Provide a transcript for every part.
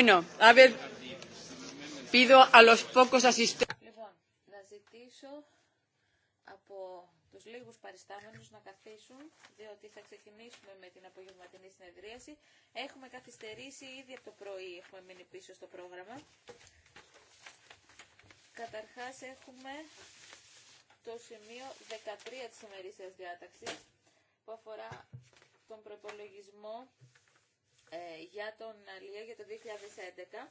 Bueno, a ver, pido a los Λοιπόν, να ζητήσω από τους λίγους παριστάμενους να καθίσουν, διότι θα ξεκινήσουμε με την απογευματινή συνεδρίαση. Έχουμε καθυστερήσει ήδη από το πρωί, έχουμε μείνει πίσω στο πρόγραμμα. Καταρχάς έχουμε το σημείο 13 της ημερήσιας διάταξης, που αφορά τον προπολογισμό ε, για τον Αλία για το 2011.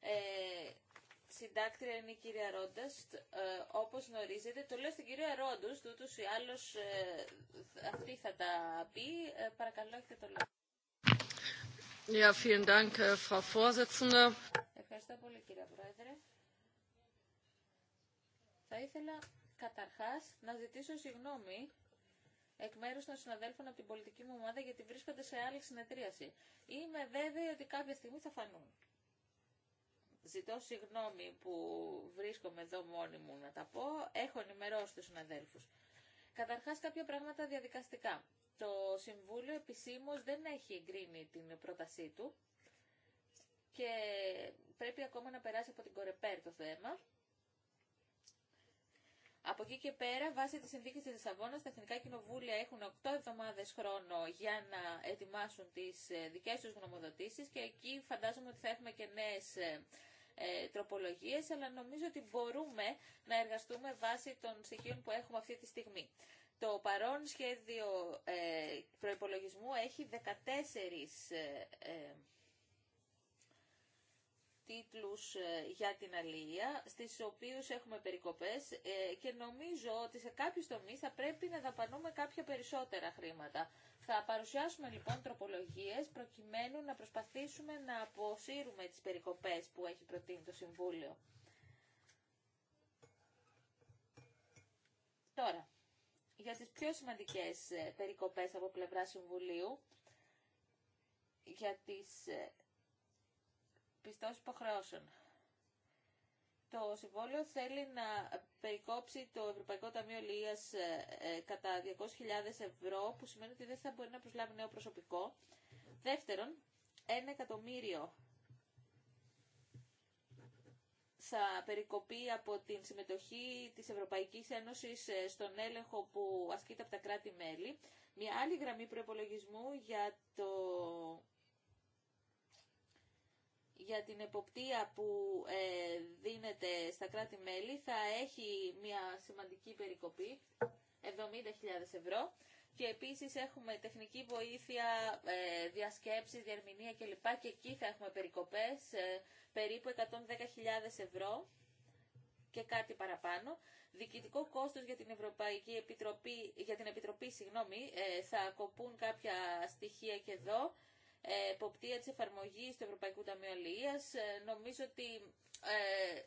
Ε, συντάκτρια είναι η κυρία Ρόντας, Ε, όπως γνωρίζετε, το λέω στην κυρία Ρόντους, ούτως ή άλλως ε, αυτή θα τα πει. Ε, παρακαλώ, έχετε το λόγο. vielen Dank, äh, Frau Vorsitzende. Ευχαριστώ πολύ, κύριε Πρόεδρε. Θα ήθελα καταρχάς να ζητήσω συγγνώμη εκ μέρου των συναδέλφων από την πολιτική μου ομάδα γιατί βρίσκονται σε άλλη συνεδρίαση. Είμαι βέβαιη ότι κάποια στιγμή θα φανούν. Ζητώ συγγνώμη που βρίσκομαι εδώ μόνη μου να τα πω. Έχω ενημερώσει του συναδέλφου. Καταρχά κάποια πράγματα διαδικαστικά. Το Συμβούλιο επισήμω δεν έχει εγκρίνει την πρότασή του και πρέπει ακόμα να περάσει από την Κορεπέρ το θέμα. Από εκεί και πέρα, βάσει τη συνθήκη τη Λισαβόνα, τα εθνικά κοινοβούλια έχουν 8 εβδομάδε χρόνο για να ετοιμάσουν τι ε, δικέ του γνωμοδοτήσει και εκεί φαντάζομαι ότι θα έχουμε και νέε ε, ε, τροπολογίες, αλλά νομίζω ότι μπορούμε να εργαστούμε βάσει των στοιχείων που έχουμε αυτή τη στιγμή. Το παρόν σχέδιο ε, έχει 14 τίτλους ε, για την αλληλεία, στις οποίους έχουμε περικοπές ε, και νομίζω ότι σε κάποιους τομείς θα πρέπει να δαπανούμε κάποια περισσότερα χρήματα. Θα παρουσιάσουμε λοιπόν τροπολογίες προκειμένου να προσπαθήσουμε να αποσύρουμε τις περικοπές που έχει προτείνει το Συμβούλιο. Τώρα, για τις πιο σημαντικές ε, περικοπές από πλευρά Συμβουλίου, για τις πιστώσει υποχρεώσεων. Το συμβόλαιο θέλει να περικόψει το Ευρωπαϊκό Ταμείο Λίας ε, ε, κατά 200.000 ευρώ, που σημαίνει ότι δεν θα μπορεί να προσλάβει νέο προσωπικό. Δεύτερον, ένα εκατομμύριο θα περικοπεί από την συμμετοχή της Ευρωπαϊκής Ένωσης ε, στον έλεγχο που ασκείται από τα κράτη-μέλη. Μια άλλη γραμμή προπολογισμού για το για την εποπτεία που ε, δίνεται στα κράτη-μέλη θα έχει μια σημαντική περικοπή, 70.000 ευρώ. Και επίσης έχουμε τεχνική βοήθεια, ε, διασκέψεις, διαρμηνία κλπ. Και εκεί θα έχουμε περικοπές, ε, περίπου 110.000 ευρώ και κάτι παραπάνω. Διοικητικό κόστος για την Ευρωπαϊκή Επιτροπή, για την Επιτροπή συγγνώμη, ε, θα κοπούν κάποια στοιχεία και εδώ. Ε, εποπτεία της εφαρμογής του Ευρωπαϊκού Ταμείου Αλληλείας. Ε, νομίζω ότι ε,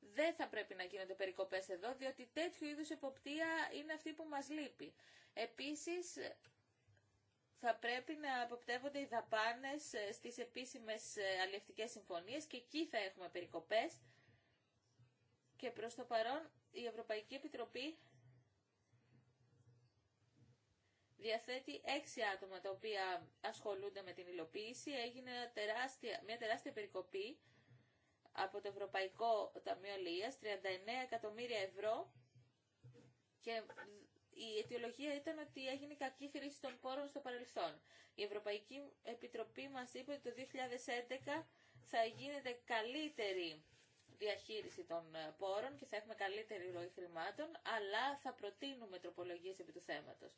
δεν θα πρέπει να γίνονται περικοπές εδώ, διότι τέτοιου είδους εποπτεία είναι αυτή που μας λείπει. Επίσης, θα πρέπει να αποπτεύονται οι δαπάνες στις επίσημες αλληλευτικές συμφωνίες και εκεί θα έχουμε περικοπές. Και προς το παρόν η Ευρωπαϊκή Επιτροπή διαθέτει έξι άτομα τα οποία ασχολούνται με την υλοποίηση. Έγινε τεράστια, μια τεράστια περικοπή από το Ευρωπαϊκό Ταμείο Λίας, 39 εκατομμύρια ευρώ και η αιτιολογία ήταν ότι έγινε κακή χρήση των πόρων στο παρελθόν. Η Ευρωπαϊκή Επιτροπή μας είπε ότι το 2011 θα γίνεται καλύτερη διαχείριση των ε, πόρων και θα έχουμε καλύτερη ροή χρημάτων, αλλά θα προτείνουμε τροπολογίες επί του θέματος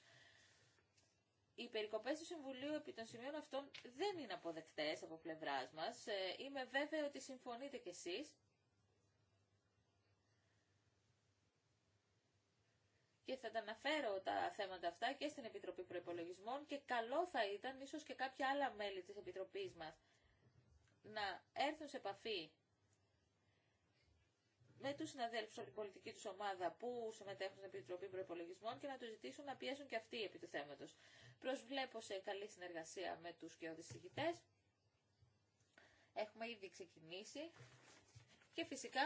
οι περικοπές του Συμβουλίου επί των σημείων αυτών δεν είναι αποδεκτέ από πλευρά μας. Ε, είμαι βέβαιη ότι συμφωνείτε κι εσείς. Και θα τα αναφέρω τα θέματα αυτά και στην Επιτροπή Προπολογισμών και καλό θα ήταν ίσω και κάποια άλλα μέλη της Επιτροπής μας να έρθουν σε επαφή με τους συναδέλφους από την πολιτική τους ομάδα που συμμετέχουν στην Επιτροπή Προπολογισμών και να τους ζητήσουν να πιέσουν και αυτοί επί του θέματος. Προσβλέπω σε καλή συνεργασία με τους και οδησυχητές. Έχουμε ήδη ξεκινήσει και φυσικά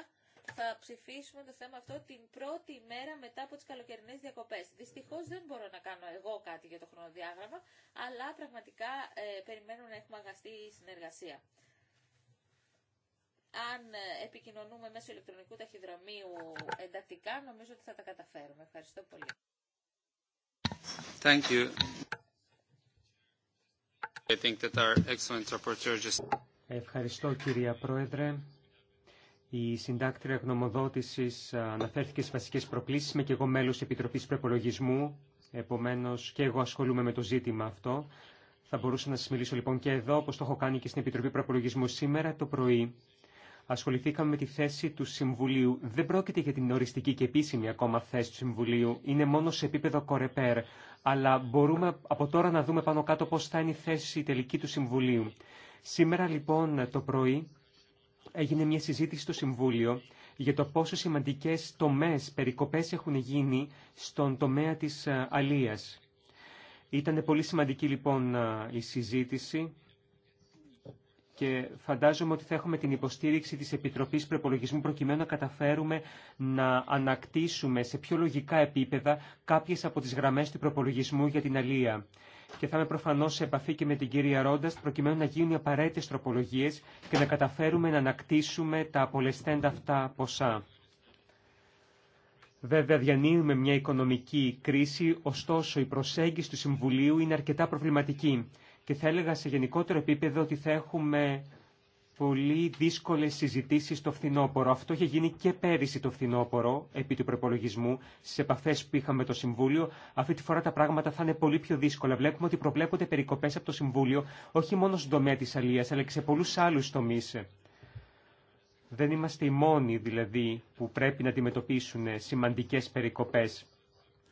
θα ψηφίσουμε το θέμα αυτό την πρώτη μέρα μετά από τις καλοκαιρινές διακοπές. Δυστυχώς δεν μπορώ να κάνω εγώ κάτι για το χρονοδιάγραμμα, αλλά πραγματικά ε, περιμένω να έχουμε αγαστή συνεργασία. Αν ε, επικοινωνούμε μέσω ηλεκτρονικού ταχυδρομείου εντατικά, νομίζω ότι θα τα καταφέρουμε. Ευχαριστώ πολύ. Thank you. Ευχαριστώ κυρία Πρόεδρε. Η συντάκτρια γνωμοδότηση ε, αναφέρθηκε στι βασικέ προκλήσεις. Είμαι και εγώ μέλο τη Επιτροπή Προπολογισμού, επομένω, και εγώ ασχολούμαι με το ζήτημα αυτό. Θα μπορούσα να σα μιλήσω λοιπόν και εδώ, όπω το έχω κάνει και στην Επιτροπή Προπολογισμού σήμερα το πρωί ασχοληθήκαμε με τη θέση του Συμβουλίου. Δεν πρόκειται για την οριστική και επίσημη ακόμα θέση του Συμβουλίου. Είναι μόνο σε επίπεδο κορεπέρ. Αλλά μπορούμε από τώρα να δούμε πάνω κάτω πώς θα είναι η θέση τελική του Συμβουλίου. Σήμερα λοιπόν το πρωί έγινε μια συζήτηση στο Συμβούλιο για το πόσο σημαντικές τομές, περικοπές έχουν γίνει στον τομέα της ε, αλίας. Ήταν πολύ σημαντική λοιπόν ε, η συζήτηση και φαντάζομαι ότι θα έχουμε την υποστήριξη της Επιτροπής Προπολογισμού προκειμένου να καταφέρουμε να ανακτήσουμε σε πιο λογικά επίπεδα κάποιες από τις γραμμές του προπολογισμού για την αλία. Και θα είμαι προφανώ σε επαφή και με την κυρία Ρόντα προκειμένου να γίνουν οι απαραίτητε τροπολογίε και να καταφέρουμε να ανακτήσουμε τα απολεσθέντα αυτά ποσά. Βέβαια, διανύουμε μια οικονομική κρίση, ωστόσο η προσέγγιση του Συμβουλίου είναι αρκετά προβληματική και θα έλεγα σε γενικότερο επίπεδο ότι θα έχουμε πολύ δύσκολες συζητήσεις στο φθινόπωρο. Αυτό είχε γίνει και πέρυσι το φθινόπωρο, επί του προπολογισμού, στις επαφές που είχαμε με το Συμβούλιο. Αυτή τη φορά τα πράγματα θα είναι πολύ πιο δύσκολα. Βλέπουμε ότι προβλέπονται περικοπές από το Συμβούλιο, όχι μόνο στον τομέα της αλίας, αλλά και σε πολλούς άλλους τομείς. Δεν είμαστε οι μόνοι, δηλαδή, που πρέπει να αντιμετωπίσουν σημαντικές περικοπές.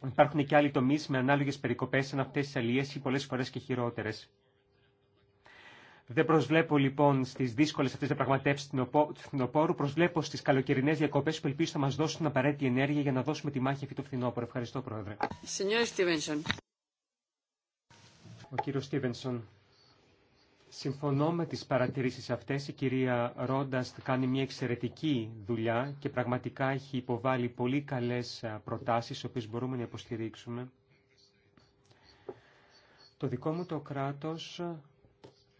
Υπάρχουν και άλλοι τομείς με ανάλογες περικοπές σαν αυτές τις αλίες ή πολλές φορές και χειρότερες. Δεν προσβλέπω λοιπόν στι δύσκολε αυτέ διαπραγματεύσει του φθινοπόρου. Προσβλέπω στι καλοκαιρινέ διακοπέ που ελπίζω θα μα δώσουν απαραίτητη ενέργεια για να δώσουμε τη μάχη αυτή του φθινόπωρου. Ευχαριστώ, Πρόεδρε. Ο κύριο Στίβενσον. Συμφωνώ με τις παρατηρήσεις αυτές. Η κυρία ρόντα κάνει μια εξαιρετική δουλειά και πραγματικά έχει υποβάλει πολύ καλές προτάσεις, οποίε μπορούμε να υποστηρίξουμε. Το δικό μου το κράτος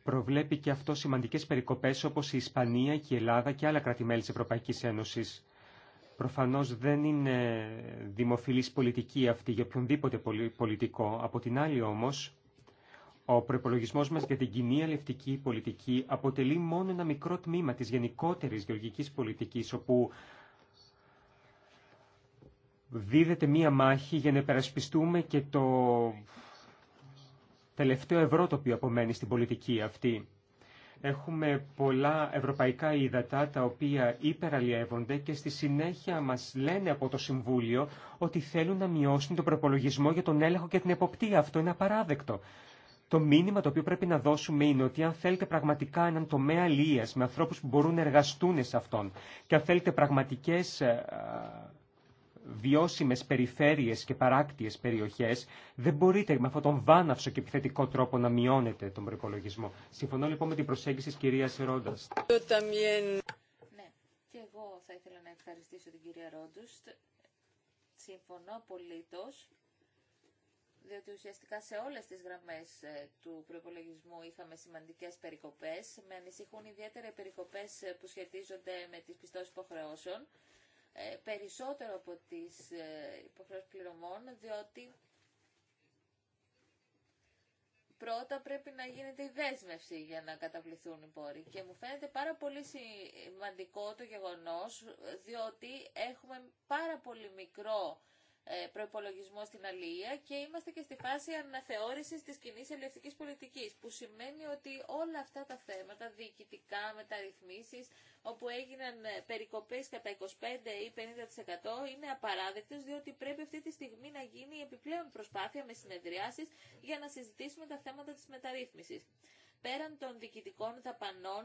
προβλέπει και αυτό σημαντικές περικοπές όπως η Ισπανία και η Ελλάδα και άλλα κράτη-μέλη της Ευρωπαϊκής Ένωσης. Προφανώς δεν είναι δημοφιλής πολιτική αυτή για οποιονδήποτε πολιτικό. Από την άλλη όμως, ο προπολογισμό μα για την κοινή αλευτική πολιτική αποτελεί μόνο ένα μικρό τμήμα τη γενικότερη γεωργική πολιτική, όπου δίδεται μία μάχη για να υπερασπιστούμε και το τελευταίο ευρώ το οποίο απομένει στην πολιτική αυτή. Έχουμε πολλά ευρωπαϊκά ύδατα τα οποία υπεραλλιεύονται και στη συνέχεια μας λένε από το Συμβούλιο ότι θέλουν να μειώσουν τον προπολογισμό για τον έλεγχο και την εποπτεία. Αυτό είναι απαράδεκτο. Το μήνυμα το οποίο πρέπει να δώσουμε είναι ότι αν θέλετε πραγματικά έναν τομέα αλίας με ανθρώπους που μπορούν να εργαστούν σε αυτόν και αν θέλετε πραγματικέ ε, βιώσιμες περιφέρειες και παράκτιες περιοχές, δεν μπορείτε με αυτόν τον βάναυσο και επιθετικό τρόπο να μειώνετε τον προπολογισμό. Συμφωνώ λοιπόν με την προσέγγιση της κυρίας Ρόντας. Ναι, και εγώ θα ήθελα να ευχαριστήσω την κυρία Ρόντουστ. Συμφωνώ απολύτως, διότι ουσιαστικά σε όλες τις γραμμές ε, του προπολογισμού είχαμε σημαντικές περικοπές. Με ανησυχούν ιδιαίτερα οι περικοπές ε, που σχετίζονται με τις πιστώσεις υποχρεώσεων ε, περισσότερο από τις ε, υποχρεώσεις πληρωμών, διότι πρώτα πρέπει να γίνεται η δέσμευση για να καταβληθούν οι πόροι. Και μου φαίνεται πάρα πολύ σημαντικό το γεγονός, διότι έχουμε πάρα πολύ μικρό ε, προπολογισμό στην αλληλεία και είμαστε και στη φάση αναθεώρησης της κοινή ελευθερικής πολιτικής που σημαίνει ότι όλα αυτά τα θέματα διοικητικά, μεταρρυθμίσεις όπου έγιναν ε, περικοπές κατά 25 ή 50% είναι απαράδεκτες διότι πρέπει αυτή τη στιγμή να γίνει επιπλέον προσπάθεια με συνεδριάσεις για να συζητήσουμε τα θέματα της μεταρρύθμισης. Πέραν των διοικητικών δαπανών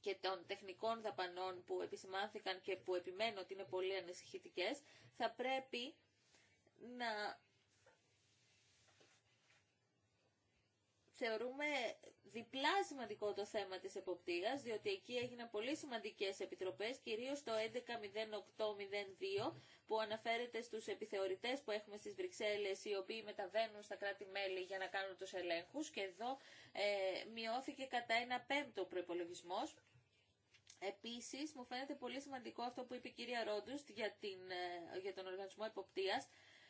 και των τεχνικών δαπανών που επισημάνθηκαν και που επιμένω ότι είναι πολύ ανησυχητικές, θα πρέπει να θεωρούμε διπλά σημαντικό το θέμα της εποπτείας, διότι εκεί έγιναν πολύ σημαντικές επιτροπές, κυρίως το 11.08.02 που αναφέρεται στους επιθεωρητές που έχουμε στις Βρυξέλλες, οι οποίοι μεταβαίνουν στα κράτη-μέλη για να κάνουν τους ελέγχους και εδώ ε, μειώθηκε κατά ένα πέμπτο προπολογισμό. Επίσης, μου φαίνεται πολύ σημαντικό αυτό που είπε η κυρία Ρόντουστ για, την, ε, για τον οργανισμό εποπτείας,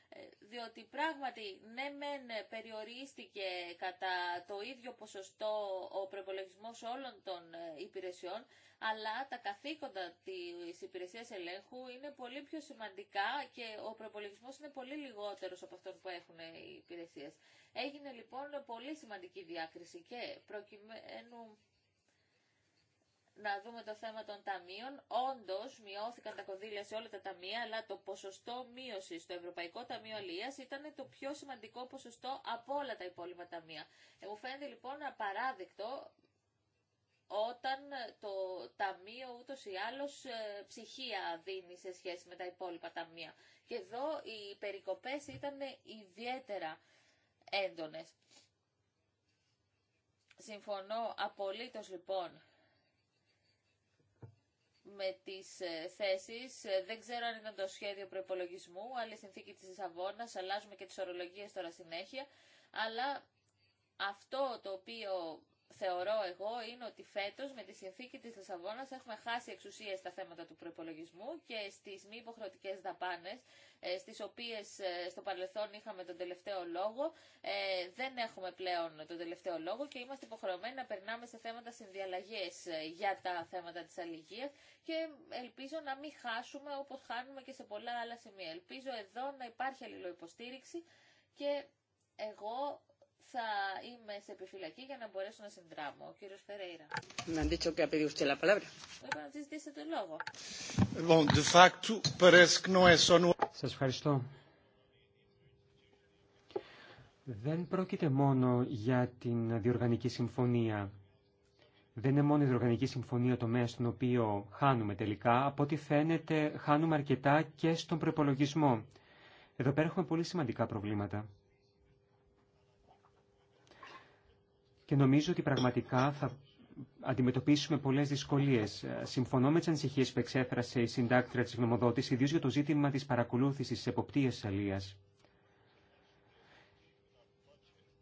ε, διότι πράγματι ναι μεν περιορίστηκε κατά το ίδιο ποσοστό ο προπολογισμό όλων των ε, υπηρεσιών, αλλά τα καθήκοντα της υπηρεσίας ελέγχου είναι πολύ πιο σημαντικά και ο προπολογισμό είναι πολύ λιγότερος από αυτόν που έχουν οι υπηρεσίες. Έγινε λοιπόν πολύ σημαντική διάκριση και προκειμένου να δούμε το θέμα των ταμείων. όντω μειώθηκαν τα κονδύλια σε όλα τα ταμεία, αλλά το ποσοστό μείωση στο Ευρωπαϊκό Ταμείο Αλίας ήταν το πιο σημαντικό ποσοστό από όλα τα υπόλοιπα ταμεία. Ε, μου φαίνεται λοιπόν απαράδεκτο όταν το ταμείο ούτως ή άλλως ε, ψυχία δίνει σε σχέση με τα υπόλοιπα ταμεία. Και εδώ οι περικοπέ ήταν ιδιαίτερα έντονε. Συμφωνώ απολύτως λοιπόν με τις ε, θέσεις. Ε, δεν ξέρω αν είναι το σχέδιο προπολογισμού, άλλη συνθήκη της ισαβόνας αλλάζουμε και τις ορολογίες τώρα συνέχεια, αλλά αυτό το οποίο θεωρώ εγώ είναι ότι φέτο με τη συνθήκη τη Λισαβόνα έχουμε χάσει εξουσία στα θέματα του προπολογισμού και στι μη υποχρεωτικέ δαπάνε, ε, στι οποίε ε, στο παρελθόν είχαμε τον τελευταίο λόγο ε, δεν έχουμε πλέον τον τελευταίο λόγο και είμαστε υποχρεωμένοι να περνάμε σε θέματα συνδιαλλαγέ για τα θέματα τη αλληλεγγύη και ελπίζω να μην χάσουμε όπω χάνουμε και σε πολλά άλλα σημεία. Ελπίζω εδώ να υπάρχει αλληλοϊποστήριξη και εγώ θα είμαι σε επιφυλακή για να μπορέσω να συνδράμω. Ο κύριος Φερέιρα. Να να ζητήσετε λόγο. Bon, de facto, parece que Σας ευχαριστώ. Δεν πρόκειται μόνο για την διοργανική συμφωνία. Δεν είναι μόνο η διοργανική συμφωνία τομέα στον οποίο χάνουμε τελικά. Από ό,τι φαίνεται χάνουμε αρκετά και στον προπολογισμό. Εδώ πέρα έχουμε πολύ σημαντικά προβλήματα. και νομίζω ότι πραγματικά θα αντιμετωπίσουμε πολλέ δυσκολίε. Συμφωνώ με τι ανησυχίε που εξέφρασε η συντάκτρια τη γνωμοδότηση, ιδίω για το ζήτημα τη παρακολούθηση τη εποπτεία αλεία.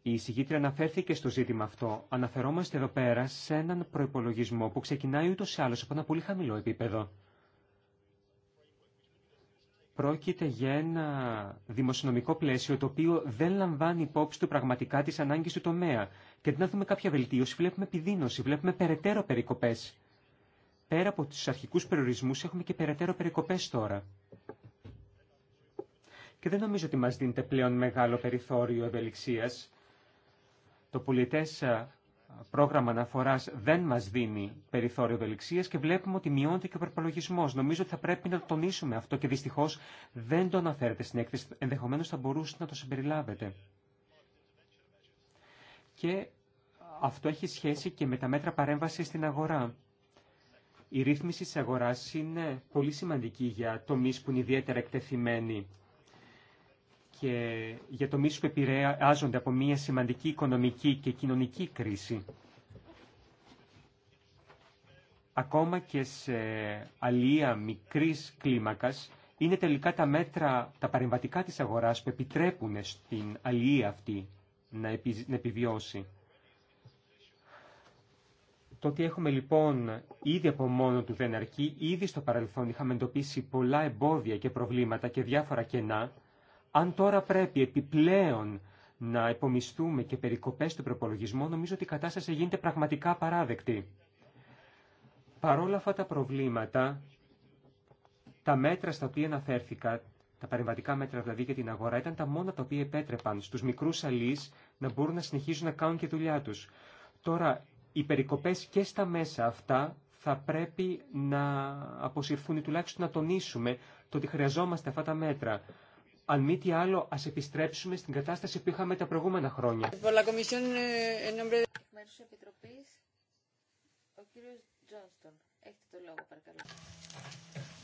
Η εισηγήτρια αναφέρθηκε στο ζήτημα αυτό. Αναφερόμαστε εδώ πέρα σε έναν προπολογισμό που ξεκινάει ούτω ή άλλω από ένα πολύ χαμηλό επίπεδο. Πρόκειται για ένα δημοσιονομικό πλαίσιο το οποίο δεν λαμβάνει υπόψη του πραγματικά τις ανάγκες του τομέα. Και αντί να δούμε κάποια βελτίωση, βλέπουμε επιδείνωση, βλέπουμε περαιτέρω περικοπές. Πέρα από τους αρχικούς περιορισμούς έχουμε και περαιτέρω περικοπές τώρα. Και δεν νομίζω ότι μας δίνεται πλέον μεγάλο περιθώριο ευελιξίας. Το πολιτές πρόγραμμα αναφορά δεν μα δίνει περιθώριο ευελιξία και βλέπουμε ότι μειώνεται και ο προπολογισμό. Νομίζω ότι θα πρέπει να το τονίσουμε αυτό και δυστυχώ δεν το αναφέρετε στην έκθεση. Ενδεχομένω θα μπορούσε να το συμπεριλάβετε. Και αυτό έχει σχέση και με τα μέτρα παρέμβαση στην αγορά. Η ρύθμιση τη αγορά είναι πολύ σημαντική για τομεί που είναι ιδιαίτερα εκτεθειμένοι και για το μίσο που επηρεάζονται από μια σημαντική οικονομική και κοινωνική κρίση. Ακόμα και σε αλία μικρής κλίμακας, είναι τελικά τα μέτρα, τα παρεμβατικά της αγοράς που επιτρέπουν στην αλία αυτή να, να επιβιώσει. Το ότι έχουμε λοιπόν ήδη από μόνο του δεν αρκεί, ήδη στο παρελθόν είχαμε εντοπίσει πολλά εμπόδια και προβλήματα και διάφορα κενά, αν τώρα πρέπει επιπλέον να επομισθούμε και περικοπές του προπολογισμό, νομίζω ότι η κατάσταση γίνεται πραγματικά παράδεκτη. Παρόλα αυτά τα προβλήματα, τα μέτρα στα οποία αναφέρθηκα, τα παρεμβατικά μέτρα δηλαδή για την αγορά, ήταν τα μόνα τα οποία επέτρεπαν στους μικρούς αλείς να μπορούν να συνεχίζουν να κάνουν και δουλειά τους. Τώρα, οι περικοπές και στα μέσα αυτά θα πρέπει να αποσυρθούν ή τουλάχιστον να τονίσουμε το ότι χρειαζόμαστε αυτά τα μέτρα αν μη τι άλλο, ας επιστρέψουμε στην κατάσταση που είχαμε τα προηγούμενα χρόνια. Eh,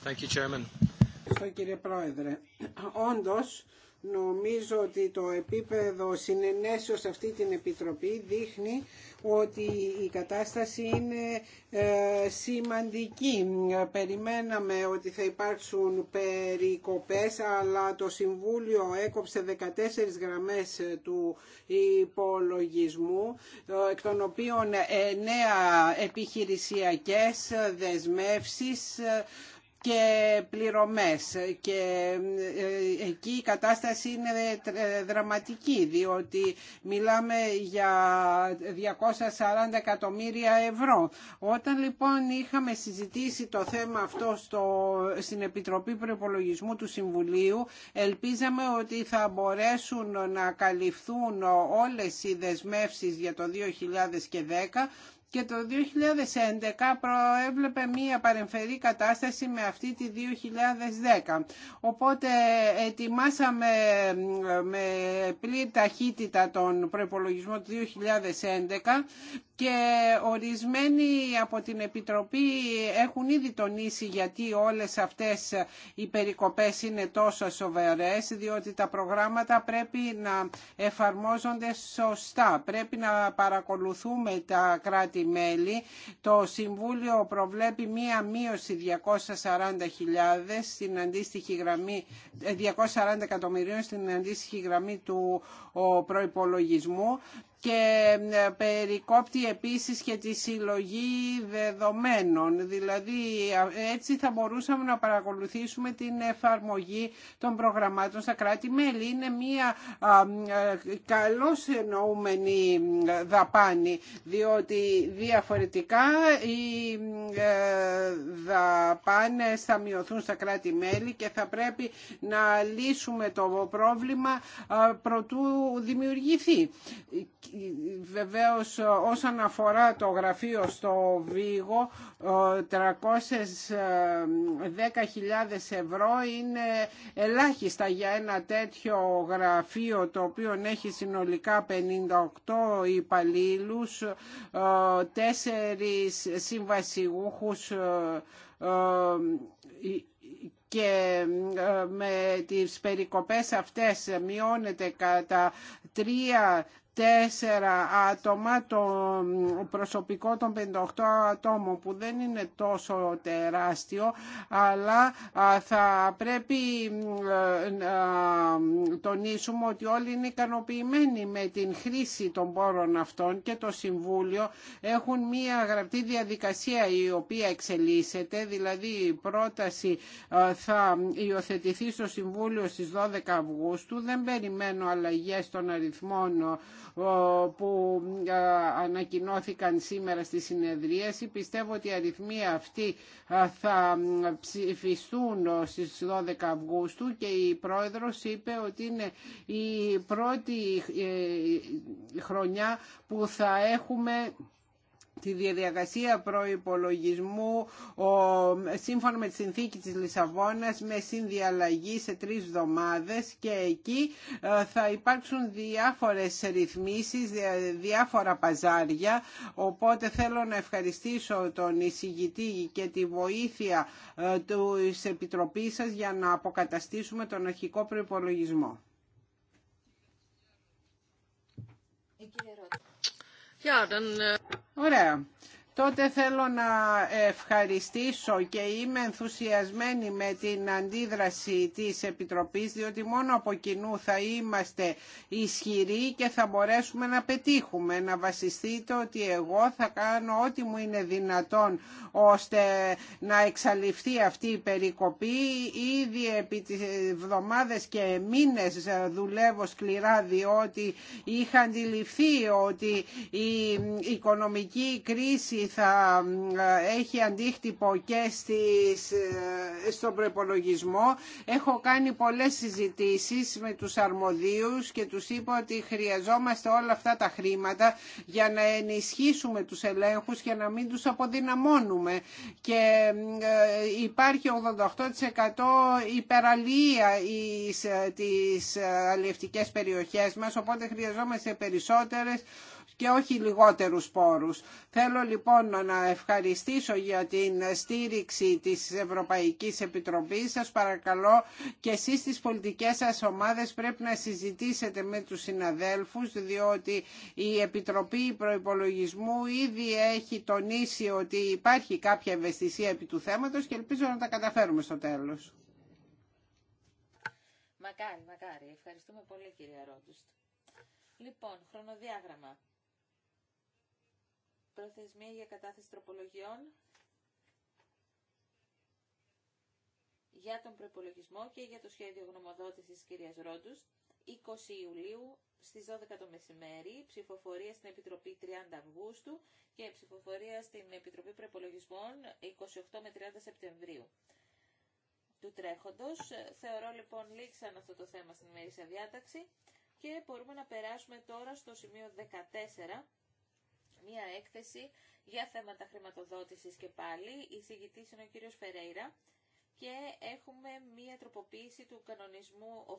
Thank you, Chairman. Ευχαριστώ κύριε Πρόεδρε. Όντως, Νομίζω ότι το επίπεδο συνενέσεως σε αυτή την Επιτροπή δείχνει ότι η κατάσταση είναι ε, σημαντική. Περιμέναμε ότι θα υπάρξουν περικοπές, αλλά το Συμβούλιο έκοψε 14 γραμμές του υπολογισμού, ε, εκ των οποίων 9 ε, επιχειρησιακές δεσμεύσεις και πληρωμές και ε, εκεί η κατάσταση είναι ε, ε, δραματική διότι μιλάμε για 240 εκατομμύρια ευρώ. Όταν λοιπόν είχαμε συζητήσει το θέμα αυτό στο, στην Επιτροπή Προπολογισμού του Συμβουλίου ελπίζαμε ότι θα μπορέσουν να καλυφθούν όλες οι δεσμεύσεις για το 2010 και το 2011 προέβλεπε μία παρεμφερή κατάσταση με αυτή τη 2010. Οπότε ετοιμάσαμε με πλήρη ταχύτητα τον προϋπολογισμό του 2011 και ορισμένοι από την Επιτροπή έχουν ήδη τονίσει γιατί όλες αυτές οι περικοπές είναι τόσο σοβαρές διότι τα προγράμματα πρέπει να εφαρμόζονται σωστά. Πρέπει να παρακολουθούμε τα κράτη το Συμβούλιο προβλέπει μία μείωση 240.000 στην αντίστοιχη γραμμή, 240 ε, εκατομμυρίων στην αντίστοιχη γραμμή του προϋπολογισμού και ε, περικόπτει επίσης και τη συλλογή δεδομένων. Δηλαδή έτσι θα μπορούσαμε να παρακολουθήσουμε την εφαρμογή των προγραμμάτων στα κράτη-μέλη. Είναι μια ε, καλώς εννοούμενη δαπάνη, διότι διαφορετικά οι ε, δαπάνες θα μειωθούν στα κράτη-μέλη και θα πρέπει να λύσουμε το πρόβλημα προτού δημιουργηθεί. Βεβαίως όσον αφορά το γραφείο στο Βίγο 310.000 ευρώ είναι ελάχιστα για ένα τέτοιο γραφείο το οποίο έχει συνολικά 58 υπαλλήλους, τέσσερις συμβασιούχους και ε, με τις περικοπές αυτές μειώνεται κατά τρία τέσσερα άτομα, το προσωπικό των 58 ατόμων που δεν είναι τόσο τεράστιο αλλά θα πρέπει να ε, τονίσουμε ότι όλοι είναι ικανοποιημένοι με την χρήση των πόρων αυτών και το Συμβούλιο έχουν μία γραπτή διαδικασία η οποία εξελίσσεται δηλαδή η πρόταση θα υιοθετηθεί στο Συμβούλιο στις 12 Αυγούστου δεν περιμένω αλλαγές των αριθμών που ανακοινώθηκαν σήμερα στη συνεδρίαση. Πιστεύω ότι οι αριθμοί αυτοί θα ψηφιστούν στις 12 Αυγούστου και η Πρόεδρος είπε ότι είναι η πρώτη ε, χρονιά που θα έχουμε τη διαδικασία προϋπολογισμού ο, σύμφωνα με τη συνθήκη της Λισαβόνας με συνδιαλλαγή σε τρεις εβδομάδες και εκεί ε, θα υπάρξουν διάφορες ρυθμίσεις, διάφορα παζάρια οπότε θέλω να ευχαριστήσω τον εισηγητή και τη βοήθεια ε, του Επιτροπής σας για να αποκαταστήσουμε τον αρχικό προϋπολογισμό. Ε, Yeah, then... Ωραία τότε θέλω να ευχαριστήσω και είμαι ενθουσιασμένη με την αντίδραση της Επιτροπής διότι μόνο από κοινού θα είμαστε ισχυροί και θα μπορέσουμε να πετύχουμε. Να βασιστείτε ότι εγώ θα κάνω ό,τι μου είναι δυνατόν ώστε να εξαλειφθεί αυτή η περικοπή. Ήδη επί τις εβδομάδες και μήνες δουλεύω σκληρά διότι είχα αντιληφθεί ότι η οικονομική κρίση θα ε, έχει αντίκτυπο και ε, στον προπολογισμό. Έχω κάνει πολλές συζητήσεις με τους αρμοδίους και τους είπα ότι χρειαζόμαστε όλα αυτά τα χρήματα για να ενισχύσουμε τους ελέγχους και να μην τους αποδυναμώνουμε. Και ε, υπάρχει 88% υπεραλία στις αλληλευτικές περιοχές μας, οπότε χρειαζόμαστε περισσότερες και όχι λιγότερους πόρους. Θέλω λοιπόν να ευχαριστήσω για την στήριξη της Ευρωπαϊκής Επιτροπής. Σας παρακαλώ και εσείς τις πολιτικές σας ομάδες πρέπει να συζητήσετε με τους συναδέλφους διότι η Επιτροπή Προϋπολογισμού ήδη έχει τονίσει ότι υπάρχει κάποια ευαισθησία επί του θέματος και ελπίζω να τα καταφέρουμε στο τέλος. Μακάρι, μακάρι. Ευχαριστούμε πολύ κύριε Ρόντουστ. Λοιπόν, χρονοδιάγραμμα. Προθεσμία για κατάθεση τροπολογιών για τον προπολογισμό και για το σχέδιο γνωμοδότησης της κυρίας Ρόντους 20 Ιουλίου στις 12 το μεσημέρι, ψηφοφορία στην Επιτροπή 30 Αυγούστου και ψηφοφορία στην Επιτροπή Προπολογισμών 28 με 30 Σεπτεμβρίου του τρέχοντος. Θεωρώ λοιπόν λήξαν αυτό το θέμα στην ημερήσια διάταξη και μπορούμε να περάσουμε τώρα στο σημείο 14 μία έκθεση για θέματα χρηματοδότησης και πάλι. Η συγκητή είναι ο κύριος Φερέιρα και έχουμε μία τροποποίηση του κανονισμού 861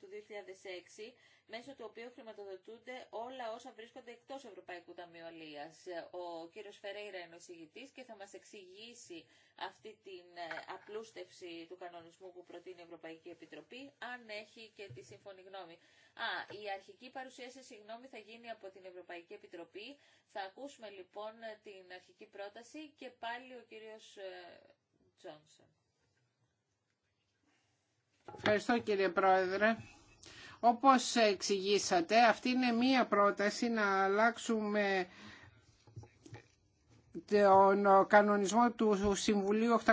του 2006, μέσω του οποίου χρηματοδοτούνται όλα όσα βρίσκονται εκτός Ευρωπαϊκού Ταμείου Αλίας. Ο κύριος Φερέιρα είναι ο εισηγητής και θα μας εξηγήσει αυτή την ε, απλούστευση του κανονισμού που προτείνει η Ευρωπαϊκή Επιτροπή, αν έχει και τη σύμφωνη γνώμη. Α, η αρχική παρουσίαση, συγγνώμη, θα γίνει από την Ευρωπαϊκή Επιτροπή. Θα ακούσουμε λοιπόν την αρχική πρόταση και πάλι ο κύριος ε, Τζόνσον. Ευχαριστώ κύριε Πρόεδρε. Όπως εξηγήσατε, αυτή είναι μία πρόταση να αλλάξουμε τον κανονισμό του Συμβουλίου 861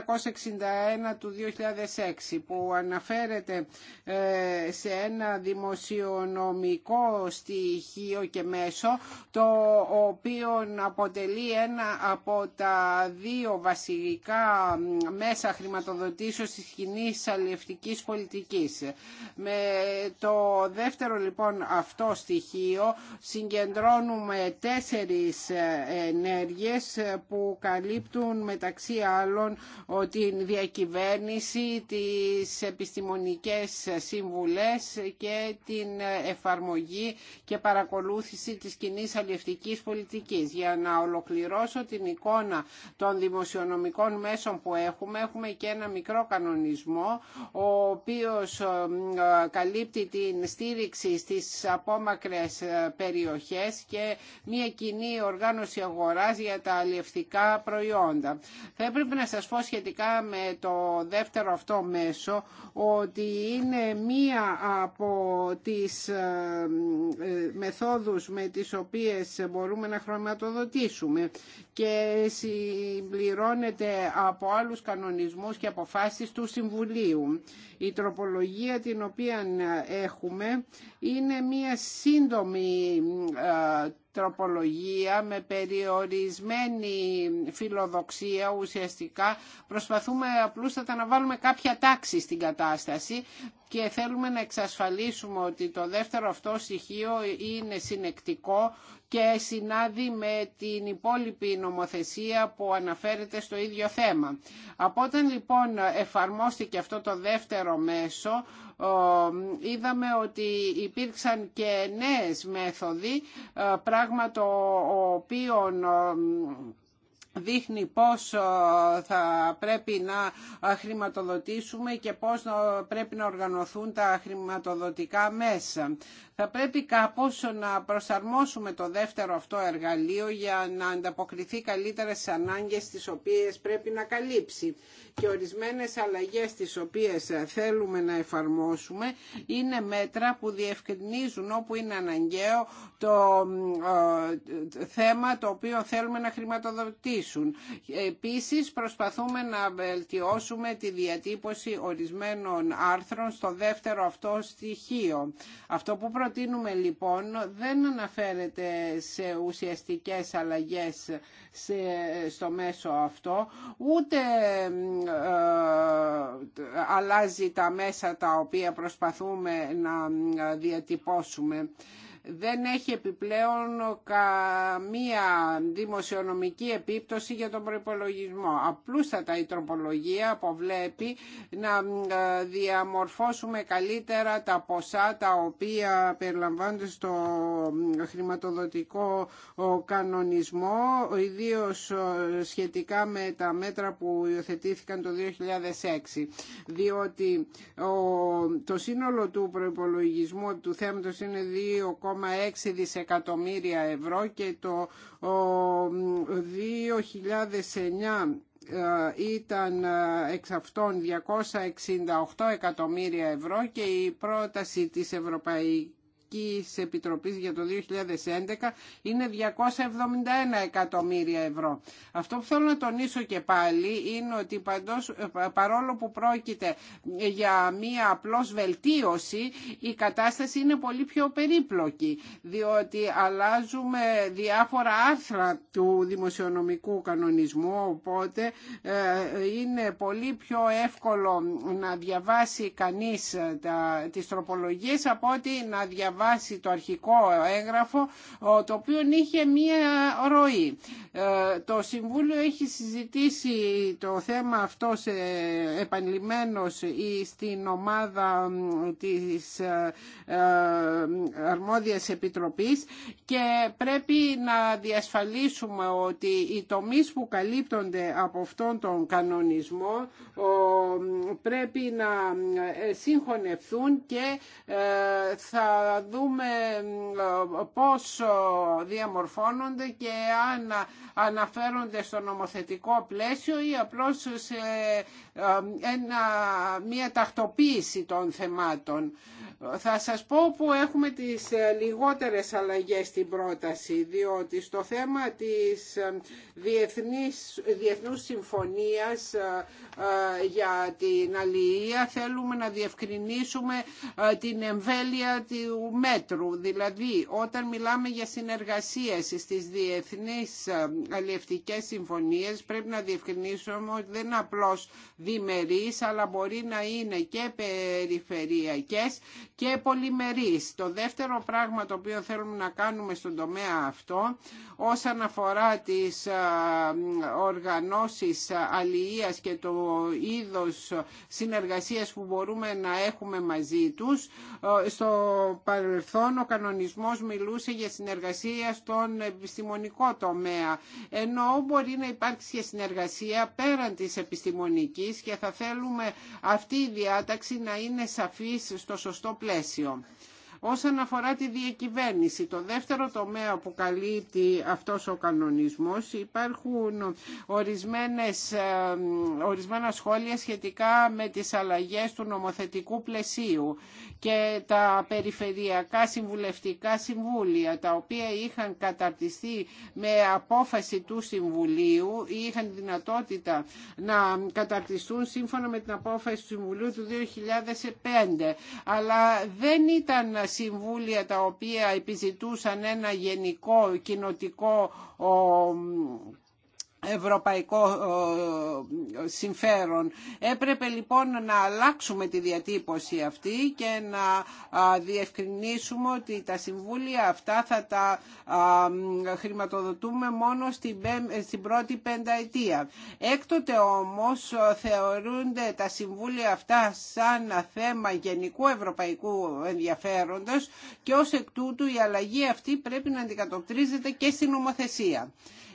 του 2006 που αναφέρεται ε, σε ένα δημοσιονομικό στοιχείο και μέσο το οποίο αποτελεί ένα από τα δύο βασικά μέσα χρηματοδοτήσεως της κοινή αλληλευτικής πολιτικής. Με το δεύτερο λοιπόν αυτό στοιχείο συγκεντρώνουμε τέσσερις ε, ενέργειες που καλύπτουν μεταξύ άλλων την διακυβέρνηση, τις επιστημονικές συμβουλές και την εφαρμογή και παρακολούθηση της κοινή αλληλευτικής πολιτικής. Για να ολοκληρώσω την εικόνα των δημοσιονομικών μέσων που έχουμε, έχουμε και ένα μικρό κανονισμό, ο οποίος ε, καλύπτει την στήριξη στις απόμακρες περιοχές και μια κοινή οργάνωση αγοράς για τα αλληλευτικά προϊόντα. Θα έπρεπε να σας πω σχετικά με το δεύτερο αυτό μέσο ότι είναι μία από τις ε, ε, μεθόδους με τις οποίες μπορούμε να χρωματοδοτήσουμε και συμπληρώνεται από άλλους κανονισμούς και αποφάσεις του Συμβουλίου. Η τροπολογία την οποία έχουμε είναι μία σύντομη ε, τροπολογία με περιορισμένη φιλοδοξία ουσιαστικά προσπαθούμε απλούστατα να βάλουμε κάποια τάξη στην κατάσταση και θέλουμε να εξασφαλίσουμε ότι το δεύτερο αυτό στοιχείο είναι συνεκτικό και συνάδει με την υπόλοιπη νομοθεσία που αναφέρεται στο ίδιο θέμα. Από όταν λοιπόν εφαρμόστηκε αυτό το δεύτερο μέσο, είδαμε ότι υπήρξαν και νέες μέθοδοι, ε, πράγμα το οποίο ε, δείχνει πώς ε, θα πρέπει να χρηματοδοτήσουμε και πώς πρέπει να οργανωθούν τα χρηματοδοτικά μέσα. Θα πρέπει κάπως να προσαρμόσουμε το δεύτερο αυτό εργαλείο για να ανταποκριθεί καλύτερα στις ανάγκες τις οποίες πρέπει να καλύψει. Και ορισμένες αλλαγές τις οποίες θέλουμε να εφαρμόσουμε είναι μέτρα που διευκρινίζουν όπου είναι αναγκαίο το ε, θέμα το οποίο θέλουμε να χρηματοδοτήσουν. Επίσης προσπαθούμε να βελτιώσουμε τη διατύπωση ορισμένων άρθρων στο δεύτερο αυτό στοιχείο. Αυτό προτείνουμε λοιπόν δεν αναφέρεται σε ουσιαστικές αλλαγές στο μέσο αυτό, ούτε ε, αλλάζει τα μέσα τα οποία προσπαθούμε να ε, διατυπώσουμε δεν έχει επιπλέον καμία δημοσιονομική επίπτωση για τον προπολογισμό. Απλούστατα η τροπολογία αποβλέπει να ε, διαμορφώσουμε καλύτερα τα ποσά τα οποία περιλαμβάνονται στο χρηματοδοτικό κανονισμό, ιδίω ε, σχετικά με τα μέτρα που υιοθετήθηκαν το 2006, διότι το σύνολο του προπολογισμού του θέματο είναι 6 δισεκατομμύρια ευρώ και το 2009 ε, ήταν ε, εξ αυτών 268 εκατομμύρια ευρώ και η πρόταση της Ευρωπαϊκής Ευρωπαϊκής Επιτροπής για το 2011 είναι 271 εκατομμύρια ευρώ. Αυτό που θέλω να τονίσω και πάλι είναι ότι παρόλο που πρόκειται για μία απλώς βελτίωση, η κατάσταση είναι πολύ πιο περίπλοκη, διότι αλλάζουμε διάφορα άρθρα του δημοσιονομικού κανονισμού, οπότε ε, είναι πολύ πιο εύκολο να διαβάσει κανείς τα, τις τροπολογίες από ότι να διαβάσει διαβάσει το αρχικό έγγραφο το οποίο είχε μία ροή. Ε, το Συμβούλιο έχει συζητήσει το θέμα αυτό σε επανειλημμένος ή στην ομάδα της ε, ε, αρμόδιας επιτροπής και πρέπει να διασφαλίσουμε ότι οι τομείς που καλύπτονται από αυτόν τον κανονισμό πρέπει να συγχωνευτούν και θα δούμε πώς διαμορφώνονται και αν αναφέρονται στο νομοθετικό πλαίσιο ή απλώς σε ε, μια τακτοποίηση των θεμάτων. Θα σας πω που έχουμε τις ε, λιγότερες αλλαγές στην πρόταση, διότι στο θέμα της ε, διεθνής, Διεθνούς Συμφωνίας ε, για την αλληλεία θέλουμε να διευκρινίσουμε την εμβέλεια του μέτρου. Δηλαδή, όταν μιλάμε για συνεργασίες στις Διεθνείς Αλληλευτικές Συμφωνίες, πρέπει να διευκρινίσουμε ότι δεν είναι απλώς διμερείς, αλλά μπορεί να είναι και περιφερειακές και πολυμερείς. Το δεύτερο πράγμα το οποίο θέλουμε να κάνουμε στον τομέα αυτό όσον αφορά τις οργανώσεις αλληλείας και το είδος συνεργασίας που μπορούμε να έχουμε μαζί τους. Στο παρελθόν ο κανονισμός μιλούσε για συνεργασία στον επιστημονικό τομέα ενώ μπορεί να υπάρξει και συνεργασία πέραν της επιστημονικής και θα θέλουμε αυτή η διάταξη να είναι σαφής στο σωστό πλαίσιο πλαίσιο. Όσον αφορά τη διακυβέρνηση, το δεύτερο τομέα που καλύπτει αυτός ο κανονισμός υπάρχουν ορισμένες, ε, ορισμένα σχόλια σχετικά με τις αλλαγές του νομοθετικού πλαισίου και τα περιφερειακά συμβουλευτικά συμβούλια τα οποία είχαν καταρτιστεί με απόφαση του Συμβουλίου ή είχαν δυνατότητα να καταρτιστούν σύμφωνα με την απόφαση του Συμβουλίου του 2005 αλλά δεν ήταν συμβούλια τα οποία επιζητούσαν ένα γενικό κοινοτικό ευρωπαϊκό ε, συμφέρον. Έπρεπε λοιπόν να αλλάξουμε τη διατύπωση αυτή και να διευκρινίσουμε ότι τα συμβούλια αυτά θα τα χρηματοδοτούμε μόνο ε, στην πρώτη πενταετία. Έκτοτε όμως ε, θεωρούνται τα συμβούλια αυτά σαν θέμα γενικού ευρωπαϊκού ενδιαφέροντος και ως εκ τούτου η αλλαγή αυτή πρέπει να αντικατοπτρίζεται και στην νομοθεσία.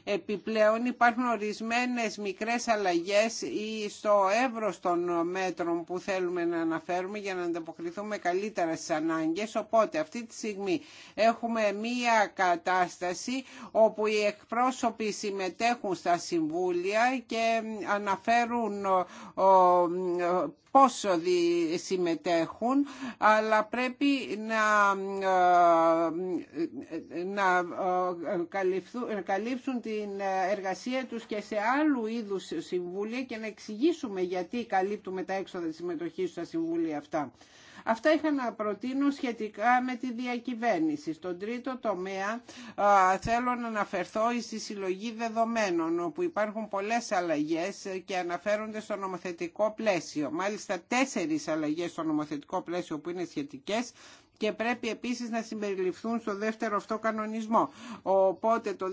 Επιπλέον υπάρχουν ορισμένες μικρές αλλαγές ή στο εύρος των μέτρων που θέλουμε να αναφέρουμε για να ανταποκριθούμε καλύτερα στις ανάγκες. Οπότε αυτή τη στιγμή έχουμε μία κατάσταση όπου οι εκπρόσωποι συμμετέχουν στα συμβούλια και αναφέρουν πόσο συμμετέχουν, αλλά πρέπει να, να, να καλύψουν στην ε, εργασία τους και σε άλλου είδους συμβούλια και να εξηγήσουμε γιατί καλύπτουμε τα έξοδα της συμμετοχής στα συμβούλια αυτά. Αυτά είχα να προτείνω σχετικά με τη διακυβέρνηση. Στον τρίτο τομέα θέλω να αναφερθώ στη συλλογή δεδομένων, όπου υπάρχουν πολλές αλλαγές και αναφέρονται στο νομοθετικό πλαίσιο. Μάλιστα τέσσερις αλλαγές στο νομοθετικό πλαίσιο που είναι σχετικές και πρέπει επίσης να συμπεριληφθούν στο δεύτερο αυτό κανονισμό. Οπότε το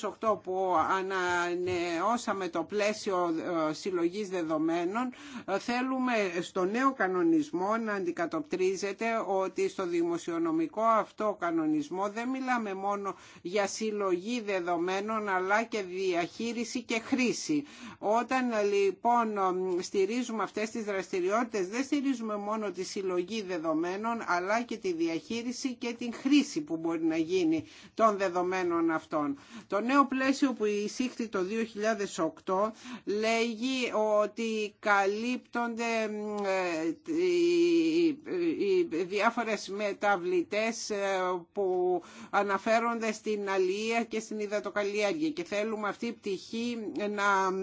2008 που ανανεώσαμε το πλαίσιο ε, συλλογής δεδομένων ε, θέλουμε στο νέο κανονισμό να αντικατοπτρίζεται ότι στο δημοσιονομικό αυτό κανονισμό δεν μιλάμε μόνο για συλλογή δεδομένων αλλά και διαχείριση και χρήση. Όταν λοιπόν στηρίζουμε αυτές τις δραστηριότητες δεν στηρίζουμε μόνο τη συλλογή δεδομένων αλλά και τη διαχείριση και την χρήση που μπορεί να γίνει των δεδομένων αυτών. Το νέο πλαίσιο που εισήχθη το 2008 λέγει ότι καλύπτονται ε, οι διάφορες μεταβλητές ε, που αναφέρονται στην αλληλεία και στην υδατοκαλλιέργεια και θέλουμε αυτή η πτυχή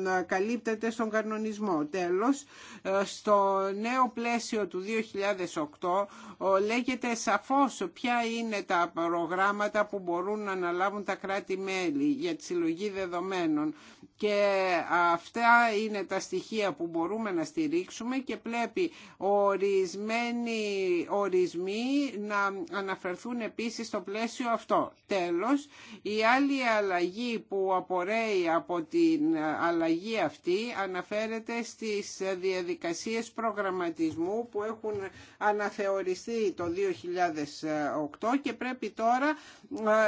να καλύπτεται στον κανονισμό. Τέλος, ε, στο νέο πλαίσιο του 2008 λέγεται Σαφώ σαφώς ποια είναι τα προγράμματα που μπορούν να αναλάβουν τα κράτη-μέλη για τη συλλογή δεδομένων και αυτά είναι τα στοιχεία που μπορούμε να στηρίξουμε και πρέπει ορισμένοι ορισμοί να αναφερθούν επίσης στο πλαίσιο αυτό. Τέλος, η άλλη αλλαγή που απορρέει από την αλλαγή αυτή αναφέρεται στις διαδικασίες προγραμματισμού που έχουν αναθεωρηθεί το 2008 και πρέπει τώρα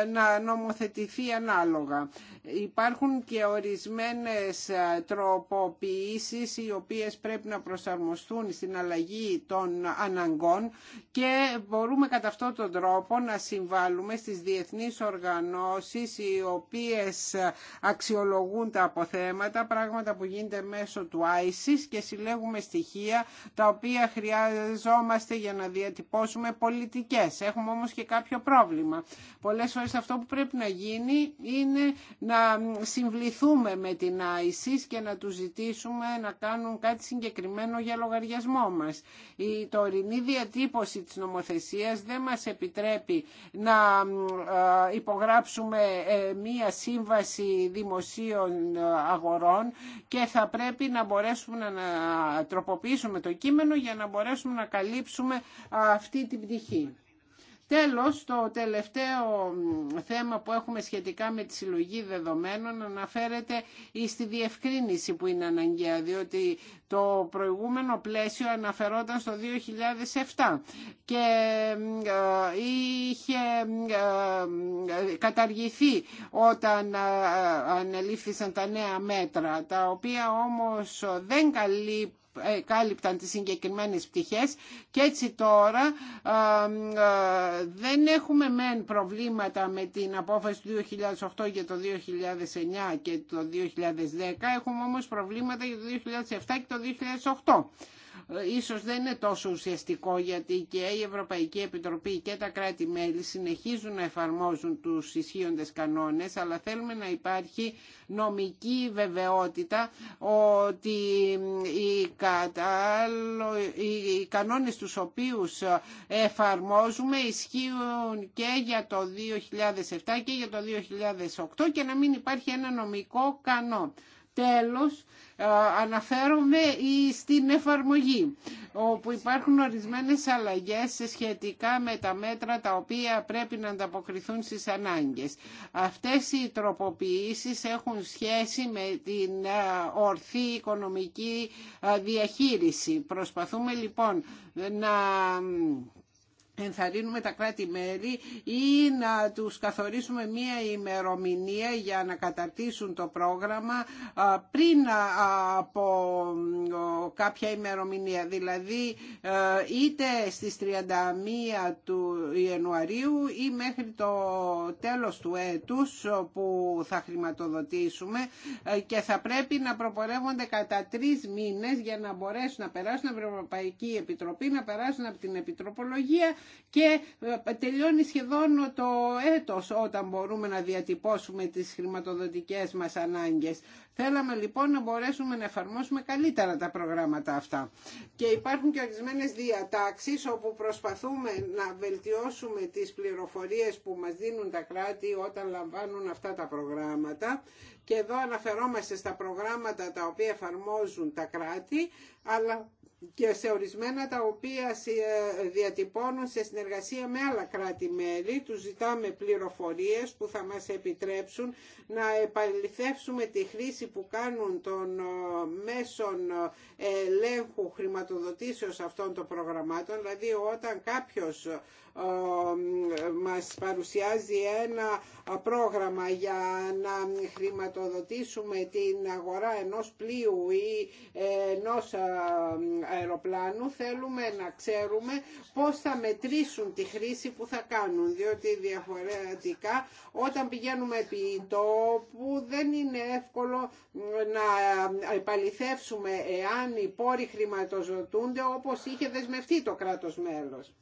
ε, να νομοθετηθεί ανάλογα. Υπάρχουν και ορισμένοι ορισμένες ε, τροποποιήσεις οι οποίες πρέπει να προσαρμοστούν στην αλλαγή των αναγκών και μπορούμε κατά αυτόν τον τρόπο να συμβάλλουμε στις διεθνείς οργανώσεις οι οποίες αξιολογούν τα αποθέματα, πράγματα που γίνεται μέσω του ISIS και συλλέγουμε στοιχεία τα οποία χρειαζόμαστε για να διατυπώσουμε πολιτικές. Έχουμε όμως και κάποιο πρόβλημα. Πολλές φορές αυτό που πρέπει να γίνει είναι να συμβληθούμε με την ΆΙΣΙΣ και να τους ζητήσουμε να κάνουν κάτι συγκεκριμένο για λογαριασμό μας. Η τωρινή διατύπωση της νομοθεσίας δεν μας επιτρέπει να υπογράψουμε ε, μία σύμβαση δημοσίων αγορών και θα πρέπει να μπορέσουμε να τροποποιήσουμε το κείμενο για να μπορέσουμε να καλύψουμε αυτή την πτυχή. Τέλος, το τελευταίο θέμα που έχουμε σχετικά με τη συλλογή δεδομένων αναφέρεται στη διευκρίνηση που είναι αναγκαία, διότι το προηγούμενο πλαίσιο αναφερόταν στο 2007 και είχε καταργηθεί όταν ανελήφθησαν τα νέα μέτρα, τα οποία όμως δεν καλύπτουν κάλυπταν τις συγκεκριμένες πτυχές και έτσι τώρα ε, δεν έχουμε μεν προβλήματα με την απόφαση του 2008 για το 2009 και το 2010 έχουμε όμως προβλήματα για το 2007 και το 2008 ε, ίσως δεν είναι τόσο ουσιαστικό γιατί και η Ευρωπαϊκή Επιτροπή και τα κράτη-μέλη συνεχίζουν να εφαρμόζουν τους ισχύοντες κανόνες αλλά θέλουμε να υπάρχει νομική βεβαιότητα ότι οι, κατάλο... οι κανόνες τους οποίους εφαρμόζουμε ισχύουν και για το 2007 και για το 2008 και να μην υπάρχει ένα νομικό κανό. Τέλος, ε, αναφέρομαι στην εφαρμογή, όπου υπάρχουν ορισμένες αλλαγές σχετικά με τα μέτρα τα οποία πρέπει να ανταποκριθούν στις ανάγκες. Αυτές οι τροποποιήσεις έχουν σχέση με την ε, ορθή οικονομική ε, διαχείριση. Προσπαθούμε λοιπόν να ενθαρρύνουμε τα κράτη-μέλη ή να τους καθορίσουμε μία ημερομηνία για να καταρτήσουν το πρόγραμμα πριν από κάποια ημερομηνία. Δηλαδή ε, είτε στις 31 του Ιανουαρίου ή μέχρι το τέλος του έτους που θα χρηματοδοτήσουμε ε, και θα πρέπει να προπορεύονται κατά τρεις μήνες για να μπορέσουν να περάσουν από την Ευρωπαϊκή Επιτροπή, να περάσουν από την Επιτροπολογία και ε, τελειώνει σχεδόν το έτος όταν μπορούμε να διατυπώσουμε τις χρηματοδοτικές μας ανάγκες. Θέλαμε λοιπόν να μπορέσουμε να εφαρμόσουμε καλύτερα τα προγράμματα αυτά. Και υπάρχουν και ορισμένε διατάξεις όπου προσπαθούμε να βελτιώσουμε τις πληροφορίες που μα δίνουν τα κράτη όταν λαμβάνουν αυτά τα προγράμματα και εδώ αναφερόμαστε στα προγράμματα τα οποία εφαρμόζουν τα κράτη, αλλά και σε ορισμένα τα οποία ε, διατυπώνουν σε συνεργασία με άλλα κράτη-μέλη. του ζητάμε πληροφορίες που θα μας επιτρέψουν να επαληθεύσουμε τη χρήση που κάνουν των ε, μέσων ε, ελέγχου χρηματοδοτήσεως αυτών των προγραμμάτων. Δηλαδή όταν κάποιος μας παρουσιάζει ένα πρόγραμμα για να χρηματοδοτήσουμε την αγορά ενός πλοίου ή ενός ε, αεροπλάνου θέλουμε να ξέρουμε πώς θα μετρήσουν τη χρήση που θα κάνουν διότι διαφορετικά όταν πηγαίνουμε επί τόπου δεν είναι εύκολο να επαληθεύσουμε εάν οι πόροι χρηματοδοτούνται όπως είχε δεσμευτεί το κράτος μέλος.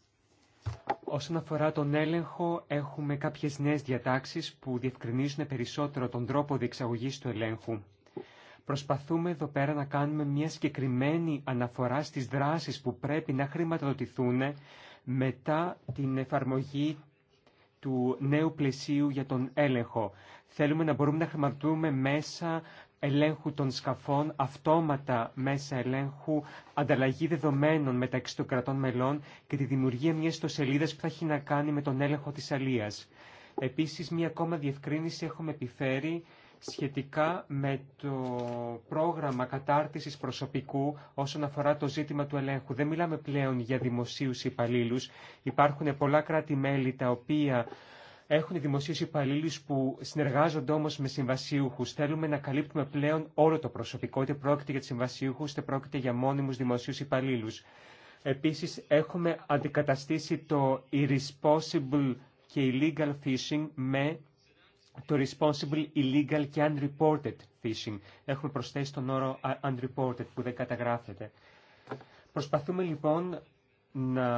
Όσον αφορά τον έλεγχο, έχουμε κάποιες νέες διατάξεις που διευκρινίζουν περισσότερο τον τρόπο διεξαγωγής του ελέγχου. Προσπαθούμε εδώ πέρα να κάνουμε μια συγκεκριμένη αναφορά στις δράσεις που πρέπει να χρηματοδοτηθούν μετά την εφαρμογή του νέου πλαισίου για τον έλεγχο. Θέλουμε να μπορούμε να χρηματοδοτούμε μέσα ελέγχου των σκαφών, αυτόματα μέσα ελέγχου, ανταλλαγή δεδομένων μεταξύ των κρατών μελών και τη δημιουργία μια ιστοσελίδα που θα έχει να κάνει με τον έλεγχο τη αλεία. Επίσης, μία ακόμα διευκρίνηση έχουμε επιφέρει σχετικά με το πρόγραμμα κατάρτισης προσωπικού όσον αφορά το ζήτημα του ελέγχου. Δεν μιλάμε πλέον για δημοσίους υπαλλήλους. Υπάρχουν πολλά κράτη-μέλη τα οποία έχουν δημοσίες υπαλλήλου που συνεργάζονται όμω με συμβασίουχους. Θέλουμε να καλύπτουμε πλέον όλο το προσωπικό, είτε πρόκειται για συμβασίουχους, είτε πρόκειται για μόνιμους δημοσίους υπαλλήλου. Επίσης, έχουμε αντικαταστήσει το irresponsible και illegal fishing με το responsible, illegal και unreported fishing. Έχουμε προσθέσει τον όρο unreported που δεν καταγράφεται. Προσπαθούμε λοιπόν να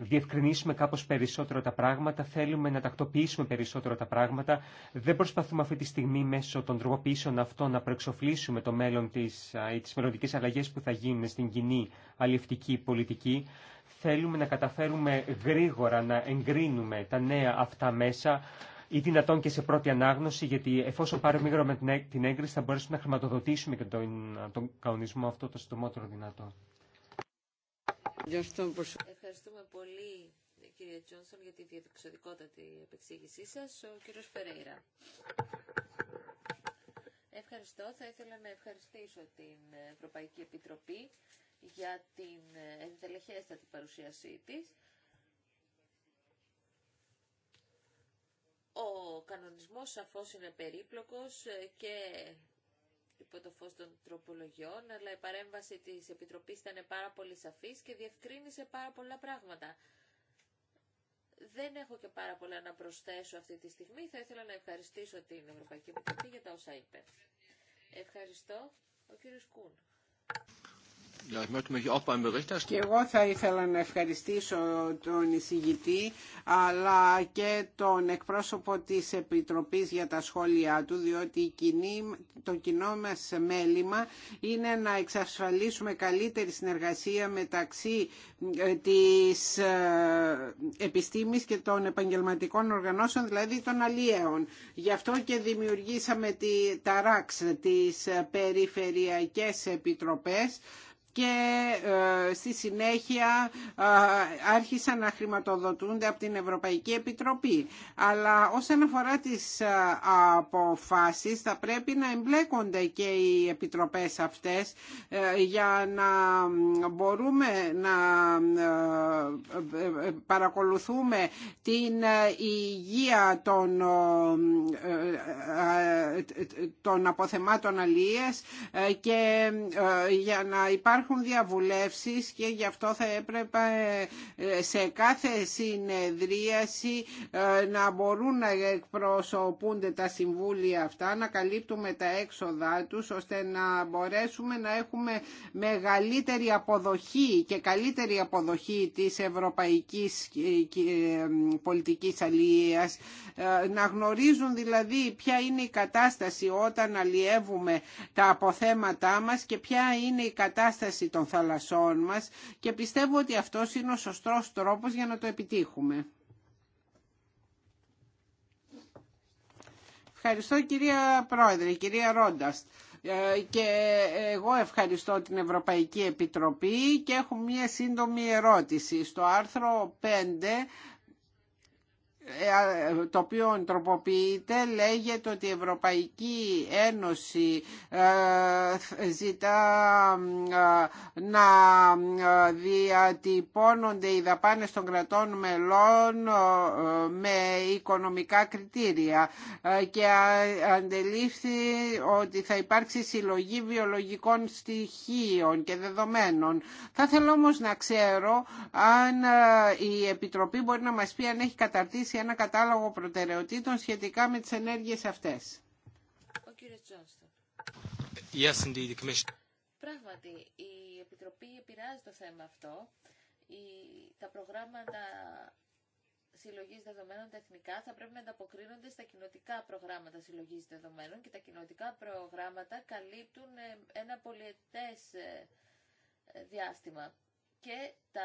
διευκρινίσουμε κάπως περισσότερο τα πράγματα, θέλουμε να τακτοποιήσουμε περισσότερο τα πράγματα. Δεν προσπαθούμε αυτή τη στιγμή μέσω των τροποποιήσεων αυτών να προεξοφλήσουμε το μέλλον της, τις μελλοντικέ αλλαγές που θα γίνουν στην κοινή αλληλευτική πολιτική. Θέλουμε να καταφέρουμε γρήγορα να εγκρίνουμε τα νέα αυτά μέσα ή δυνατόν και σε πρώτη ανάγνωση, γιατί εφόσον πάρουμε γρήγορα με την έγκριση θα μπορέσουμε να χρηματοδοτήσουμε και τον, τον κανονισμό αυτό το συντομότερο δυνατό. Ευχαριστούμε πολύ, κύριε Τζόνσον, για τη της επεξήγησή σας. Ο κύριος Περέιρα. Ευχαριστώ. Θα ήθελα να ευχαριστήσω την Ευρωπαϊκή Επιτροπή για την εντελεχέστατη παρουσίασή της. Ο κανονισμός σαφώς είναι περίπλοκος και υπό το φως των τροπολογιών, αλλά η παρέμβαση της Επιτροπής ήταν πάρα πολύ σαφής και διευκρίνησε πάρα πολλά πράγματα. Δεν έχω και πάρα πολλά να προσθέσω αυτή τη στιγμή. Θα ήθελα να ευχαριστήσω την Ευρωπαϊκή Επιτροπή για τα όσα είπε. Ευχαριστώ. Ο κύριος Κούν. Και εγώ θα ήθελα να ευχαριστήσω τον εισηγητή αλλά και τον εκπρόσωπο της Επιτροπής για τα σχόλιά του διότι το κοινό μας μέλημα είναι να εξασφαλίσουμε καλύτερη συνεργασία μεταξύ ε, της ε, επιστήμης και των επαγγελματικών οργανώσεων δηλαδή των αλλιέων. Γι' αυτό και δημιουργήσαμε τα ΡΑΞ, της ε, Περιφερειακές Επιτροπές και ε, στη συνέχεια ε, άρχισαν να χρηματοδοτούνται από την Ευρωπαϊκή Επιτροπή. Αλλά όσον αφορά τις ε, αποφάσεις θα πρέπει να εμπλέκονται και οι επιτροπές αυτές για να μπορούμε να παρακολουθούμε την υγεία των, των αποθεμάτων αλληλείας και για να υπάρχουν υπάρχουν διαβουλεύσεις και γι' αυτό θα έπρεπε ε, σε κάθε συνεδρίαση ε, να μπορούν να εκπροσωπούνται τα συμβούλια αυτά, να καλύπτουμε τα έξοδά τους ώστε να μπορέσουμε να έχουμε μεγαλύτερη αποδοχή και καλύτερη αποδοχή της ευρωπαϊκής ε, πολιτικής αλληλείας να γνωρίζουν δηλαδή ποια είναι η κατάσταση όταν αλλιεύουμε τα αποθέματά μας και ποια είναι η κατάσταση διάσταση των θαλασσών μας και πιστεύω ότι αυτός είναι ο σωστός τρόπος για να το επιτύχουμε. Ευχαριστώ κυρία Πρόεδρε, κυρία Ρόντας ε, και εγώ ευχαριστώ την Ευρωπαϊκή Επιτροπή και έχω μία σύντομη ερώτηση. Στο άρθρο 5 ε, ε, το οποίο τροποποιείται λέγεται ότι η Ευρωπαϊκή Ένωση ε, ζητά να διατυπώνονται οι δαπάνες των κρατών μελών με οικονομικά κριτήρια και αντελήφθη ότι θα υπάρξει συλλογή βιολογικών στοιχείων και δεδομένων. Θα θέλω όμως να ξέρω αν η Επιτροπή μπορεί να μας πει αν έχει καταρτήσει ένα κατάλογο προτεραιοτήτων σχετικά με τις ενέργειες αυτές. Ο κύριος yes, indeed, the commission. Πράγματι, η Επιτροπή επηρεάζει το θέμα αυτό. Η, τα προγράμματα συλλογή δεδομένων τεχνικά θα πρέπει να ανταποκρίνονται στα κοινοτικά προγράμματα συλλογή δεδομένων και τα κοινοτικά προγράμματα καλύπτουν ε, ένα πολυετές ε, διάστημα και τα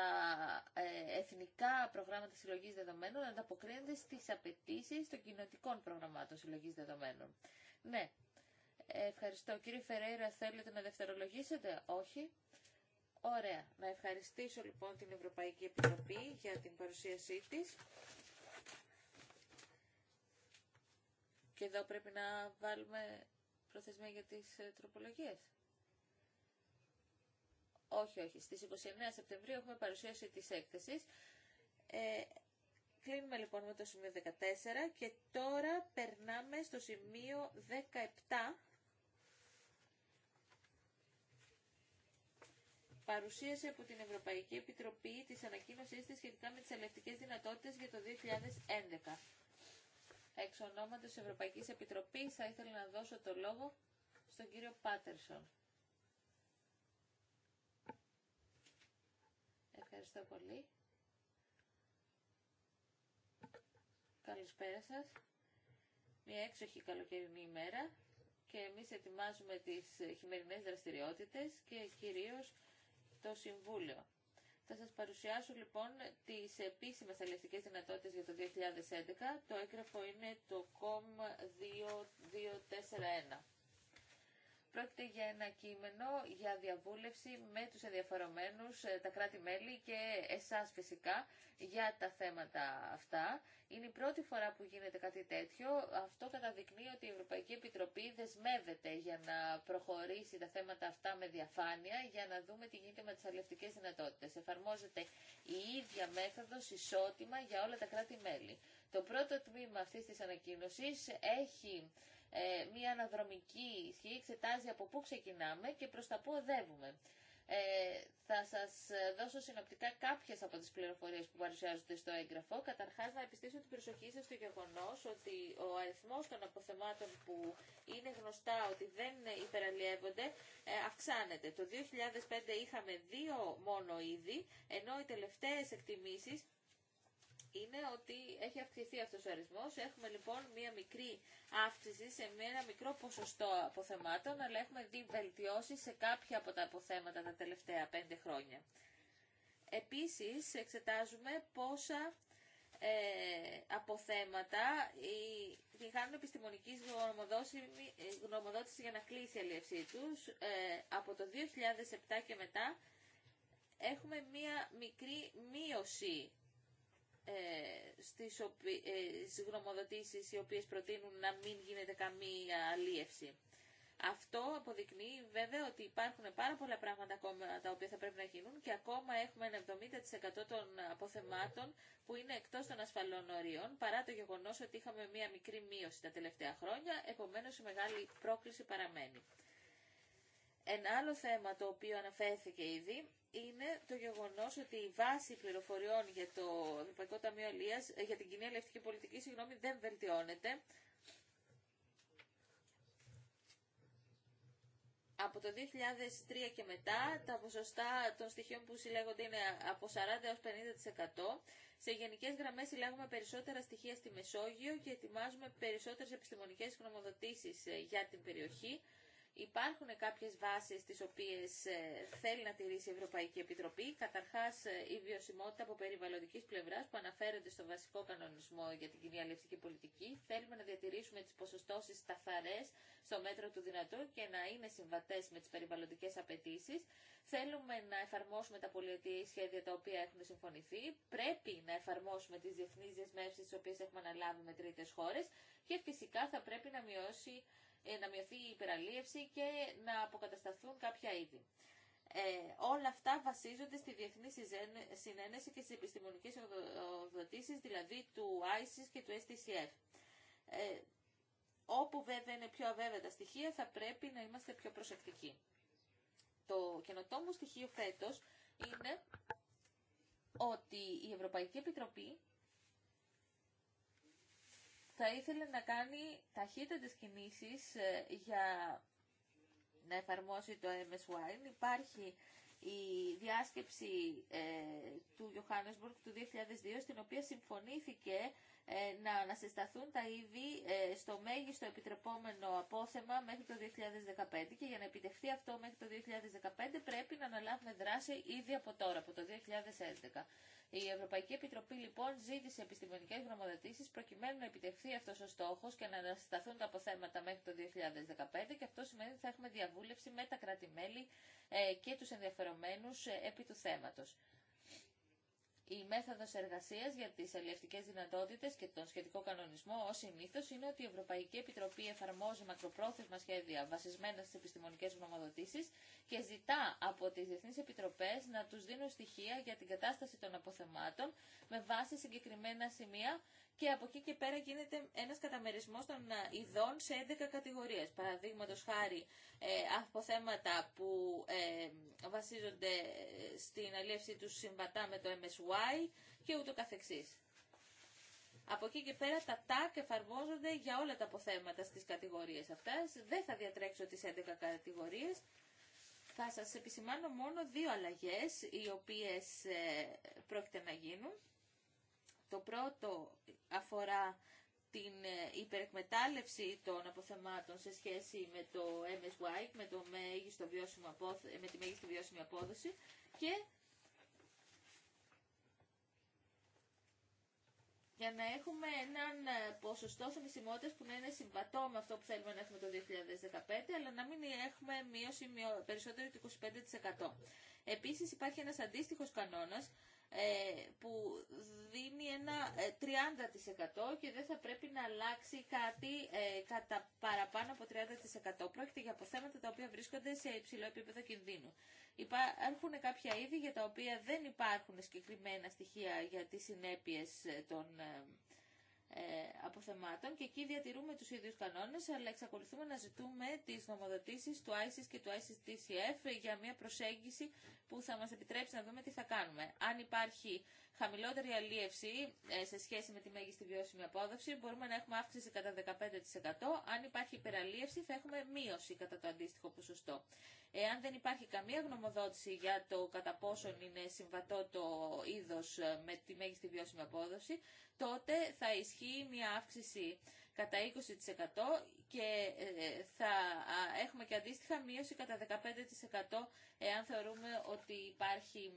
ε, εθνικά προγράμματα συλλογής δεδομένων ανταποκρίνονται στις απαιτήσει των κοινωτικών προγραμμάτων συλλογής δεδομένων. Ναι, ευχαριστώ. Κύριε Φερέιρα, θέλετε να δευτερολογήσετε. Όχι. Ωραία. Να ευχαριστήσω λοιπόν την Ευρωπαϊκή Επιτροπή για την παρουσίασή της. Και εδώ πρέπει να βάλουμε προθεσμία για τις ε, τροπολογίες. Όχι, όχι. Στις 29 Σεπτεμβρίου έχουμε παρουσίαση της έκθεσης. Ε, κλείνουμε λοιπόν με το σημείο 14 και τώρα περνάμε στο σημείο 17. Παρουσίασε από την Ευρωπαϊκή Επιτροπή τις ανακοίνωσής της σχετικά με τις ελευτικές δυνατότητες για το 2011. Εξ ονόματος Ευρωπαϊκής Επιτροπής θα ήθελα να δώσω το λόγο στον κύριο Πάτερσον. Ευχαριστώ πολύ. Καλησπέρα σας. Μια έξοχη καλοκαιρινή ημέρα και εμείς ετοιμάζουμε τις χειμερινές δραστηριότητες και κυρίως το Συμβούλιο. Θα σας παρουσιάσω λοιπόν τις επίσημες αλληλευτικές δυνατότητες για το 2011. Το έγγραφο είναι το COM 2241. Πρόκειται για ένα κείμενο για διαβούλευση με τους ενδιαφερομένους, ε, τα κράτη-μέλη και εσάς φυσικά για τα θέματα αυτά. Είναι η πρώτη φορά που γίνεται κάτι τέτοιο. Αυτό καταδεικνύει ότι η Ευρωπαϊκή Επιτροπή δεσμεύεται για να προχωρήσει τα θέματα αυτά με διαφάνεια, για να δούμε τι γίνεται με τις αλληλευτικές δυνατότητες. Εφαρμόζεται η ίδια μέθοδος ισότιμα για όλα τα κράτη-μέλη. Το πρώτο τμήμα αυτής της ανακοίνωσης έχει ε, μια αναδρομική ισχύ, εξετάζει από πού ξεκινάμε και προς τα πού οδεύουμε. Ε, θα σας ε, δώσω συνοπτικά κάποιες από τις πληροφορίες που παρουσιάζονται στο έγγραφο. Καταρχάς, να επιστήσω την προσοχή σας στο γεγονός ότι ο αριθμός των αποθεμάτων που είναι γνωστά ότι δεν υπεραλλιεύονται ε, αυξάνεται. Το 2005 είχαμε δύο μόνο είδη, ενώ οι τελευταίες εκτιμήσεις είναι ότι έχει αυξηθεί αυτός ο αριθμός. Έχουμε λοιπόν μία μικρή αύξηση σε ένα μικρό ποσοστό αποθεμάτων, αλλά έχουμε δει βελτιώσει σε κάποια από τα αποθέματα τα τελευταία πέντε χρόνια. Επίσης, εξετάζουμε πόσα ε, αποθέματα ή την χάνουν επιστημονική ε, γνωμοδότηση για να κλείσει η αλλιευσή τους. Ε, από το 2007 και μετά έχουμε μία μικρή μείωση ε, στις, οπι... Ε, γνωμοδοτήσεις οι οποίες προτείνουν να μην γίνεται καμία αλίευση. Αυτό αποδεικνύει βέβαια ότι υπάρχουν πάρα πολλά πράγματα ακόμα τα οποία θα πρέπει να γίνουν και ακόμα έχουμε ένα 70% των αποθεμάτων που είναι εκτός των ασφαλών ορίων παρά το γεγονός ότι είχαμε μία μικρή μείωση τα τελευταία χρόνια, επομένως η μεγάλη πρόκληση παραμένει. Ένα άλλο θέμα το οποίο αναφέρθηκε ήδη είναι το γεγονό ότι η βάση πληροφοριών για το Ευρωπαϊκό Ταμείο ε, για την κοινή ελευθερική πολιτική, συγγνώμη, δεν βελτιώνεται. από το 2003 και μετά τα ποσοστά των στοιχείων που συλλέγονται είναι από 40 έως 50%. Σε γενικές γραμμές συλλέγουμε περισσότερα στοιχεία στη Μεσόγειο και ετοιμάζουμε περισσότερες επιστημονικές γνωμοδοτήσεις ε, για την περιοχή. Υπάρχουν κάποιες βάσεις τις οποίες ε, θέλει να τηρήσει η Ευρωπαϊκή Επιτροπή. Καταρχάς, ε, η βιωσιμότητα από περιβαλλοντικής πλευράς που αναφέρεται στο βασικό κανονισμό για την κοινή αλληλευτική πολιτική. Θέλουμε να διατηρήσουμε τις ποσοστώσεις σταθαρές στο μέτρο του δυνατού και να είναι συμβατές με τις περιβαλλοντικές απαιτήσει. Θέλουμε να εφαρμόσουμε τα πολιετή σχέδια τα οποία έχουν συμφωνηθεί. Πρέπει να εφαρμόσουμε τις διεθνείς δεσμεύσεις τις οποίες έχουμε αναλάβει με τρίτες χώρες και φυσικά θα πρέπει να μειώσει ε, να μειωθεί η υπεραλίευση και να αποκατασταθούν κάποια είδη. Ε, όλα αυτά βασίζονται στη διεθνή συνένεση και στις επιστημονικές οδοτήσεις, δηλαδή του ISIS και του STCF. Ε, όπου βέβαια είναι πιο αβέβαια τα στοιχεία, θα πρέπει να είμαστε πιο προσεκτικοί. Το καινοτόμο στοιχείο φέτος είναι ότι η Ευρωπαϊκή Επιτροπή θα ήθελε να κάνει ταχύτερες κινήσεις ε, για να εφαρμόσει το Wine. Υπάρχει η διάσκεψη ε, του Johannesburg του 2002 στην οποία συμφωνήθηκε ε, να ανασυσταθούν τα είδη ε, στο μέγιστο επιτρεπόμενο απόθεμα μέχρι το 2015 και για να επιτευχθεί αυτό μέχρι το 2015 πρέπει να αναλάβουμε δράση ήδη από τώρα, από το 2011. Η Ευρωπαϊκή Επιτροπή λοιπόν ζήτησε επιστημονικές γνωμοδοτήσεις προκειμένου να επιτευχθεί αυτός ο στόχος και να ανασταθούν τα αποθέματα μέχρι το 2015 και αυτό σημαίνει ότι θα έχουμε διαβούλευση με τα κράτη-μέλη ε, και τους ενδιαφερομένους επί του θέματος η μέθοδος εργασίας για τις αλληλευτικές δυνατότητες και τον σχετικό κανονισμό ως συνήθω είναι ότι η Ευρωπαϊκή Επιτροπή εφαρμόζει μακροπρόθεσμα σχέδια βασισμένα στις επιστημονικές γνωμοδοτήσεις και ζητά από τις Διεθνείς Επιτροπές να τους δίνουν στοιχεία για την κατάσταση των αποθεμάτων με βάση συγκεκριμένα σημεία και από εκεί και πέρα γίνεται ένας καταμερισμός των ε, ειδών σε 11 κατηγορίες. Παραδείγματο χάρη ε, από θέματα που ε, βασίζονται ε, στην αλλιεύση του συμβατά με το MSY και ούτω καθεξής. Από εκεί και πέρα τα TAC εφαρμόζονται για όλα τα αποθέματα στις κατηγορίες αυτές. Δεν θα διατρέξω τις 11 κατηγορίες. Θα σας επισημάνω μόνο δύο αλλαγές οι οποίες ε, πρόκειται να γίνουν. Το πρώτο αφορά την ε, υπερεκμετάλλευση των αποθεμάτων σε σχέση με το MSY, με, το μέγιστο βιώσιμο με τη μέγιστη βιώσιμη απόδοση και για να έχουμε έναν ε, ποσοστό θεμισιμότητας που να είναι συμβατό με αυτό που θέλουμε να έχουμε το 2015, αλλά να μην έχουμε μείωση περισσότερο του 25%. Επίσης υπάρχει ένας αντίστοιχος κανόνας ε, που δίνει ένα 30% ε, και δεν θα πρέπει να αλλάξει κάτι ε, κατά παραπάνω από 30%. Πρόκειται για αποθέματα τα οποία βρίσκονται σε υψηλό επίπεδο κινδύνου. Υπάρχουν κάποια είδη για τα οποία δεν υπάρχουν συγκεκριμένα στοιχεία για τις συνέπειες των ε, αποθεμάτων και εκεί διατηρούμε τους ίδιους κανόνες αλλά εξακολουθούμε να ζητούμε τις νομοδοτήσεις του ISIS και του ISIS-TCF για μια προσέγγιση που θα μας επιτρέψει να δούμε τι θα κάνουμε. Αν υπάρχει χαμηλότερη αλίευση ε, σε σχέση με τη μέγιστη βιώσιμη απόδοση μπορούμε να έχουμε αύξηση κατά 15%. Αν υπάρχει υπεραλίευση θα έχουμε μείωση κατά το αντίστοιχο ποσοστό. Εάν δεν υπάρχει καμία γνωμοδότηση για το κατά πόσον είναι συμβατό το είδος ε, με τη μέγιστη βιώσιμη απόδοση, τότε θα ισχύει μια αύξηση κατά 20% και ε, θα έχουμε και αντίστοιχα μείωση κατά 15% εάν θεωρούμε ότι υπάρχει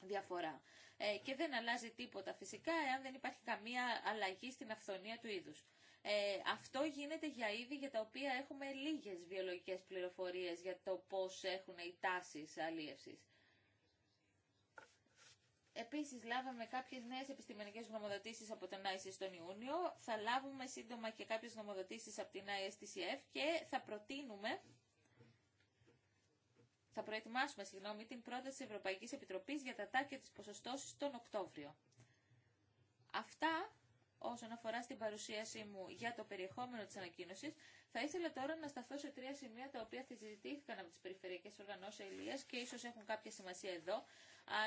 διαφορά. Ε, και δεν αλλάζει τίποτα φυσικά εάν δεν υπάρχει καμία αλλαγή στην αυθονία του είδους. Ε, αυτό γίνεται για είδη για τα οποία έχουμε λίγες βιολογικές πληροφορίες για το πώς έχουν οι τάσεις αλίευσης. Επίσης λάβαμε κάποιες νέες επιστημονικές γνωμοδοτήσεις από τον ICS τον Ιούνιο. Θα λάβουμε σύντομα και κάποιες γνωμοδοτήσεις από την ISTCF και θα προτείνουμε θα προετοιμάσουμε συγγνώμη, την πρόταση Ευρωπαϊκής Επιτροπής για τα τάκια της ποσοστώσης τον Οκτώβριο. Αυτά όσον αφορά στην παρουσίασή μου για το περιεχόμενο της ανακοίνωσης. Θα ήθελα τώρα να σταθώ σε τρία σημεία τα οποία συζητήθηκαν από τις περιφερειακές οργανώσεις Ελίας και ίσως έχουν κάποια σημασία εδώ.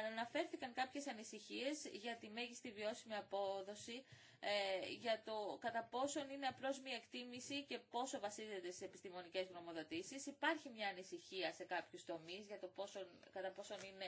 Αναφέρθηκαν κάποιες ανησυχίες για τη μέγιστη βιώσιμη απόδοση, ε, για το κατά πόσον είναι σε επιστημονικέ δρομοδοτήσει. Υπάρχει μια εκτίμηση και πόσο βασίζεται σε επιστημονικές γνωμοδοτησει Υπάρχει μια ανησυχία σε καποιου τομει για το κατά πόσον είναι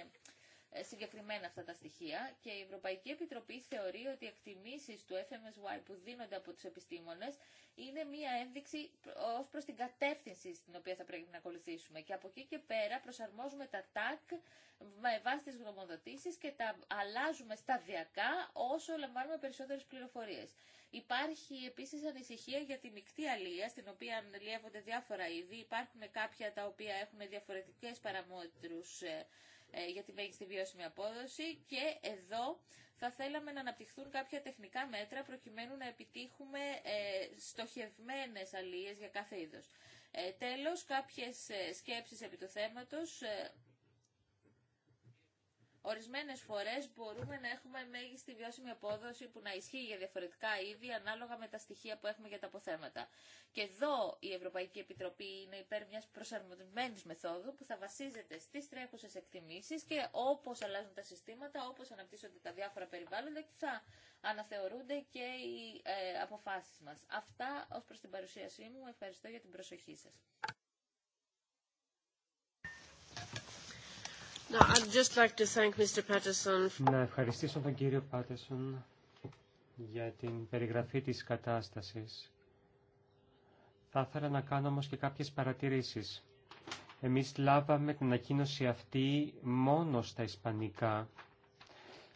ε, συγκεκριμένα αυτά τα στοιχεία και η Ευρωπαϊκή Επιτροπή θεωρεί ότι οι εκτιμήσεις του FMSY που δίνονται από τους επιστήμονες είναι μία ένδειξη ως προς την κατεύθυνση στην οποία θα πρέπει να ακολουθήσουμε. Και από εκεί και πέρα προσαρμόζουμε τα TAC με βάση τις γνωμοδοτήσεις και τα αλλάζουμε σταδιακά όσο λαμβάνουμε περισσότερες πληροφορίες. Υπάρχει επίσης ανησυχία για τη μεικτή αλία, στην οποία λιεύονται διάφορα είδη. Υπάρχουν κάποια τα οποία έχουν διαφορετικές παραμέτρους ε, ε, για τη μέγιστη βιώσιμη απόδοση και εδώ θα θέλαμε να αναπτυχθούν κάποια τεχνικά μέτρα προκειμένου να επιτύχουμε ε, στοχευμένες αλίες για κάθε είδος. Ε, τέλος, κάποιες σκέψεις επί του θέματος Ορισμένε φορέ μπορούμε να έχουμε μέγιστη βιώσιμη απόδοση που να ισχύει για διαφορετικά είδη ανάλογα με τα στοιχεία που έχουμε για τα αποθέματα. Και εδώ η Ευρωπαϊκή Επιτροπή είναι υπέρ μια προσαρμοσμένη μεθόδου που θα βασίζεται στι τρέχουσε εκτιμήσει και όπω αλλάζουν τα συστήματα, όπω αναπτύσσονται τα διάφορα περιβάλλοντα και θα αναθεωρούνται και οι ε, αποφάσεις μας. Αυτά ω προ την παρουσίασή μου. Ευχαριστώ για την προσοχή σα. Να ευχαριστήσω τον κύριο Πάτεσον για την περιγραφή της κατάστασης. Θα ήθελα να κάνω όμως και κάποιες παρατηρήσεις. Εμείς λάβαμε την ανακοίνωση αυτή μόνο στα ισπανικά.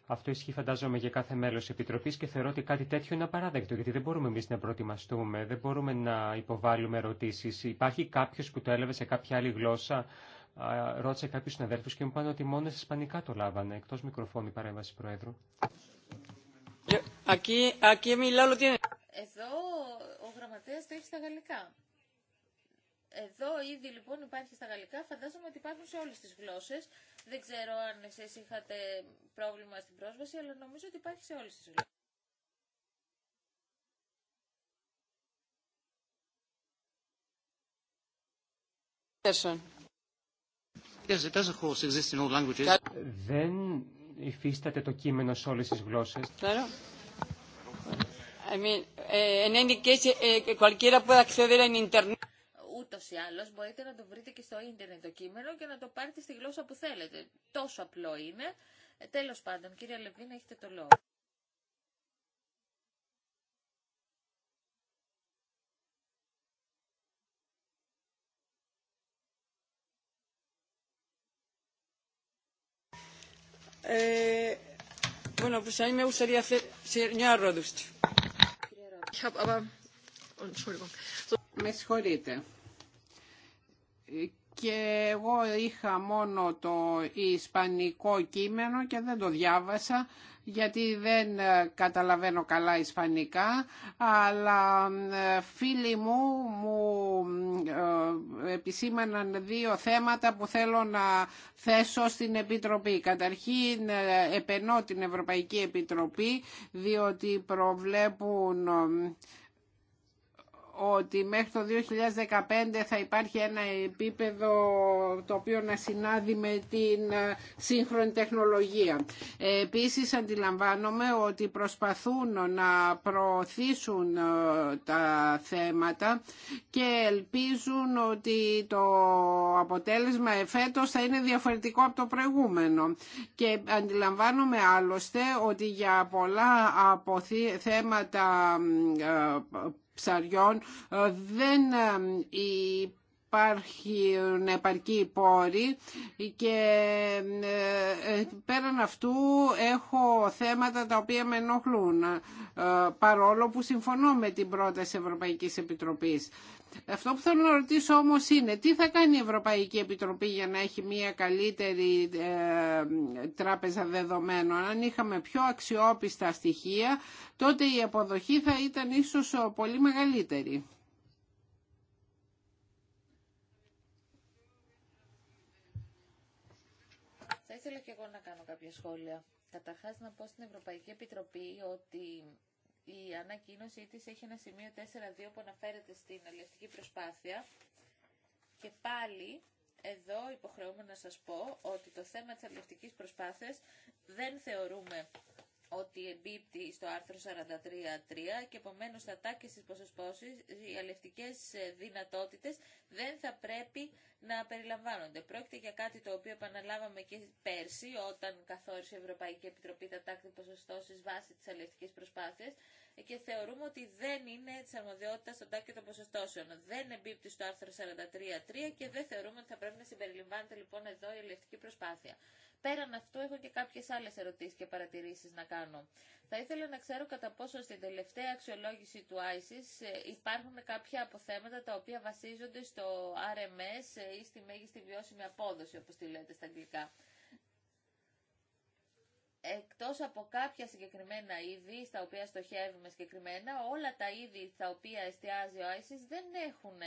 Αυτό ισχύει φαντάζομαι για κάθε μέλος επιτροπής Επιτροπή και θεωρώ ότι κάτι τέτοιο είναι απαράδεκτο, γιατί δεν μπορούμε εμείς να προετοιμαστούμε, δεν μπορούμε να υποβάλουμε ερωτήσει. Υπάρχει κάποιο που το έλαβε σε κάποια άλλη γλώσσα ρώτησα κάποιου συναδέλφου και μου είπαν ότι μόνο σε Ισπανικά το λάβανε, εκτό μικροφώνου η παρέμβαση Προέδρου. Ε, Εδώ ο γραμματέα το έχει στα γαλλικά. Εδώ ήδη λοιπόν υπάρχει στα γαλλικά, φαντάζομαι ότι υπάρχουν σε όλε τι γλώσσε. Δεν ξέρω αν εσείς είχατε πρόβλημα στην πρόσβαση, αλλά νομίζω ότι υπάρχει σε όλε τι γλώσσε. Δεν υφίσταται το κείμενο σε όλες τις γλώσσες. Ούτως ή άλλως μπορείτε να το βρείτε και στο ίντερνετ το κείμενο και να το πάρετε στη γλώσσα που θέλετε. Τόσο απλό είναι. Ε, τέλος πάντων, κύριε Λεβίνα, έχετε το λόγο. Bueno, pues a mí me gustaría hacer... Señora Rodust. Με συγχωρείτε και εγώ είχα μόνο το ισπανικό κείμενο και δεν το διάβασα γιατί δεν ε, καταλαβαίνω καλά ισπανικά, αλλά ε, φίλοι μου μου ε, επισήμαναν δύο θέματα που θέλω να θέσω στην Επιτροπή. Καταρχήν επενώ την Ευρωπαϊκή Επιτροπή, διότι προβλέπουν ότι μέχρι το 2015 θα υπάρχει ένα επίπεδο το οποίο να συνάδει με την ε, σύγχρονη τεχνολογία. Ε, επίσης αντιλαμβάνομαι ότι προσπαθούν να προωθήσουν ε, τα θέματα και ελπίζουν ότι το αποτέλεσμα εφέτος θα είναι διαφορετικό από το προηγούμενο. Και αντιλαμβάνομαι άλλωστε ότι για πολλά από θέματα ψαριών ε, δεν ε, υπάρχουν ε, επαρκή πόροι και πέραν αυτού έχω θέματα τα οποία με ενοχλούν παρόλο που συμφωνώ με την πρόταση Ευρωπαϊκής Επιτροπής. Αυτό που θέλω να ρωτήσω όμως είναι τι θα κάνει η Ευρωπαϊκή Επιτροπή για να έχει μια καλύτερη ε, τράπεζα δεδομένων. Αν είχαμε πιο αξιόπιστα στοιχεία, τότε η αποδοχή θα ήταν ίσως πολύ μεγαλύτερη. Θα ήθελα και εγώ να κάνω κάποια σχόλια. Καταρχάς να πω στην Ευρωπαϊκή Επιτροπή ότι η ανακοίνωσή της έχει ένα σημείο 4-2 που αναφέρεται στην αλληλευτική προσπάθεια και πάλι εδώ υποχρεούμε να σας πω ότι το θέμα της αλληλευτικής προσπάθειας δεν θεωρούμε ότι εμπίπτει στο άρθρο 43.3 και επομένως τα τάκες της ποσοσπώσης, οι αλευτικές ε, δυνατότητες δεν θα πρέπει να περιλαμβάνονται. Πρόκειται για κάτι το οποίο επαναλάβαμε και πέρσι όταν καθόρισε η Ευρωπαϊκή Επιτροπή τα τάκτη ποσοστώσεις βάσει της αλευτικής προσπάθειας ε, και θεωρούμε ότι δεν είναι τη αρμοδιότητα των τάκια των ποσοστώσεων. Δεν εμπίπτει στο άρθρο 43.3 και δεν θεωρούμε ότι θα πρέπει να συμπεριλαμβάνεται λοιπόν εδώ η αλευτική προσπάθεια πέραν αυτού έχω και κάποιες άλλες ερωτήσεις και παρατηρήσεις να κάνω. Θα ήθελα να ξέρω κατά πόσο στην τελευταία αξιολόγηση του ISIS ε, υπάρχουν κάποια αποθέματα τα οποία βασίζονται στο RMS ε, ή στη μέγιστη βιώσιμη απόδοση όπως τη λέτε στα αγγλικά. Εκτός από κάποια συγκεκριμένα είδη, στα οποία στοχεύουμε συγκεκριμένα, όλα τα είδη στα οποία εστιάζει ο ISIS δεν έχουν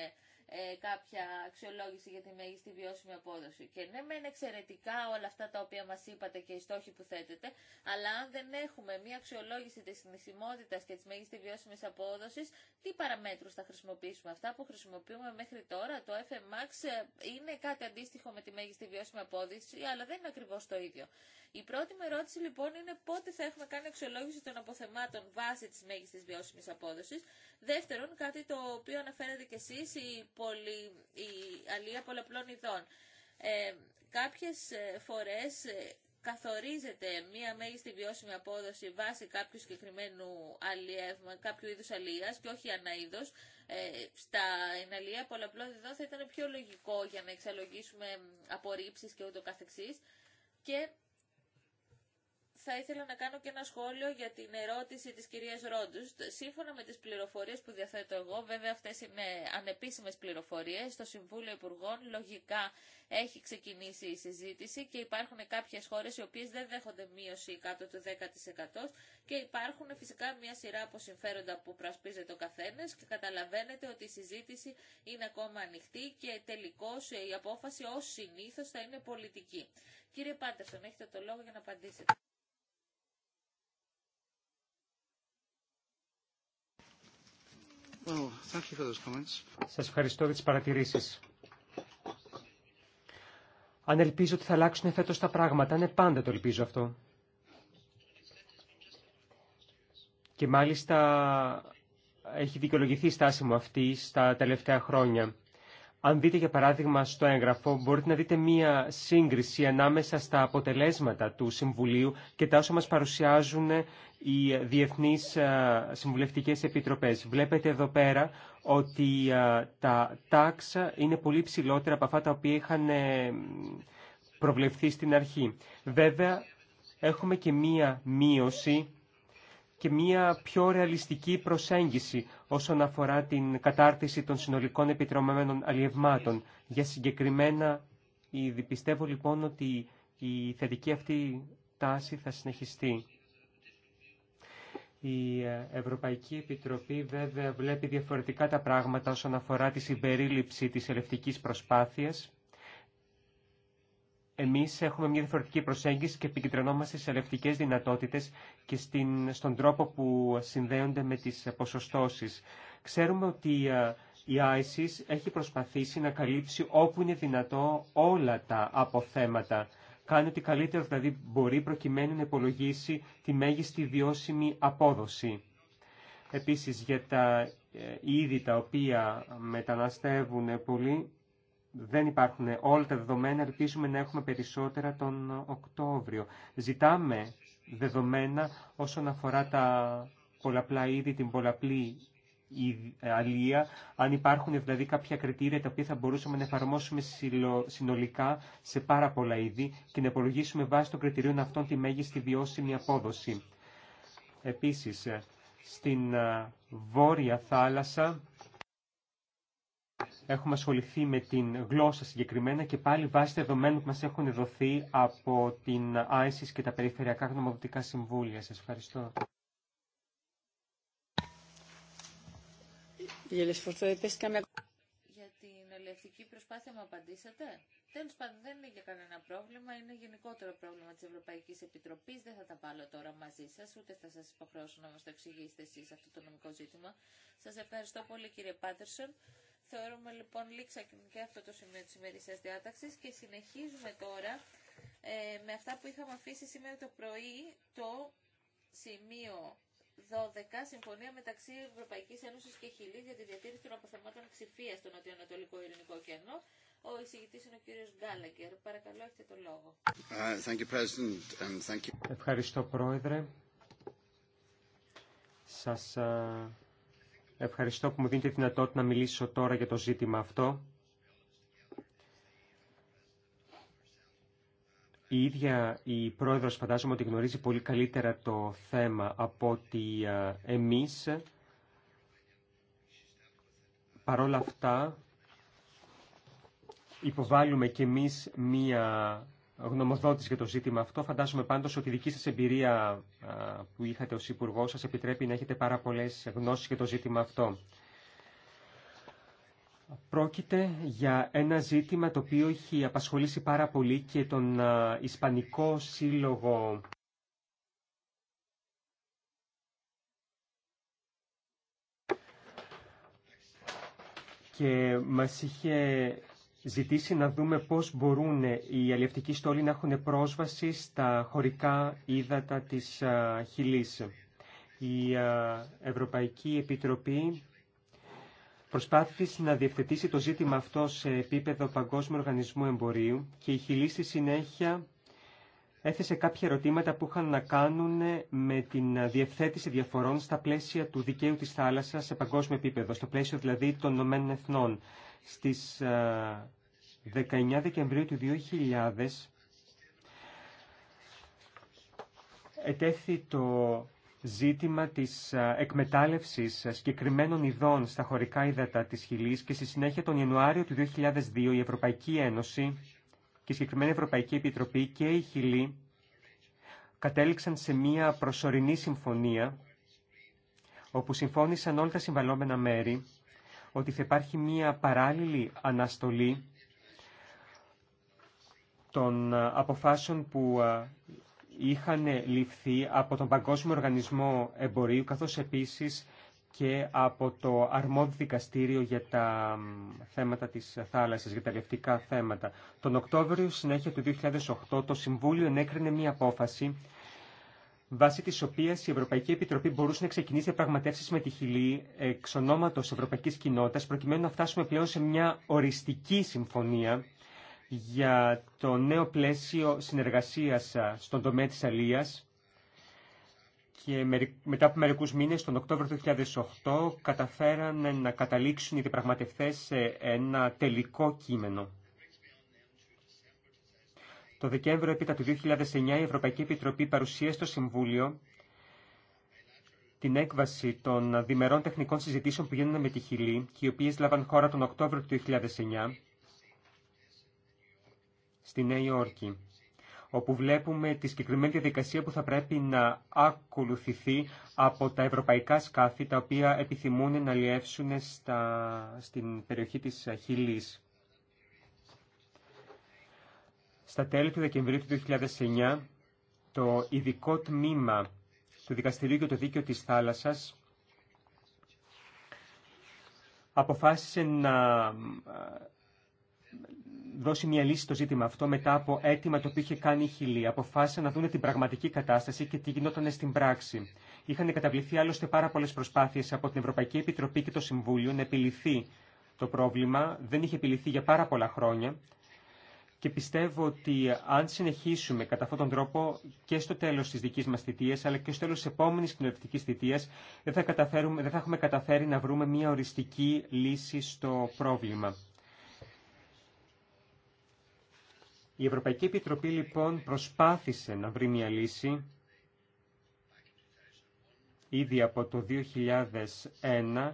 ε, κάποια αξιολόγηση για τη μέγιστη βιώσιμη απόδοση. Και ναι, μεν εξαιρετικά όλα αυτά τα οποία μα είπατε και οι στόχοι που θέτετε, αλλά αν δεν έχουμε μία αξιολόγηση τη νησιμότητας και τη μέγιστη βιώσιμης απόδοσης, τι παραμέτρου θα χρησιμοποιήσουμε. Αυτά που χρησιμοποιούμε μέχρι τώρα, το FMAX ε, είναι κάτι αντίστοιχο με τη μέγιστη βιώσιμη απόδοση, αλλά δεν είναι ακριβώ το ίδιο. Η πρώτη μου ερώτηση λοιπόν είναι πότε θα έχουμε κάνει αξιολόγηση των αποθεμάτων βάσει τη μέγιστη βιώσιμη απόδοση. Δεύτερον, κάτι το οποίο αναφέρατε κι εσεί πολυ... η αλία πολλαπλών ειδών. Ε, κάποιες ε, φορές ε, καθορίζεται μία μέγιστη βιώσιμη απόδοση βάσει κάποιου συγκεκριμένου αλλιεύμα, κάποιου είδους αλίας και όχι αναείδος. Ε, στα εναλία πολλαπλών ειδών θα ήταν πιο λογικό για να εξαλογίσουμε απορρίψεις και ούτω καθεξής. Και θα ήθελα να κάνω και ένα σχόλιο για την ερώτηση της κυρίας Ρόντους. Σύμφωνα με τις πληροφορίες που διαθέτω εγώ, βέβαια αυτές είναι ανεπίσημες πληροφορίες, στο Συμβούλιο Υπουργών λογικά έχει ξεκινήσει η συζήτηση και υπάρχουν κάποιες χώρες οι οποίες δεν δέχονται μείωση κάτω του 10% και υπάρχουν φυσικά μια σειρά από συμφέροντα που προασπίζεται ο καθένα και καταλαβαίνετε ότι η συζήτηση είναι ακόμα ανοιχτή και τελικώ η απόφαση ως συνήθως θα είναι πολιτική. Κύριε Πάτερσον, έχετε το λόγο για να απαντήσετε. Σας ευχαριστώ για τις παρατηρήσεις. Αν ελπίζω ότι θα αλλάξουν φέτο τα πράγματα, είναι πάντα το ελπίζω αυτό. Και μάλιστα έχει δικαιολογηθεί η στάση μου αυτή στα τελευταία χρόνια. Αν δείτε για παράδειγμα στο έγγραφο, μπορείτε να δείτε μία σύγκριση ανάμεσα στα αποτελέσματα του Συμβουλίου και τα όσα μας παρουσιάζουν οι διεθνείς συμβουλευτικές επιτροπές. Βλέπετε εδώ πέρα ότι τα τάξα είναι πολύ ψηλότερα από αυτά τα οποία είχαν ε, προβλεφθεί στην αρχή. Βέβαια, έχουμε και μία μείωση και μια πιο ρεαλιστική προσέγγιση όσον αφορά την κατάρτιση των συνολικών επιτρομενών αλλιευμάτων για συγκεκριμένα Πιστεύω λοιπόν ότι η θετική αυτή τάση θα συνεχιστεί. Η ε, Ευρωπαϊκή Επιτροπή βέβαια βλέπει διαφορετικά τα πράγματα όσον αφορά τη συμπερίληψη της ελευτικής προσπάθειας εμείς έχουμε μια διαφορετική προσέγγιση και επικεντρωνόμαστε σε ελευτικές δυνατότητες και στην, στον τρόπο που συνδέονται με τις ποσοστώσεις. Ξέρουμε ότι ε, η ISIS έχει προσπαθήσει να καλύψει όπου είναι δυνατό όλα τα αποθέματα. Κάνει ότι καλύτερο δηλαδή μπορεί προκειμένου να υπολογίσει τη μέγιστη βιώσιμη απόδοση. Επίσης για τα ε, είδη τα οποία μεταναστεύουν πολύ, δεν υπάρχουν όλα τα δεδομένα, ελπίζουμε να έχουμε περισσότερα τον Οκτώβριο. Ζητάμε δεδομένα όσον αφορά τα πολλαπλά είδη, την πολλαπλή αλία, αν υπάρχουν δηλαδή κάποια κριτήρια τα οποία θα μπορούσαμε να εφαρμόσουμε συνολικά σε πάρα πολλά είδη και να υπολογίσουμε βάσει των κριτηρίων αυτών τη μέγιστη βιώσιμη απόδοση. Επίσης, στην ε, Βόρεια Θάλασσα έχουμε ασχοληθεί με την γλώσσα συγκεκριμένα και πάλι βάσει δεδομένων που μας έχουν δοθεί από την ISIS και τα Περιφερειακά Γνωμοδοτικά Συμβούλια. Σας ευχαριστώ. Για την ελευθερική προσπάθεια μου απαντήσατε. πάντων δεν είναι για κανένα πρόβλημα, είναι γενικότερο πρόβλημα τη Ευρωπαϊκή Επιτροπή. Δεν θα τα βάλω τώρα μαζί σα, ούτε θα σα υποχρεώσω να μα το εξηγήσετε εσεί αυτό το νομικό ζήτημα. Σα ευχαριστώ πολύ κύριε Πάτερσον. Θεωρούμε λοιπόν λήξα και αυτό το σημείο της σημερινής διάταξης και συνεχίζουμε τώρα ε, με αυτά που είχαμε αφήσει σήμερα το πρωί το σημείο 12, συμφωνία μεταξύ Ευρωπαϊκή Ένωση και Χιλή για τη διατήρηση των αποθεμάτων ψηφία στο Νοτιοανατολικό Ειρηνικό Κενό. Ο εισηγητή είναι ο κύριος Γκάλαγκερ. Παρακαλώ, έχετε το λόγο. Uh, thank you, President, and thank you. Ευχαριστώ, Πρόεδρε. Σας ε, Ευχαριστώ που μου δίνετε τη δυνατότητα να μιλήσω τώρα για το ζήτημα αυτό. Η ίδια η πρόεδρος φαντάζομαι ότι γνωρίζει πολύ καλύτερα το θέμα από ότι εμείς. όλα αυτά, υποβάλλουμε κι εμείς μία γνωμοδότης για το ζήτημα αυτό. Φαντάζομαι πάντως ότι η δική σας εμπειρία που είχατε ως υπουργό σας επιτρέπει να έχετε πάρα πολλές γνώσεις για το ζήτημα αυτό. Πρόκειται για ένα ζήτημα το οποίο έχει απασχολήσει πάρα πολύ και τον Ισπανικό Σύλλογο και μας είχε ζητήσει να δούμε πώς μπορούν οι αλληλευτικοί στόλοι να έχουν πρόσβαση στα χωρικά ύδατα της Χιλής. Η Ευρωπαϊκή Επιτροπή προσπάθησε να διευθετήσει το ζήτημα αυτό σε επίπεδο Παγκόσμιου Οργανισμού Εμπορίου και η Χιλή στη συνέχεια έθεσε κάποια ερωτήματα που είχαν να κάνουν με την διευθέτηση διαφορών στα πλαίσια του δικαίου της θάλασσας σε παγκόσμιο επίπεδο, στο πλαίσιο δηλαδή των Ηνωμένων Εθνών. Στις 19 ε, Δεκεμβρίου του 2000 ετέθη το ζήτημα της ε, εκμετάλλευσης ε, συγκεκριμένων ειδών στα χωρικά ύδατα της Χιλής και στη συνέχεια τον Ιανουάριο του 2002 η Ευρωπαϊκή Ένωση και η συγκεκριμένη Ευρωπαϊκή Επιτροπή και η Χιλή κατέληξαν σε μία προσωρινή συμφωνία όπου συμφώνησαν όλα τα συμβαλόμενα μέρη ότι θα υπάρχει μία παράλληλη αναστολή των ε, αποφάσεων που ε, είχαν ληφθεί από τον Παγκόσμιο Οργανισμό Εμπορίου, καθώς επίσης και από το αρμόδιο δικαστήριο για τα θέματα της θάλασσας, για τα λευτικά θέματα. Τον Οκτώβριο συνέχεια του 2008 το Συμβούλιο ενέκρινε μία απόφαση βάσει τη οποία η Ευρωπαϊκή Επιτροπή μπορούσε να ξεκινήσει διαπραγματεύσει με τη Χιλή εξ ονόματο Ευρωπαϊκή Κοινότητα, προκειμένου να φτάσουμε πλέον σε μια οριστική συμφωνία για το νέο πλαίσιο συνεργασία στον τομέα της αλίας και μετά από μερικού μήνε τον Οκτώβριο του 2008, καταφέρανε να καταλήξουν οι διαπραγματευτέ σε ένα τελικό κείμενο. Το Δεκέμβριο έπειτα του 2009 η Ευρωπαϊκή Επιτροπή παρουσίασε στο Συμβούλιο την έκβαση των διμερών τεχνικών συζητήσεων που γίνανε με τη Χιλή και οι οποίες λάβαν χώρα τον Οκτώβριο του 2009 στη Νέα Υόρκη όπου βλέπουμε τη συγκεκριμένη διαδικασία που θα πρέπει να ακολουθηθεί από τα ευρωπαϊκά σκάφη τα οποία επιθυμούν να λιεύσουν στα... στην περιοχή της Χιλής. Στα τέλη του Δεκεμβρίου του 2009, το ειδικό τμήμα του Δικαστηρίου για το Δίκαιο της Θάλασσας αποφάσισε να ε, δώσει μια λύση στο ζήτημα αυτό μετά από αίτημα το οποίο είχε κάνει η Χιλή. Αποφάσισε να δούνε την πραγματική κατάσταση και τι γινόταν στην πράξη. Είχαν καταβληθεί άλλωστε πάρα πολλέ προσπάθειε από την Ευρωπαϊκή Επιτροπή και το Συμβούλιο να επιληθεί το πρόβλημα. Δεν είχε επιληθεί για πάρα πολλά χρόνια και πιστεύω ότι αν συνεχίσουμε κατά αυτόν τον τρόπο και στο τέλο τη δική μα θητεία, αλλά και στο τέλο τη επόμενη κοινοβουλευτική θητεία, δεν, δεν θα έχουμε καταφέρει να βρούμε μια οριστική λύση στο πρόβλημα. Η Ευρωπαϊκή Επιτροπή λοιπόν προσπάθησε να βρει μια λύση ήδη από το 2001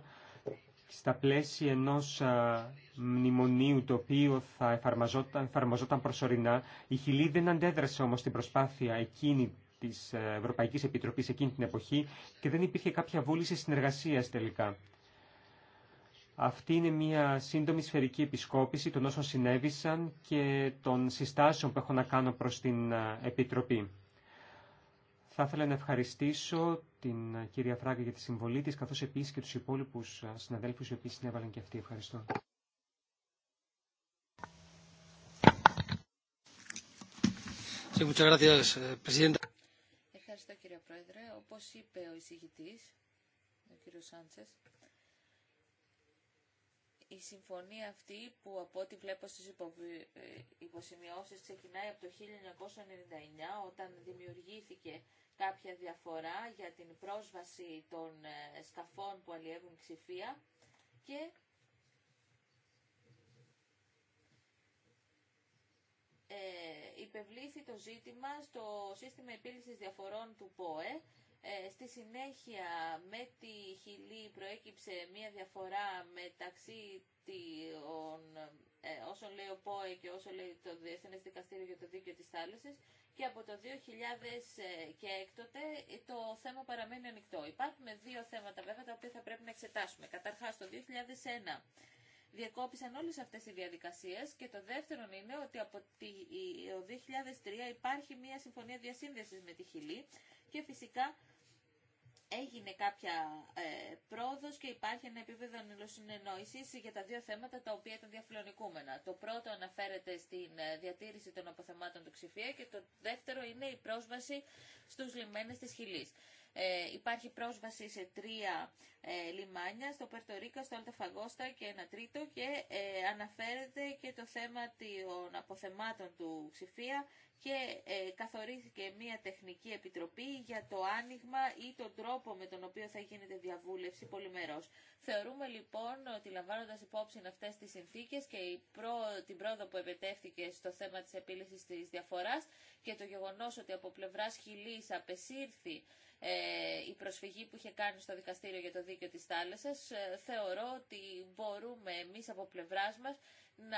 στα πλαίσια ενός μνημονίου το οποίο θα εφαρμοζόταν, εφαρμοζόταν προσωρινά. Η Χιλή δεν αντέδρασε όμως την προσπάθεια εκείνη της Ευρωπαϊκής Επιτροπής εκείνη την εποχή και δεν υπήρχε κάποια βούληση συνεργασίας τελικά. Αυτή είναι μια σύντομη σφαιρική επισκόπηση των όσων συνέβησαν και των συστάσεων που έχω να κάνω προς την Επιτροπή. Θα ήθελα να ευχαριστήσω την κυρία Φράγκα για τη συμβολή της, καθώς επίσης και τους υπόλοιπους ε, συναδέλφους οι οποίοι συνέβαλαν και αυτοί. Ευχαριστώ. Eh, Ευχαριστώ κύριε Πρόεδρε. Όπως είπε ο εισηγητής, ο κύριος Σάντσες, η συμφωνία αυτή που από ό,τι βλέπω στις ε, υποσημειώσεις ξεκινάει από το 1999 όταν δημιουργήθηκε κάποια διαφορά για την πρόσβαση των ε, σκαφών που αλλιεύουν ξηφία και ε, υπευλήθη το ζήτημα στο σύστημα επίλυσης διαφορών του ΠΟΕ. Ε, στη συνέχεια με τη Χιλή προέκυψε μία διαφορά μεταξύ των, ε, όσων λέει ο ΠΟΕ και όσων λέει το Διεθνές Δικαστήριο για το Δίκαιο της Θάλασσης και από το 2000 και έκτοτε ε, το θέμα παραμένει ανοιχτό. Υπάρχουν δύο θέματα βέβαια τα οποία θα πρέπει να εξετάσουμε. Καταρχάς το 2001 διακόπησαν όλες αυτές οι διαδικασίες και το δεύτερο είναι ότι από το 2003 υπάρχει μια συμφωνία διασύνδεσης με τη Χιλή και φυσικά έγινε κάποια ε, και υπάρχει ένα επίπεδο συνεννόησης για τα δύο θέματα τα οποία ήταν διαφιλονικούμενα. Το πρώτο αναφέρεται στην ε, διατήρηση των αποθεμάτων του Ξηφία και το δεύτερο είναι η πρόσβαση στους λιμένες της Χιλής. Ε, υπάρχει πρόσβαση σε τρία ε, λιμάνια, στο Περτορίκα, στο Αλταφαγώστα και ένα τρίτο και ε, αναφέρεται και το θέμα των αποθεμάτων του Ξηφία και ε, καθορίστηκε μια τεχνική επιτροπή για το άνοιγμα ή τον τρόπο με τον οποίο θα γίνεται διαβούλευση πολυμερός. Θεωρούμε λοιπόν ότι λαμβάνοντας υπόψη αυτές τις συνθήκες και η προ... την πρόοδο που επετεύθηκε στο θέμα της επίλυσης της διαφοράς και το γεγονός ότι από πλευράς Χιλής απεσύρθη ε, η προσφυγή που είχε κάνει στο δικαστήριο για το δίκαιο της θάλασσας, ε, θεωρώ ότι μπορούμε εμείς από πλευράς μας να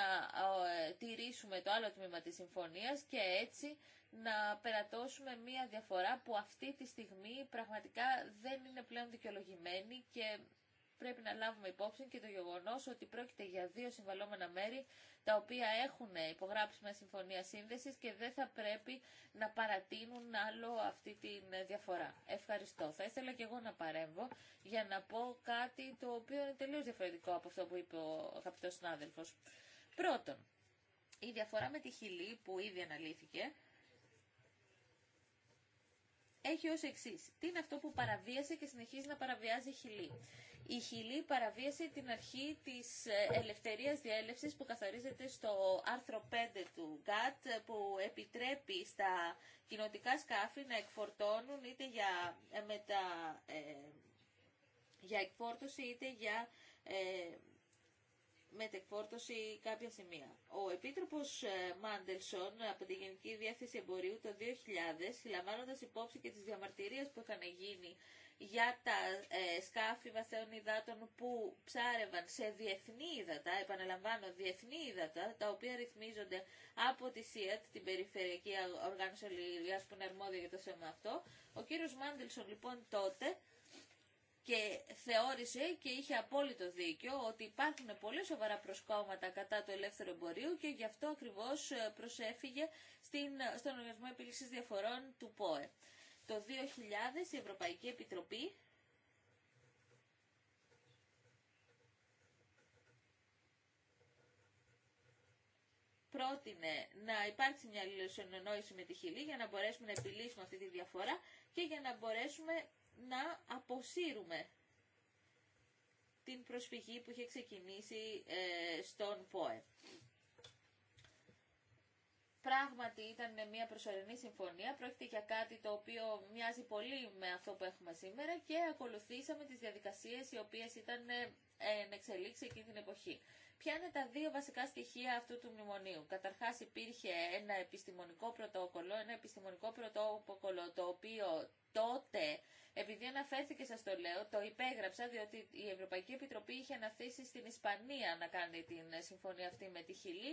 ε, τηρήσουμε το άλλο τμήμα της συμφωνίας και έτσι να περατώσουμε μία διαφορά που αυτή τη στιγμή πραγματικά δεν είναι πλέον δικαιολογημένη και πρέπει να λάβουμε υπόψη και το γεγονός ότι πρόκειται για δύο συμβαλόμενα μέρη τα οποία έχουν υπογράψει μια συμφωνία σύνδεσης και δεν θα πρέπει να παρατείνουν άλλο αυτή τη διαφορά. Ευχαριστώ. Θα ήθελα και εγώ να παρέμβω για να πω κάτι το οποίο είναι τελείως διαφορετικό από αυτό που είπε ο αγαπητός συνάδελφος. Πρώτον, η διαφορά με τη χιλή που ήδη αναλύθηκε έχει ως εξή. Τι είναι αυτό που παραβίασε και συνεχίζει να παραβιάζει η χιλή. Η χιλή παραβίασε την αρχή της ε, ελευθερίας διέλευσης που καθορίζεται στο άρθρο 5 του ΓΑΤ που επιτρέπει στα κοινοτικά σκάφη να εκφορτώνουν είτε για, ε, μετα ε, για εκφόρτωση είτε για τεκφόρτωση κάποια σημεία. Ο Επίτροπος ε, Μάντελσον από τη Γενική Διεύθυνση Εμπορίου το 2000, συλλαμβάνοντας υπόψη και τις διαμαρτυρίες που είχαν γίνει για τα ε, σκάφη βαθέων υδάτων που ψάρευαν σε διεθνή ύδατα, επαναλαμβάνω διεθνή ύδατα, τα οποία ρυθμίζονται από τη ΣΥΕΤ, την Περιφερειακή Οργάνωση Αλληλεγγύας που είναι αρμόδια για το θέμα αυτό. Ο κύριος Μάντελσον λοιπόν τότε και θεώρησε και είχε απόλυτο δίκιο ότι υπάρχουν πολύ σοβαρά προσκόμματα κατά του ελεύθερου εμπορίου και γι' αυτό ακριβώς ε, προσέφυγε στην, στον Οργανισμό Επίλυσης Διαφορών του ΠΟΕ. Το 2000 η Ευρωπαϊκή Επιτροπή πρότεινε να υπάρξει μια αλληλοσυνεννόηση με τη Χιλή για να μπορέσουμε να επιλύσουμε αυτή τη διαφορά και για να μπορέσουμε να αποσύρουμε την προσφυγή που είχε ξεκινήσει ε, στον ΠΟΕ. Πράγματι ήταν μια προσωρινή συμφωνία, πρόκειται για κάτι το οποίο μοιάζει πολύ με αυτό που έχουμε σήμερα και ακολουθήσαμε τις διαδικασίες οι οποίες ήταν ε, εξελίξει εκείνη την εποχή. Ποια είναι τα δύο βασικά στοιχεία αυτού του μνημονίου. Καταρχάς υπήρχε ένα επιστημονικό πρωτόκολλο, ένα επιστημονικό πρωτόκολλο το οποίο τότε, επειδή αναφέρθηκε σας το λέω, το υπέγραψα διότι η Ευρωπαϊκή Επιτροπή είχε αναθέσει στην Ισπανία να κάνει την συμφωνία αυτή με τη Χιλή.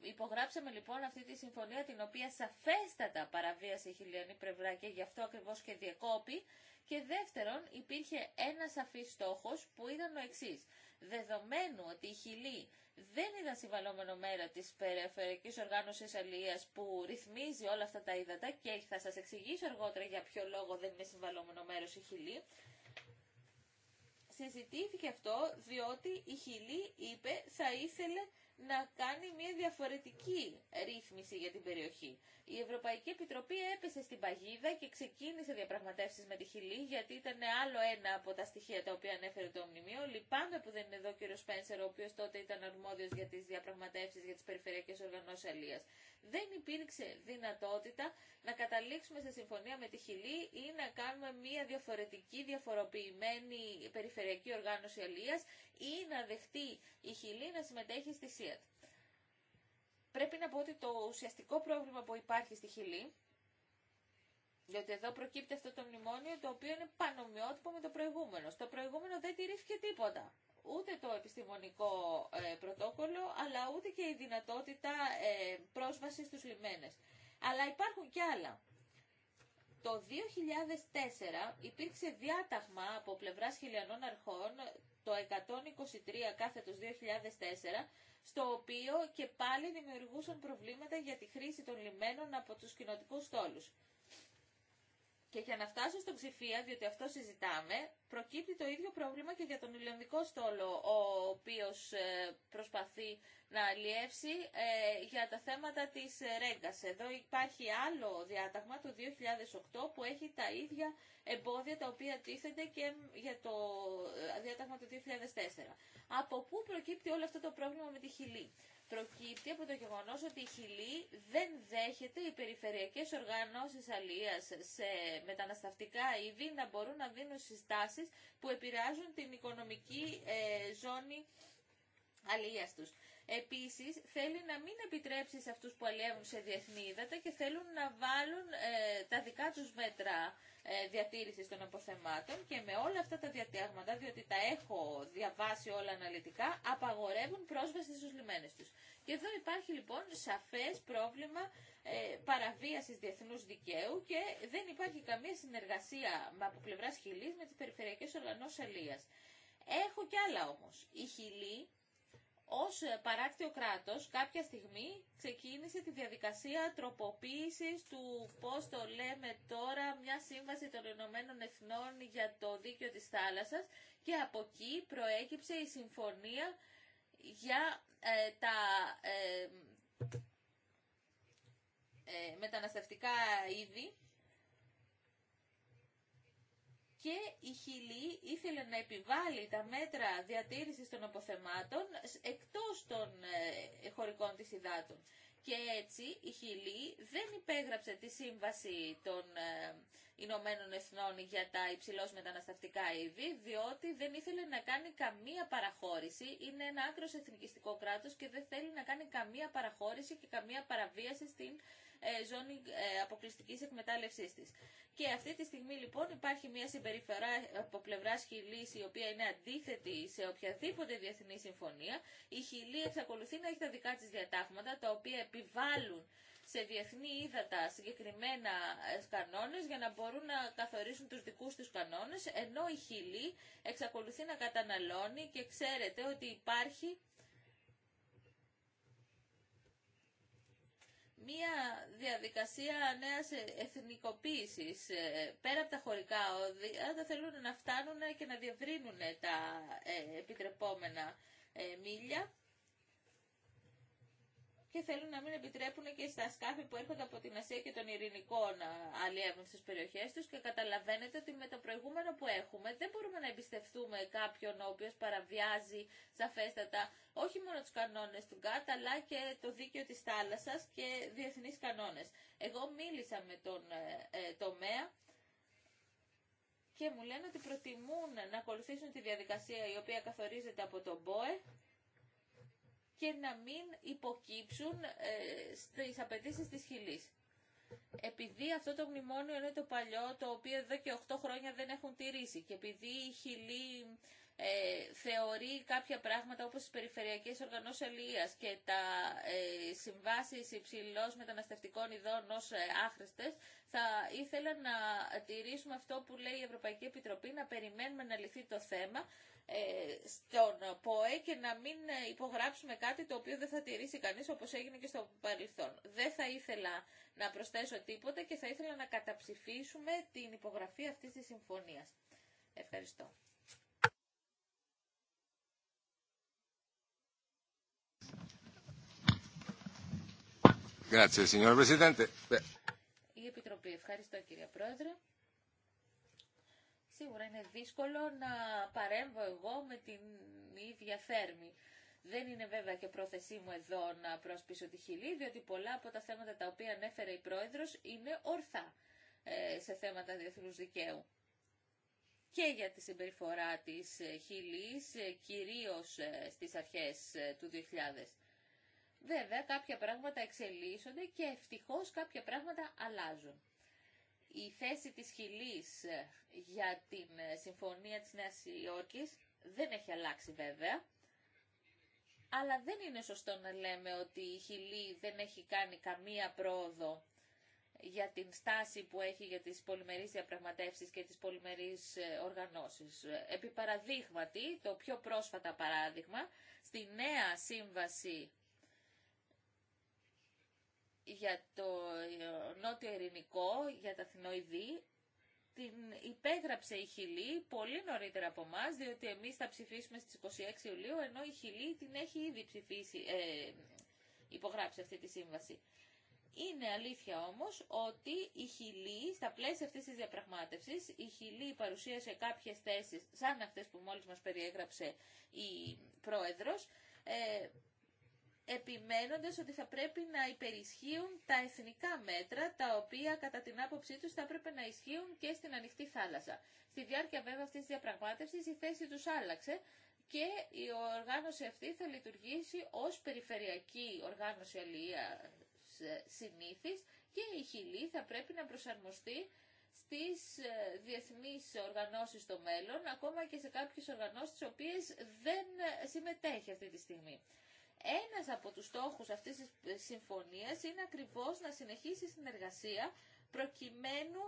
Υπογράψαμε λοιπόν αυτή τη συμφωνία την οποία σαφέστατα παραβίασε η χιλιανή πλευρά και γι' αυτό ακριβώς και διεκόπη. Και δεύτερον υπήρχε ένα σαφής στόχος που ήταν ο εξής δεδομένου ότι η Χιλή δεν ήταν συμβαλόμενο μέρα της περιφερειακής οργάνωσης αλληλείας που ρυθμίζει όλα αυτά τα ύδατα και θα σας εξηγήσω αργότερα για ποιο λόγο δεν είναι συμβαλόμενο μέρος η Χιλή. Συζητήθηκε αυτό διότι η Χιλή είπε θα ήθελε να κάνει μια διαφορετική ρύθμιση για την περιοχή. Η Ευρωπαϊκή Επιτροπή έπεσε στην παγίδα και ξεκίνησε διαπραγματεύσεις με τη Χιλή γιατί ήταν άλλο ένα από τα στοιχεία τα οποία ανέφερε το μνημείο. Λυπάμαι που δεν είναι εδώ ο κ. Σπένσερ, ο οποίος τότε ήταν αρμόδιος για τις διαπραγματεύσεις για τις περιφερειακές οργανώσεις αλίας δεν υπήρξε δυνατότητα να καταλήξουμε σε συμφωνία με τη Χιλή ή να κάνουμε μια διαφορετική, διαφοροποιημένη περιφερειακή οργάνωση αλίας ή να δεχτεί η Χιλή να συμμετέχει στη ΣΥΑΤ. Πρέπει να πω ότι το ουσιαστικό πρόβλημα που υπάρχει στη Χιλή διότι εδώ προκύπτει αυτό το μνημόνιο το οποίο είναι πανομοιότυπο με το προηγούμενο. Στο προηγούμενο δεν τηρήθηκε τίποτα ούτε το επιστημονικό ε, πρωτόκολλο, αλλά ούτε και η δυνατότητα ε, πρόσβασης στους λιμένες. Αλλά υπάρχουν και άλλα. Το 2004 υπήρξε διάταγμα από πλευράς χιλιανών αρχών, το 123 κάθετος 2004, στο οποίο και πάλι δημιουργούσαν προβλήματα για τη χρήση των λιμένων από τους κοινοτικούς στόλους. Και για να φτάσω στον ψηφία, διότι αυτό συζητάμε, προκύπτει το ίδιο πρόβλημα και για τον ηλιονδικό στόλο, ο οποίος ε, προσπαθεί να αλλιεύσει ε, για τα θέματα της ρέγκας. Εδώ υπάρχει άλλο διάταγμα του 2008 που έχει τα ίδια εμπόδια τα οποία τίθενται και για το ε, διάταγμα του 2004. Από πού προκύπτει όλο αυτό το πρόβλημα με τη χιλή προκύπτει από το γεγονό ότι η Χιλή δεν δέχεται οι περιφερειακές οργανώσεις αλληλεία σε μετανασταυτικά είδη να μπορούν να δίνουν συστάσεις που επηρεάζουν την οικονομική ε, ζώνη αλληλεία του. Επίσης, θέλει να μην επιτρέψει σε αυτούς που αλλιεύουν σε διεθνή ύδατα και θέλουν να βάλουν ε, τα δικά τους μέτρα ε, διατήρησης των αποθεμάτων και με όλα αυτά τα διατάγματα, διότι τα έχω διαβάσει όλα αναλυτικά, απαγορεύουν πρόσβαση στους λιμένες τους. Και εδώ υπάρχει λοιπόν σαφές πρόβλημα ε, παραβίασης διεθνούς δικαίου και δεν υπάρχει καμία συνεργασία από πλευρά Χιλής με τις περιφερειακές οργανώσεις Έχω κι άλλα όμως. Η Χιλή ως ε, παράκτιο κράτος κάποια στιγμή ξεκίνησε τη διαδικασία τροποποίησης του πώς το λέμε τώρα μια σύμβαση των Ηνωμένων Εθνών για το δίκαιο της θάλασσας και από εκεί προέκυψε η συμφωνία για ε, τα ε, μεταναστευτικά είδη και η Χιλή ήθελε να επιβάλλει τα μέτρα διατήρησης των αποθεμάτων εκτός των ε, χωρικών της υδάτων. Και έτσι η Χιλή δεν υπέγραψε τη σύμβαση των ε, Ηνωμένων Εθνών για τα υψηλώς μεταναστευτικά είδη, διότι δεν ήθελε να κάνει καμία παραχώρηση. Είναι ένα άκρος εθνικιστικό κράτος και δεν θέλει να κάνει καμία παραχώρηση και καμία παραβίαση στην ε, ζώνη ε, αποκλειστική εκμετάλλευσή της. Και αυτή τη στιγμή λοιπόν υπάρχει μια συμπεριφορά από πλευρά Χιλή η οποία είναι αντίθετη σε οποιαδήποτε διεθνή συμφωνία. Η Χιλή εξακολουθεί να έχει τα δικά τη διατάγματα τα οποία επιβάλλουν σε διεθνή ύδατα συγκεκριμένα ε, κανόνες για να μπορούν να καθορίσουν τους δικούς τους κανόνες, ενώ η Χιλή εξακολουθεί να καταναλώνει και ξέρετε ότι υπάρχει μία διαδικασία νέας εθνικοποίησης. Ε, πέρα από τα χωρικά όδια, θα θέλουν να φτάνουν και να διευρύνουν τα ε, επιτρεπόμενα ε, μίλια και θέλουν να μην επιτρέπουν και στα σκάφη που έρχονται από την Ασία και τον Ειρηνικό να αλλιεύουν στις περιοχές τους και καταλαβαίνετε ότι με το προηγούμενο που έχουμε δεν μπορούμε να εμπιστευτούμε κάποιον ο οποίο παραβιάζει σαφέστατα όχι μόνο του κανόνε του ΓΚΑΤ αλλά και το δίκαιο της θάλασσα και διεθνεί κανόνε. Εγώ μίλησα με τον ε, ε, τομέα και μου λένε ότι προτιμούν να ακολουθήσουν τη διαδικασία η οποία καθορίζεται από τον ΠΟΕ και να μην υποκύψουν ε, στις απαιτήσει της Χιλής. Επειδή αυτό το μνημόνιο είναι το παλιό, το οποίο εδώ και 8 χρόνια δεν έχουν τηρήσει και επειδή η Χιλή ε, θεωρεί κάποια πράγματα όπως τις περιφερειακές οργανώσεις αλληλείας και τα ε, συμβάσεις υψηλώς μεταναστευτικών ειδών ως ε, άχρηστες, θα ήθελα να τηρήσουμε αυτό που λέει η Ευρωπαϊκή Επιτροπή, να περιμένουμε να λυθεί το θέμα ε, στον ΠΟΕ και να μην ε, υπογράψουμε κάτι το οποίο δεν θα τηρήσει κανείς όπως έγινε και στο παρελθόν. Δεν θα ήθελα να προσθέσω τίποτα και θα ήθελα να καταψηφίσουμε την υπογραφή αυτής της συμφωνίας. Ευχαριστώ. Η Επιτροπή. Ευχαριστώ, κύριε Πρόεδρε. Σίγουρα είναι δύσκολο να παρέμβω εγώ με την ίδια θέρμη. Δεν είναι βέβαια και πρόθεσή μου εδώ να προσπίσω τη χιλή, διότι πολλά από τα θέματα τα οποία ανέφερε η Πρόεδρος είναι ορθά ε, σε θέματα διεθνούς δικαίου. Και για τη συμπεριφορά της ε, χιλής, ε, κυρίως στις αρχές του 2000. Βέβαια, κάποια πράγματα εξελίσσονται και ευτυχώς κάποια πράγματα αλλάζουν. Η θέση της Χιλής ε, για την ε, Συμφωνία της Νέας Υόρκης δεν έχει αλλάξει βέβαια. Αλλά δεν είναι σωστό να λέμε ότι η Χιλή δεν έχει κάνει καμία πρόοδο για την στάση που έχει για τις πολυμερείς διαπραγματεύσεις και τις πολυμερείς ε, οργανώσεις. Επί το πιο πρόσφατα παράδειγμα, στη νέα σύμβαση για το ε, νότιο ειρηνικό, για τα θηνοειδή, την υπέγραψε η Χιλή πολύ νωρίτερα από εμά, διότι εμείς θα ψηφίσουμε στις 26 Ιουλίου, ενώ η Χιλή την έχει ήδη ψηφίσει, ε, υπογράψει αυτή τη σύμβαση. Είναι αλήθεια όμως ότι η Χιλή, στα πλαίσια αυτής της διαπραγμάτευσης, η Χιλή παρουσίασε κάποιες θέσεις, σαν αυτές που μόλις μας περιέγραψε η Πρόεδρος, ε, επιμένοντας ότι θα πρέπει να υπερισχύουν τα εθνικά μέτρα, τα οποία κατά την άποψή τους θα έπρεπε να ισχύουν και στην ανοιχτή θάλασσα. Στη διάρκεια βέβαια αυτής της διαπραγμάτευσης η θέση τους άλλαξε και η οργάνωση αυτή θα λειτουργήσει ως περιφερειακή οργάνωση αλληλεία ε, συνήθης και η Χιλή θα πρέπει να προσαρμοστεί στις ε, διεθνείς οργανώσεις στο μέλλον, ακόμα και σε κάποιες οργανώσεις τις οποίες δεν ε, συμμετέχει αυτή τη στιγμή. Ένας από τους στόχους αυτής της συμφωνίας είναι ακριβώς να συνεχίσει η συνεργασία προκειμένου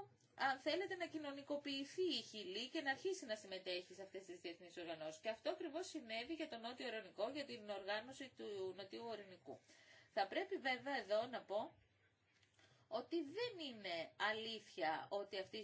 αν θέλετε να κοινωνικοποιηθεί η Χιλή και να αρχίσει να συμμετέχει σε αυτές τις διεθνείς οργανώσεις. Και αυτό ακριβώς συνέβη για τον Νότιο Ορεινικό, για την οργάνωση του Νοτιού Ορεινικού. Θα πρέπει βέβαια εδώ να πω ότι δεν είναι αλήθεια ότι αυτή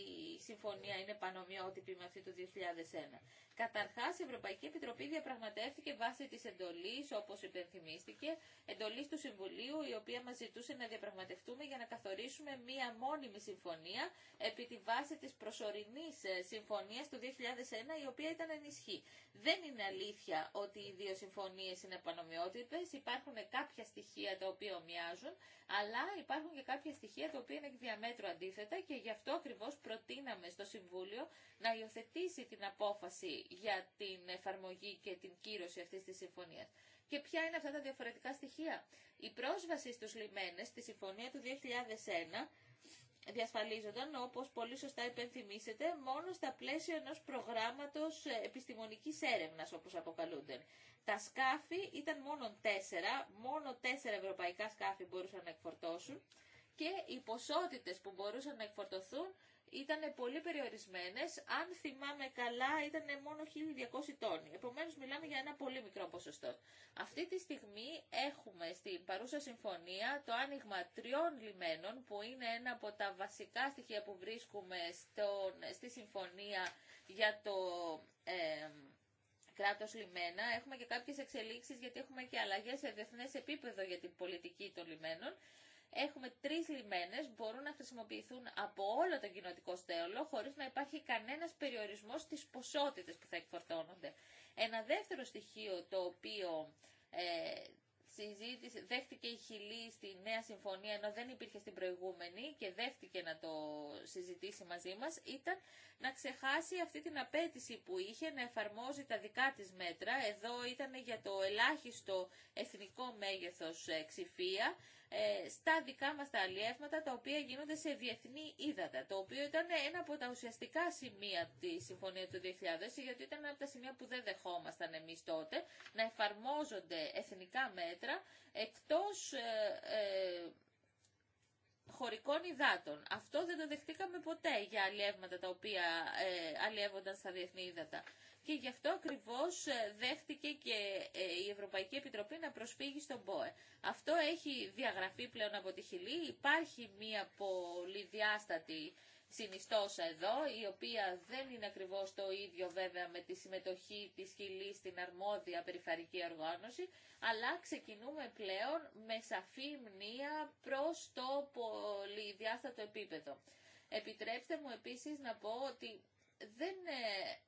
η συμφωνία είναι πανομοιότυπη με αυτή του 2001. Καταρχάς, η Ευρωπαϊκή Επιτροπή διαπραγματεύτηκε βάσει της εντολής, όπως υπενθυμίστηκε, εντολή του Συμβουλίου, η οποία μας ζητούσε να διαπραγματευτούμε για να καθορίσουμε μία μόνιμη συμφωνία επί τη βάση της προσωρινής ε, συμφωνίας του 2001, η οποία ήταν ενισχύ. Δεν είναι αλήθεια ότι οι δύο συμφωνίες είναι πανομοιότυπες. υπάρχουν κάποια στοιχεία τα οποία ομοιάζουν, αλλά υπάρχουν και κάποια στοιχεία τα οποία είναι εκ διαμέτρου αντίθετα και γι' αυτό ακριβώ προτείναμε στο Συμβούλιο να υιοθετήσει την απόφαση για την εφαρμογή και την κύρωση αυτής της συμφωνίας. Και ποια είναι αυτά τα διαφορετικά στοιχεία. Η πρόσβαση στους λιμένες στη συμφωνία του 2001 διασφαλίζονταν, όπως πολύ σωστά υπενθυμίσετε, μόνο στα πλαίσια ενός προγράμματος επιστημονικής έρευνας, όπως αποκαλούνται. Τα σκάφη ήταν μόνο τέσσερα, μόνο τέσσερα ευρωπαϊκά σκάφη μπορούσαν να εκφορτώσουν και οι ποσότητες που μπορούσαν να εκφορτωθούν ήταν πολύ περιορισμένες. Αν θυμάμαι καλά ήταν μόνο 1.200 τόνοι. Επομένως μιλάμε για ένα πολύ μικρό ποσοστό. Αυτή τη στιγμή έχουμε στην παρούσα συμφωνία το άνοιγμα τριών λιμένων που είναι ένα από τα βασικά στοιχεία που βρίσκουμε στον, στη συμφωνία για το... Ε, κράτο λιμένα. Έχουμε και κάποιε εξελίξει γιατί έχουμε και αλλαγέ σε διεθνέ επίπεδο για την πολιτική των λιμένων. Έχουμε τρεις λιμένες, μπορούν να χρησιμοποιηθούν από όλο τον κοινοτικό στέολο χωρίς να υπάρχει κανένας περιορισμός στις ποσότητες που θα εκφορτώνονται. Ένα δεύτερο στοιχείο το οποίο ε, δέχτηκε η Χιλή στη νέα συμφωνία ενώ δεν υπήρχε στην προηγούμενη και δέχτηκε να το συζητήσει μαζί μας ήταν να ξεχάσει αυτή την απέτηση που είχε να εφαρμόζει τα δικά της μέτρα. Εδώ ήταν για το ελάχιστο εθνικό μέγεθος ε, ξηφία ε, στα δικά μας τα αλλιεύματα τα οποία γίνονται σε διεθνή ύδατα, το οποίο ήταν ένα από τα ουσιαστικά σημεία τη Συμφωνία του 2000, γιατί ήταν ένα από τα σημεία που δεν δεχόμασταν εμείς τότε, να εφαρμόζονται εθνικά μέτρα εκτός ε, ε, χωρικών υδάτων. Αυτό δεν το δεχτήκαμε ποτέ για αλλιεύματα τα οποία ε, αλλιεύονταν στα διεθνή ύδατα. Και γι' αυτό ακριβώς ε, δέχτηκε και ε, η Ευρωπαϊκή Επιτροπή να προσφύγει στον ΠΟΕ. Αυτό έχει διαγραφεί πλέον από τη Χιλή. Υπάρχει μια πολυδιάστατη συνιστόσα εδώ, η οποία δεν είναι ακριβώς το ίδιο βέβαια με τη συμμετοχή της Χιλής στην αρμόδια περιφαρική οργάνωση, αλλά ξεκινούμε πλέον με σαφή μνήμα προς το πολυδιάστατο επίπεδο. Επιτρέψτε μου επίσης να πω ότι δεν ε,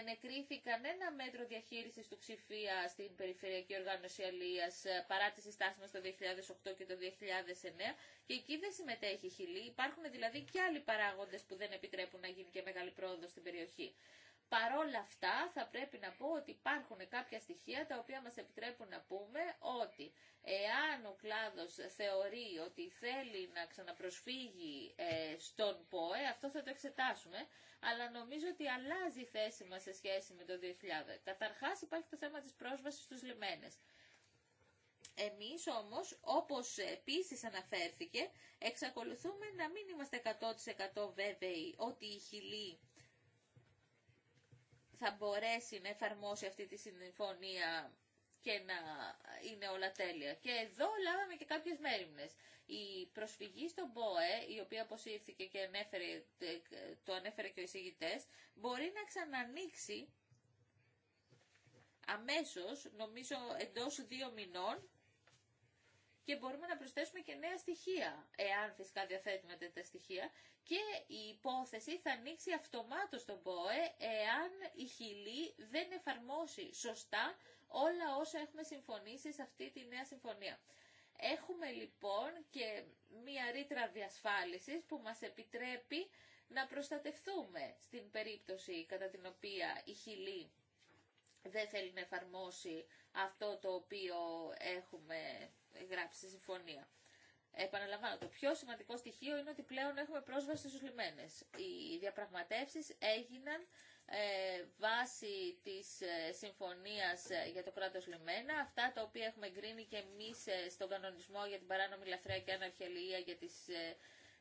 ενεκρίθηκαν ένα μέτρο διαχείρισης του ψηφία στην Περιφερειακή Οργάνωση Αλίας ε, παρά τις συστάσεις μας το 2008 και το 2009 και εκεί δεν συμμετέχει η Χιλή. Υπάρχουν δηλαδή και άλλοι παράγοντες που δεν επιτρέπουν να γίνει και μεγάλη πρόοδο στην περιοχή. Παρόλα αυτά θα πρέπει να πω ότι υπάρχουν κάποια στοιχεία τα οποία μας επιτρέπουν να πούμε ότι εάν ο κλάδος θεωρεί ότι θέλει να ξαναπροσφύγει ε, στον ΠΟΕ, αυτό θα το εξετάσουμε, αλλά νομίζω ότι αλλάζει η θέση μας σε σχέση με το 2000. Καταρχάς υπάρχει το θέμα της πρόσβασης στους λιμένες. Εμείς όμως, όπως επίσης αναφέρθηκε, εξακολουθούμε να μην είμαστε 100% βέβαιοι ότι η χιλή θα μπορέσει να εφαρμόσει αυτή τη συμφωνία και να είναι όλα τέλεια. Και εδώ λάβαμε και κάποιες μέρημνες. Η προσφυγή στον ΠΟΕ, η οποία αποσύρθηκε και ανέφερε, το ανέφερε και ο εισηγητές, μπορεί να ξανανοίξει αμέσως, νομίζω εντός δύο μηνών, και μπορούμε να προσθέσουμε και νέα στοιχεία, εάν φυσικά διαθέτουμε τέτοια στοιχεία, και η υπόθεση θα ανοίξει αυτομάτως τον ΠΟΕ εάν η Χιλή δεν εφαρμόσει σωστά όλα όσα έχουμε συμφωνήσει σε αυτή τη νέα συμφωνία. Έχουμε λοιπόν και μία ρήτρα διασφάλισης που μας επιτρέπει να προστατευτούμε στην περίπτωση κατά την οποία η Χιλή δεν θέλει να εφαρμόσει αυτό το οποίο έχουμε γράψει στη συμφωνία. Επαναλαμβάνω, το πιο σημαντικό στοιχείο είναι ότι πλέον έχουμε πρόσβαση στους λιμένες. Οι διαπραγματεύσεις έγιναν ε, βάσει της ε, συμφωνίας ε, για το κράτος λιμένα, αυτά τα οποία έχουμε εγκρίνει και εμείς ε, στον κανονισμό για την παράνομη λαθρέα και αναρχελία για τις ε,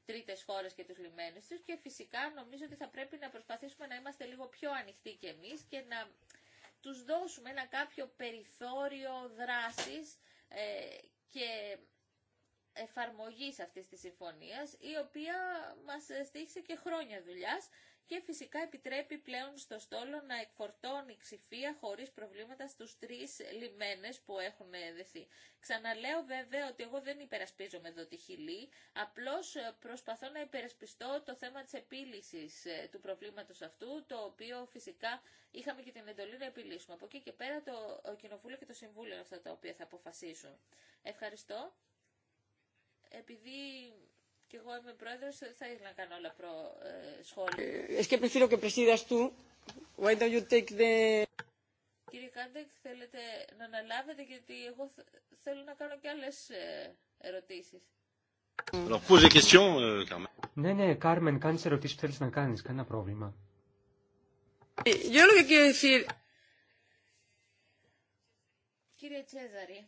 τρίτες χώρες και τους λιμένες τους και φυσικά νομίζω ότι θα πρέπει να προσπαθήσουμε να είμαστε λίγο πιο ανοιχτοί και εμείς και να τους δώσουμε ένα κάποιο περιθώριο δράσης ε, και εφαρμογής αυτής της συμφωνίας, η οποία μας στήχησε και χρόνια δουλειάς και φυσικά επιτρέπει πλέον στο στόλο να εκφορτώνει ξηφία χωρίς προβλήματα στους τρεις λιμένες που έχουν δεθεί. Ξαναλέω βέβαια ότι εγώ δεν υπερασπίζομαι εδώ τη χιλή, απλώς προσπαθώ να υπερασπιστώ το θέμα της επίλυσης ε, του προβλήματος αυτού, το οποίο φυσικά είχαμε και την εντολή να επιλύσουμε. Από εκεί και πέρα το Κοινοβούλιο και το Συμβούλιο είναι αυτά τα οποία θα αποφασίσουν. Ευχαριστώ επειδή και εγώ είμαι πρόεδρος, θα ήθελα να κάνω όλα προ ε, σχόλια. Ε, του. Why don't you take the... Κύριε Κάντεκ, θέλετε να αναλάβετε, γιατί εγώ θέλω να κάνω και άλλες ε, ερωτήσεις. Euh, ναι, ναι, Κάρμεν, κάνεις ερωτήσεις που θέλεις να κάνεις, κανένα πρόβλημα. Ε, Κύριε Τσέζαρη,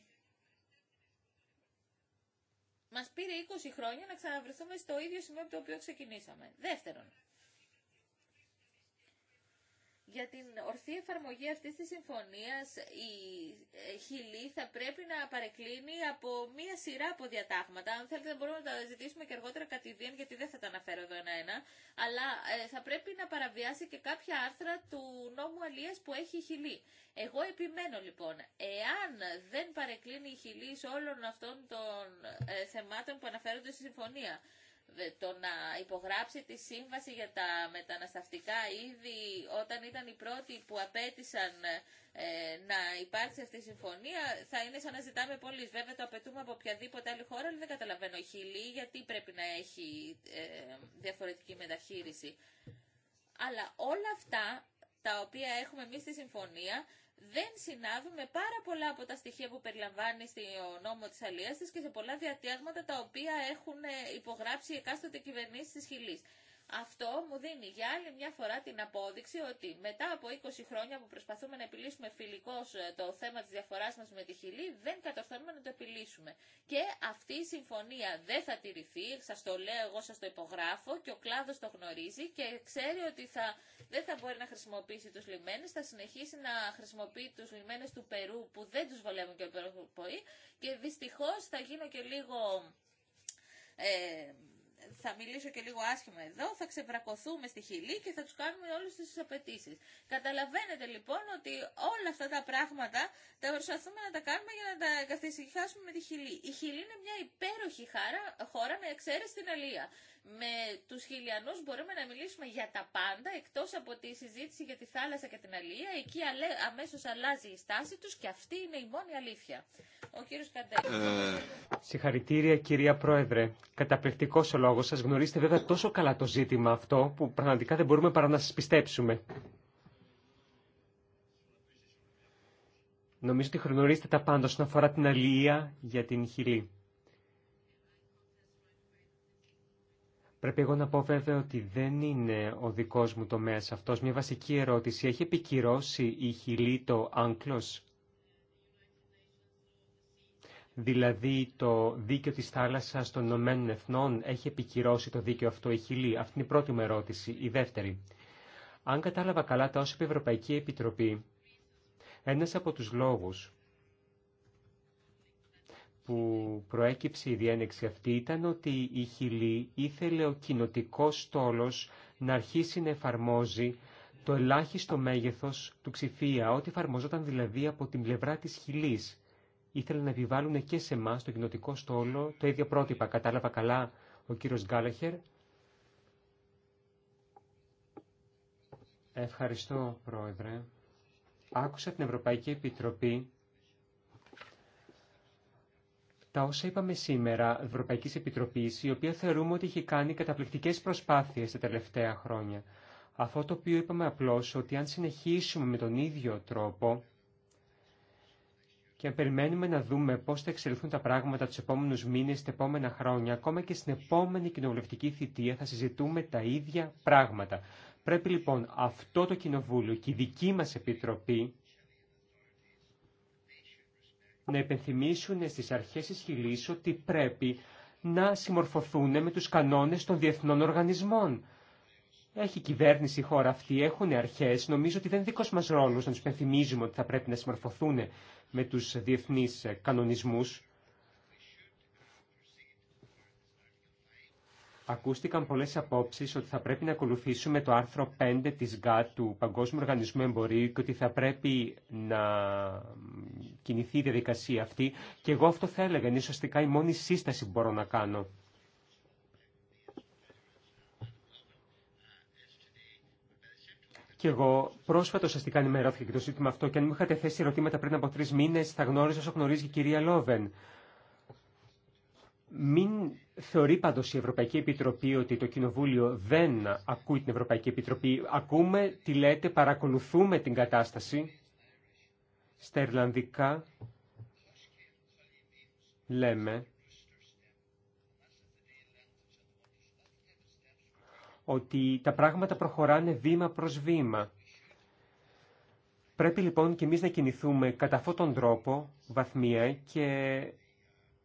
μας πήρε 20 χρόνια να ξαναβρεθούμε στο ίδιο σημείο από το οποίο ξεκινήσαμε. Δεύτερον, για την ορθή εφαρμογή αυτής της συμφωνίας η ε, Χιλή θα πρέπει να παρεκκλίνει από μία σειρά από διατάγματα. Αν θέλετε μπορούμε να τα ζητήσουμε και αργότερα κατηδίαν γιατί δεν θα τα αναφέρω εδώ ένα-ένα. Αλλά ε, θα πρέπει να παραβιάσει και κάποια άρθρα του νόμου Αλίας που έχει η Χιλή. Εγώ επιμένω λοιπόν, εάν δεν παρεκκλίνει η Χιλή σε όλων αυτών των ε, θεμάτων που αναφέρονται στη συμφωνία το να υπογράψει τη σύμβαση για τα μεταναστευτικά, ήδη όταν ήταν οι πρώτοι που απέτησαν ε, να υπάρξει αυτή η συμφωνία θα είναι σαν να ζητάμε πολύ, Βέβαια το απαιτούμε από οποιαδήποτε άλλη χώρα, αλλά δεν καταλαβαίνω χιλή γιατί πρέπει να έχει ε, διαφορετική μεταχείριση. Αλλά όλα αυτά τα οποία έχουμε εμείς στη συμφωνία δεν συνάδουν με πάρα πολλά από τα στοιχεία που περιλαμβάνει στο νόμο της Αλίας της και σε πολλά διατάγματα τα οποία έχουν ε, υπογράψει εκάστοτε κυβερνήσεις της Χιλής. Αυτό μου δίνει για άλλη μια φορά την απόδειξη ότι μετά από 20 χρόνια που προσπαθούμε να επιλύσουμε φιλικώ ε, το θέμα τη διαφορά μα με τη Χιλή, δεν καταφέρνουμε να το επιλύσουμε. Και αυτή η συμφωνία δεν θα τηρηθεί, Σα το λέω εγώ, σα το υπογράφω και ο κλάδο το γνωρίζει και ξέρει ότι θα, δεν θα μπορεί να χρησιμοποιήσει του λιμένε, θα συνεχίσει να χρησιμοποιεί του λιμένε του Περού που δεν του βολεύουν και ο Περού και δυστυχώ θα γίνω και λίγο... Ε, θα μιλήσω και λίγο άσχημα εδώ, θα ξεβρακωθούμε στη χιλή και θα τους κάνουμε όλες τις απαιτήσει. Καταλαβαίνετε λοιπόν ότι όλα αυτά τα πράγματα τα προσπαθούμε να τα κάνουμε για να τα καθησυχάσουμε με τη χιλή. Η χιλή είναι μια υπέροχη χώρα, χώρα με εξαίρεση την αλία. Με τους χιλιανούς μπορούμε να μιλήσουμε για τα πάντα, εκτός από τη συζήτηση για τη θάλασσα και την αλληλεία. Εκεί αμέσως αλλάζει η στάση τους και αυτή είναι η μόνη αλήθεια. Ο ε. Συγχαρητήρια κυρία Πρόεδρε. Καταπληκτικός ο λόγος σα Γνωρίζετε βέβαια τόσο καλά το ζήτημα αυτό που πραγματικά δεν μπορούμε παρά να σα πιστέψουμε. Νομίζω ότι γνωρίζετε τα πάντα όσον αφορά την αλληλεία για την χιλή. Πρέπει εγώ να πω βέβαια ότι δεν είναι ο δικός μου τομέας αυτός. Μια βασική ερώτηση. Έχει επικυρώσει η Χιλή το Άγκλος, δηλαδή το δίκαιο της θάλασσας των Ηνωμένων Εθνών έχει επικυρώσει το δίκαιο αυτό η Χιλή. Αυτή είναι η πρώτη μου ερώτηση. Η δεύτερη. Αν κατάλαβα καλά τα όσα είπε η Ευρωπαϊκή Επιτροπή, ένα από τους λόγους που προέκυψε η διένεξη αυτή ήταν ότι η Χιλή ήθελε ο κοινοτικό στόλος να αρχίσει να εφαρμόζει το ελάχιστο μέγεθος του ψηφία, ό,τι εφαρμοζόταν δηλαδή από την πλευρά της Χιλής. Ήθελε να επιβάλλουν και σε εμά το κοινοτικό στόλο το ίδιο πρότυπα. Κατάλαβα καλά ο κύριος Γκάλαχερ. Ευχαριστώ, Πρόεδρε. Άκουσα την Ευρωπαϊκή Επιτροπή τα όσα είπαμε σήμερα Ευρωπαϊκής Επιτροπής, η οποία θεωρούμε ότι έχει κάνει καταπληκτικές προσπάθειες τα τελευταία χρόνια. Αυτό το οποίο είπαμε απλώς ότι αν συνεχίσουμε με τον ίδιο τρόπο και αν περιμένουμε να δούμε πώς θα εξελιχθούν τα πράγματα του επόμενου μήνες, τα επόμενα χρόνια, ακόμα και στην επόμενη κοινοβουλευτική θητεία θα συζητούμε τα ίδια πράγματα. Πρέπει λοιπόν αυτό το κοινοβούλιο και η δική μας επιτροπή να υπενθυμίσουν στις αρχές της Χιλής ότι πρέπει να συμμορφωθούν με τους κανόνες των διεθνών οργανισμών. Έχει κυβέρνηση η χώρα αυτή, έχουν αρχές. Νομίζω ότι δεν είναι δικός μας ρόλος να τους υπενθυμίζουμε ότι θα πρέπει να συμμορφωθούν με τους διεθνείς κανονισμούς. Ακούστηκαν πολλέ απόψει ότι θα πρέπει να ακολουθήσουμε το άρθρο 5 τη ΓΑΤ του Παγκόσμιου Οργανισμού Εμπορίου και ότι θα πρέπει να κινηθεί η διαδικασία αυτή και εγώ αυτό θα έλεγα, είναι σωστικά η μόνη σύσταση που μπορώ να κάνω. Και εγώ πρόσφατα ουσιαστικά ενημερώθηκα για το ζήτημα αυτό και αν μου είχατε θέσει ερωτήματα πριν από τρει μήνε, θα γνώριζα όσο γνωρίζει η κυρία Λόβεν. Μην θεωρεί πάντω η Ευρωπαϊκή Επιτροπή ότι το Κοινοβούλιο δεν ακούει την Ευρωπαϊκή Επιτροπή. Ακούμε τι λέτε, παρακολουθούμε την κατάσταση. Στα Ιρλανδικά λέμε ότι τα πράγματα προχωράνε βήμα προς βήμα. Πρέπει λοιπόν και εμείς να κινηθούμε κατά αυτόν τον τρόπο, βαθμία, και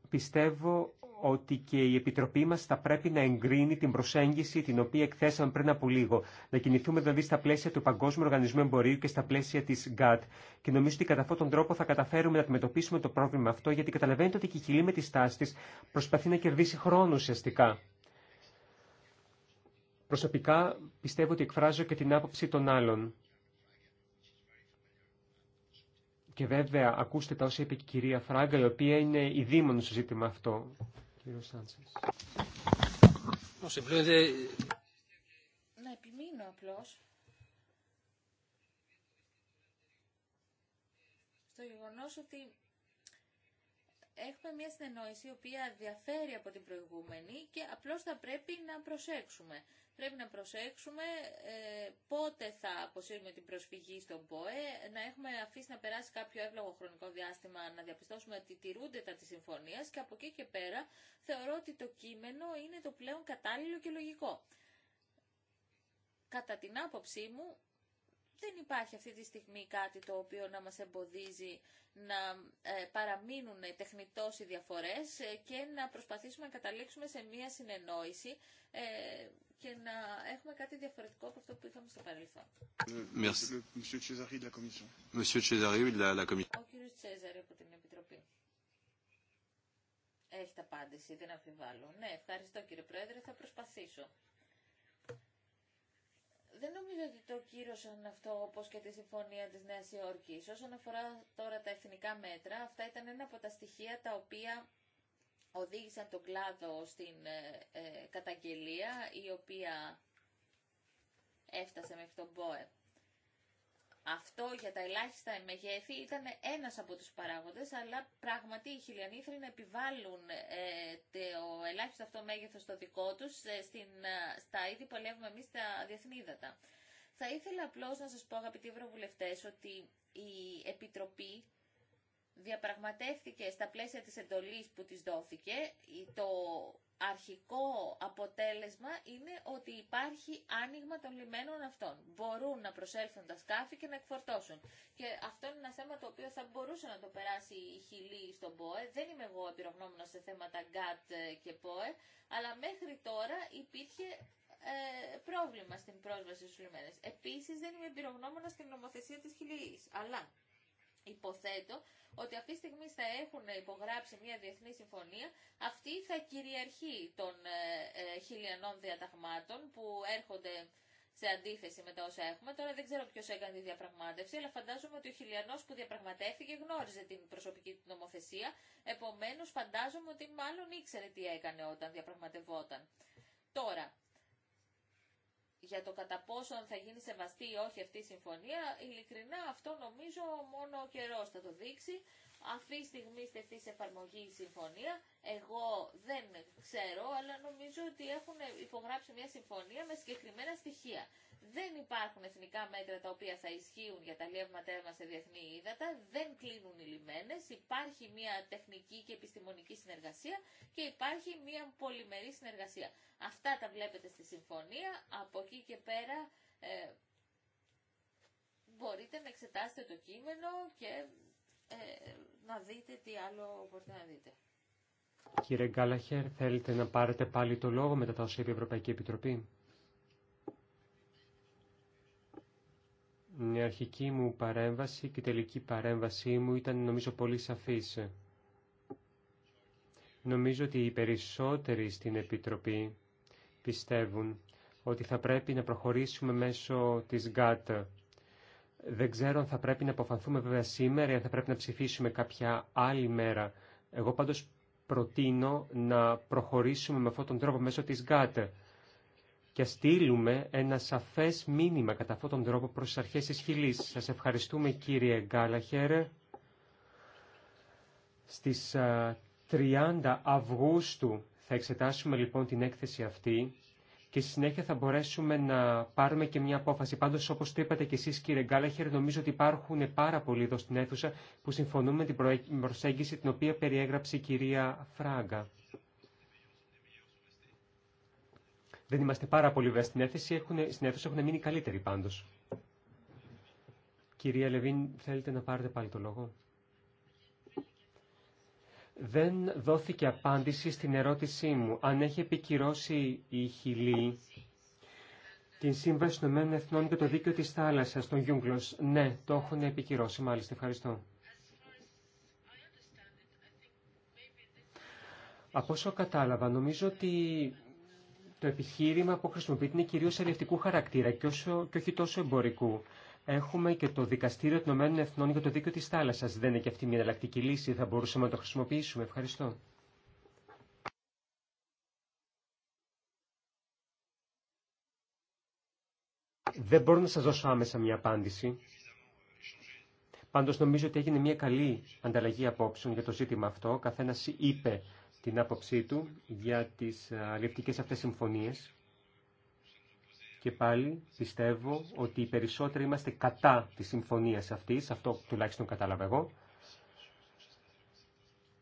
πιστεύω ότι και η Επιτροπή μας θα πρέπει να εγκρίνει την προσέγγιση την οποία εκθέσαμε πριν από λίγο. Να κινηθούμε δηλαδή στα πλαίσια του Παγκόσμιου Οργανισμού Εμπορίου και στα πλαίσια της ΓΚΑΤ. Και νομίζω ότι κατά αυτόν τον τρόπο θα καταφέρουμε να αντιμετωπίσουμε το πρόβλημα αυτό, γιατί καταλαβαίνετε ότι η Χιλή με τη στάση της προσπαθεί να κερδίσει χρόνο ουσιαστικά. Προσωπικά πιστεύω ότι εκφράζω και την άποψη των άλλων. Και βέβαια ακούστε τα όσα είπε η κυρία Φράγκα, η οποία είναι η δήμον στο ζήτημα αυτό. Να επιμείνω απλώ. στο γεγονό ότι έχουμε μια συνεννόηση η οποία διαφέρει από την προηγούμενη και απλώς θα πρέπει να προσέξουμε. Πρέπει να προσέξουμε ε, πότε θα αποσύρουμε την προσφυγή στον ΠΟΕ, να έχουμε αφήσει να περάσει κάποιο εύλογο χρονικό διάστημα, να διαπιστώσουμε ότι τηρούνται τα τη συμφωνία και από εκεί και πέρα θεωρώ ότι το κείμενο είναι το πλέον κατάλληλο και λογικό. Κατά την άποψή μου, δεν υπάρχει αυτή τη στιγμή κάτι το οποίο να μας εμποδίζει να ε, παραμείνουν τεχνητός οι διαφορές ε, και να προσπαθήσουμε να καταλήξουμε σε μία συνεννόηση ε, και να έχουμε κάτι διαφορετικό από αυτό που είχαμε στο παρελθόν. Ο κύριος Τσέζαρη από την Επιτροπή. τα απάντηση, δεν αμφιβάλλω. Ναι, ευχαριστώ κύριε Πρόεδρε, θα προσπαθήσω δεν νομίζω ότι το κύρωσαν αυτό όπως και τη συμφωνία τη Νέα Υόρκη. Όσον αφορά τώρα τα εθνικά μέτρα, αυτά ήταν ένα από τα στοιχεία τα οποία οδήγησαν τον κλάδο στην ε, ε, καταγγελία η οποία έφτασε μέχρι τον ΠΟΕΠ. Αυτό για τα ελάχιστα μεγέθη ήταν ένας από τους παράγοντες, αλλά πράγματι οι χιλιανοί να επιβάλλουν ε, το ελάχιστο αυτό μέγεθος το δικό τους ε, ε, στα είδη που αλλιεύουμε εμείς στα διεθνίδατα. Θα ήθελα απλώς να σας πω αγαπητοί ευρωβουλευτές ότι η Επιτροπή διαπραγματεύτηκε στα πλαίσια της εντολής που της δόθηκε το αρχικό αποτέλεσμα είναι ότι υπάρχει άνοιγμα των λιμένων αυτών. Μπορούν να προσέλθουν τα σκάφη και να εκφορτώσουν. Και αυτό είναι ένα θέμα το οποίο θα μπορούσε να το περάσει η Χιλή στον ΠΟΕ. Δεν είμαι εγώ επιρρογνώμονα σε θέματα ΓΚΑΤ και ΠΟΕ, αλλά μέχρι τώρα υπήρχε ε, πρόβλημα στην πρόσβαση στους λιμένες. Επίσης δεν είμαι επιρρογνώμονα στην νομοθεσία της Χιλής, αλλά Υποθέτω ότι αυτή τη στιγμή θα έχουν υπογράψει μια διεθνή συμφωνία. Αυτή θα κυριαρχεί των ε, ε, χιλιανών διαταγμάτων που έρχονται σε αντίθεση με τα όσα έχουμε. Τώρα δεν ξέρω ποιο έκανε τη διαπραγμάτευση, αλλά φαντάζομαι ότι ο Χιλιανό που διαπραγματεύτηκε γνώριζε την προσωπική του νομοθεσία. Επομένω, φαντάζομαι ότι μάλλον ήξερε τι έκανε όταν διαπραγματευόταν. Τώρα, για το κατά πόσο θα γίνει σεβαστή ή όχι αυτή η συμφωνία, ειλικρινά αυτό νομίζω μόνο ο καιρό θα το δείξει. Αυτή τη στιγμή στεφτεί σε εφαρμογή η συμφωνία. Εγώ δεν ξέρω, αλλά νομίζω ότι έχουν υπογράψει μια συμφωνία με συγκεκριμένα στοιχεία δεν υπάρχουν εθνικά μέτρα τα οποία θα ισχύουν για τα λεύματά μας σε διεθνή ύδατα, δεν κλείνουν οι λιμένε. υπάρχει μια τεχνική και επιστημονική συνεργασία και υπάρχει μια πολυμερή συνεργασία. Αυτά τα βλέπετε στη συμφωνία, από εκεί και πέρα ε, μπορείτε να εξετάσετε το κείμενο και ε, να δείτε τι άλλο μπορείτε να δείτε. Κύριε Γκάλαχερ, θέλετε να πάρετε πάλι το λόγο μετά τα όσα είπε η Ευρωπαϊκή Επιτροπή. Η αρχική μου παρέμβαση και η τελική παρέμβασή μου ήταν νομίζω πολύ σαφής. Νομίζω ότι οι περισσότεροι στην Επιτροπή πιστεύουν ότι θα πρέπει να προχωρήσουμε μέσω της ΓΚΑΤ. Δεν ξέρω αν θα πρέπει να αποφανθούμε βέβαια σήμερα ή αν θα πρέπει να ψηφίσουμε κάποια άλλη μέρα. Εγώ πάντως προτείνω να προχωρήσουμε με αυτόν τον τρόπο μέσω της ΓΚΑΤ και στείλουμε ένα σαφές μήνυμα κατά αυτόν τον τρόπο προς τις αρχές της Χιλής. Σας ευχαριστούμε κύριε Γκάλαχερ. Στις 30 Αυγούστου θα εξετάσουμε λοιπόν την έκθεση αυτή και στη συνέχεια θα μπορέσουμε να πάρουμε και μια απόφαση. Πάντως, όπως το είπατε και εσείς κύριε Γκάλαχερ, νομίζω ότι υπάρχουν πάρα πολλοί εδώ στην αίθουσα που συμφωνούν με την προσέγγιση την οποία περιέγραψε η κυρία Φράγκα. Δεν είμαστε πάρα πολύ βέβαια στην αίθουσα, έχουν, στην αίθουσα έχουν μείνει καλύτεροι πάντως. Κυρία Λεβίν, θέλετε να πάρετε πάλι το λόγο. Δεν δόθηκε απάντηση στην ερώτησή μου. Αν έχει επικυρώσει η Χιλή την Σύμβαση των Ηνωμένων Εθνών και το Δίκαιο της Θάλασσας, τον Γιούγκλος. Ναι, το έχουν επικυρώσει, μάλιστα. Ευχαριστώ. Από όσο κατάλαβα, νομίζω ότι το επιχείρημα που χρησιμοποιείται είναι κυρίως αλληλευτικού χαρακτήρα και, όσο, και όχι τόσο εμπορικού. Έχουμε και το Δικαστήριο των Ηνωμένων Εθνών για το Δίκαιο της Θάλασσας. Δεν είναι και αυτή μια εναλλακτική λύση. Θα μπορούσαμε να το χρησιμοποιήσουμε. Ευχαριστώ. Δεν μπορώ να σας δώσω άμεσα μια απάντηση. Πάντως νομίζω ότι έγινε μια καλή ανταλλαγή απόψεων για το ζήτημα αυτό. Καθένα είπε την άποψή του για τις ε, αλληλευτικές αυτές συμφωνίες. Και πάλι πιστεύω ότι οι περισσότεροι είμαστε κατά της συμφωνίας αυτής, αυτό τουλάχιστον κατάλαβα εγώ.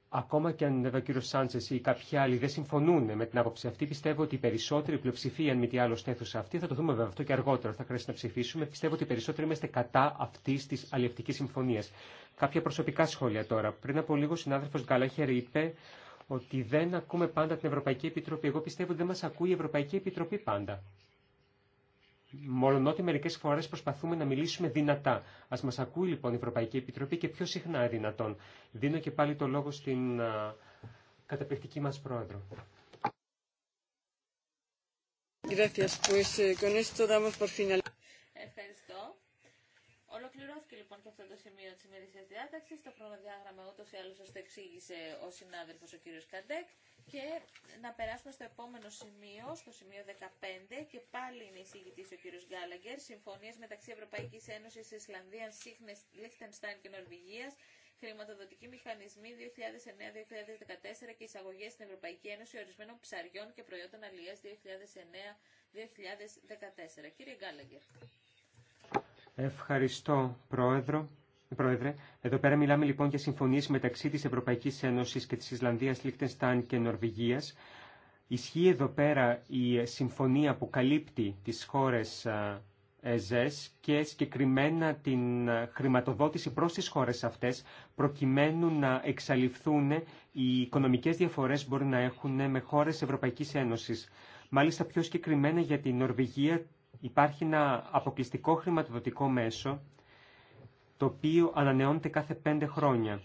Ακόμα και αν βέβαια ο κύριο Σάντσε ή κάποιοι άλλοι δεν συμφωνούν με την άποψη αυτή, πιστεύω ότι οι περισσότεροι πλειοψηφία, αν τι άλλο, στέθουσα αυτή, θα το δούμε βέβαια αυτό και αργότερα, θα χρειαστεί να ψηφίσουμε, πιστεύω ότι οι περισσότεροι είμαστε κατά αυτή τη αλληλευτική συμφωνία. Κάποια προσωπικά σχόλια τώρα. Πριν από λίγο, ο συνάδελφο Γκάλαχερ είπε ότι δεν ακούμε πάντα την Ευρωπαϊκή Επιτροπή. Εγώ πιστεύω ότι δεν μας ακούει η Ευρωπαϊκή Επιτροπή πάντα. Μόλον ότι μερικέ φορέ προσπαθούμε να μιλήσουμε δυνατά. Α μα ακούει λοιπόν η Ευρωπαϊκή Επιτροπή και πιο συχνά δυνατόν. Δίνω και πάλι το λόγο στην α, καταπληκτική μα πρόεδρο. Eh, Ολοκληρώθηκε λοιπόν και αυτό το σημείο τη ημερησία διάταξη. Το χρονοδιάγραμμα ούτω ή άλλως το εξήγησε ο συνάδελφο ο κ. Καντέκ. Και να περάσουμε στο επόμενο σημείο, στο σημείο 15, και πάλι είναι εισηγητή ο κ. Γκάλαγκερ, Συμφωνίε μεταξύ Ευρωπαϊκή Ένωση, Ισλανδία, Σύχνε, Λίχτενστάιν και νορβηγια χρηματοδοτικοι χρηματοδοτικοί μηχανισμοί 2009-2014 και εισαγωγέ στην Ευρωπαϊκή Ένωση ορισμένων ψαριών και προϊόντων αλληλείας 2009-2014. Κύριε Γκάλαγκερ. Ευχαριστώ, Πρόεδρο. Πρόεδρε, εδώ πέρα μιλάμε λοιπόν για συμφωνίες μεταξύ της Ευρωπαϊκής Ένωσης και της Ισλανδίας, Λίχτενσταν και Νορβηγίας. Ισχύει εδώ πέρα η συμφωνία που καλύπτει τις χώρες ΕΖΕΣ και συγκεκριμένα την χρηματοδότηση προς τις χώρες αυτές προκειμένου να εξαλειφθούν οι οικονομικές διαφορές που μπορεί να έχουν με χώρες Ευρωπαϊκής Ένωσης. Μάλιστα πιο συγκεκριμένα για την Νορβηγία Υπάρχει ένα αποκλειστικό χρηματοδοτικό μέσο, το οποίο ανανεώνεται κάθε πέντε χρόνια.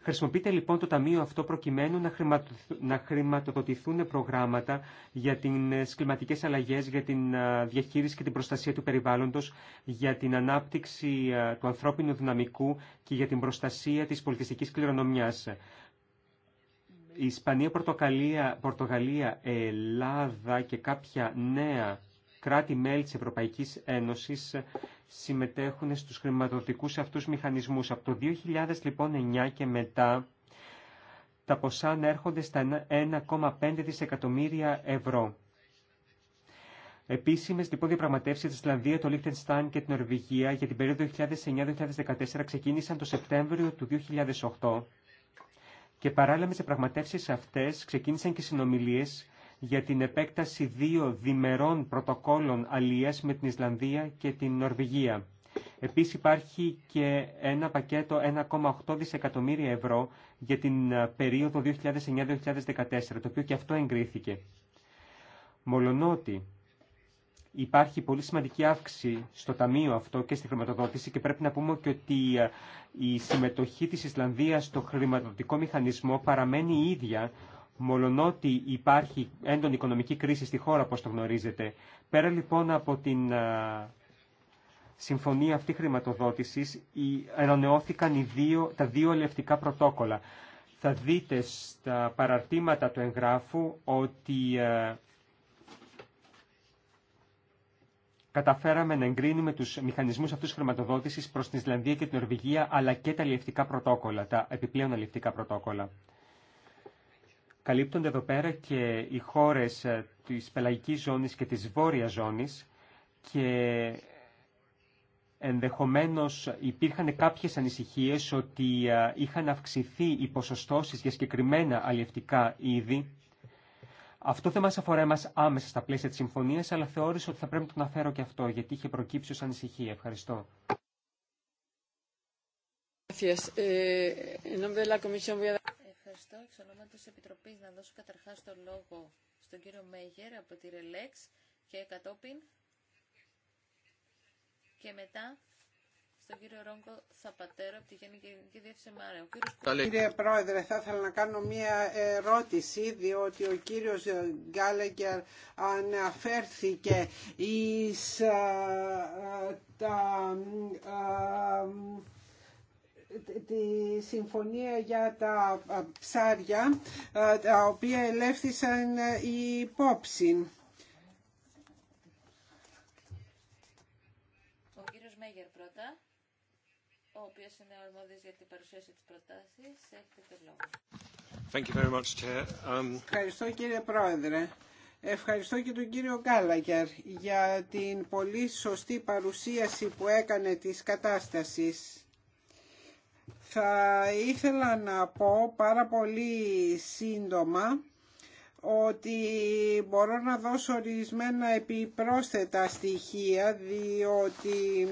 Χρησιμοποιείται λοιπόν το ταμείο αυτό προκειμένου να χρηματοδοτηθούν προγράμματα για τις ε, κλιματικές αλλαγές, για την ε, διαχείριση και την προστασία του περιβάλλοντος, για την ανάπτυξη ε, του ανθρώπινου δυναμικού και για την προστασία της πολιτιστικής κληρονομιάς. Η Ισπανία, Πορτογαλία, Ελλάδα και κάποια νέα κράτη-μέλη της Ευρωπαϊκής Ένωσης συμμετέχουν στους χρηματοδοτικούς αυτούς μηχανισμούς. Από το 2009 λοιπόν, και μετά τα ποσά έρχονται στα 1,5 δισεκατομμύρια ευρώ. Επίσημε λοιπόν διαπραγματεύσει τη Ισλανδία, το Λίχτενστάιν και την Νορβηγία για την περίοδο 2009-2014 ξεκίνησαν το Σεπτέμβριο του 2008 και παράλληλα με τι διαπραγματεύσει αυτέ ξεκίνησαν και συνομιλίε για την επέκταση δύο διμερών πρωτοκόλων αλλιές με την Ισλανδία και την Νορβηγία. Επίσης υπάρχει και ένα πακέτο 1,8 δισεκατομμύρια ευρώ για την ε, περίοδο 2009-2014, το οποίο και αυτό εγκρίθηκε. Μολονότι υπάρχει πολύ σημαντική αύξηση στο ταμείο αυτό και στη χρηματοδότηση και πρέπει να πούμε και ότι ε, η συμμετοχή της Ισλανδίας στο χρηματοδοτικό μηχανισμό παραμένει ίδια μολονότι υπάρχει έντονη οικονομική κρίση στη χώρα, όπως το γνωρίζετε. Πέρα λοιπόν από την συμφωνία αυτή χρηματοδότησης, ενονεώθηκαν δύο, τα δύο ελευτικά πρωτόκολλα. Θα δείτε στα παραρτήματα του εγγράφου ότι καταφέραμε να εγκρίνουμε τους μηχανισμούς αυτούς χρηματοδότησης προς την Ισλανδία και την Ορβηγία, αλλά και τα πρωτόκολλα, τα επιπλέον αλληλευτικά πρωτόκολλα. Καλύπτονται εδώ πέρα και οι χώρες ε, της πελαγικής ζώνης και της βόρειας ζώνης και ενδεχομένως υπήρχαν κάποιες ανησυχίες ότι ε, είχαν αυξηθεί οι ποσοστώσεις για συγκεκριμένα αλλιευτικά είδη. Αυτό δεν μας αφορά εμάς άμεσα στα πλαίσια της συμφωνίας, αλλά θεώρησα ότι θα πρέπει να το αναφέρω και αυτό, γιατί είχε προκύψει ως ανησυχία. Ευχαριστώ ευχαριστώ. Εξ ονόματος Επιτροπής να δώσω καταρχάς το λόγο στον κύριο Μέγερ από τη Ρελέξ και κατόπιν και μετά στον κύριο Ρόγκο Θαπατέρο από τη Γενική Διεύθυνση Κύριος... Κύριε Πρόεδρε, θα ήθελα να κάνω μία ερώτηση, διότι ο κύριος Γκάλεγκερ αναφέρθηκε εις ε, ε, τα... Ε, τη συμφωνία για τα ψάρια τα οποία ελεύθησαν η ε, υπόψη. Ο κύριος Μέγερ πρώτα, ο οποίος είναι ο αρμόδιος για την παρουσίαση της προτάσης, έχετε το λόγο. Thank you very much, Chair. Um... Ευχαριστώ κύριε Πρόεδρε. Ευχαριστώ και τον κύριο Γκάλαγερ για την πολύ σωστή παρουσίαση που έκανε της κατάστασης. Θα ήθελα να πω πάρα πολύ σύντομα ότι μπορώ να δώσω ορισμένα επιπρόσθετα στοιχεία διότι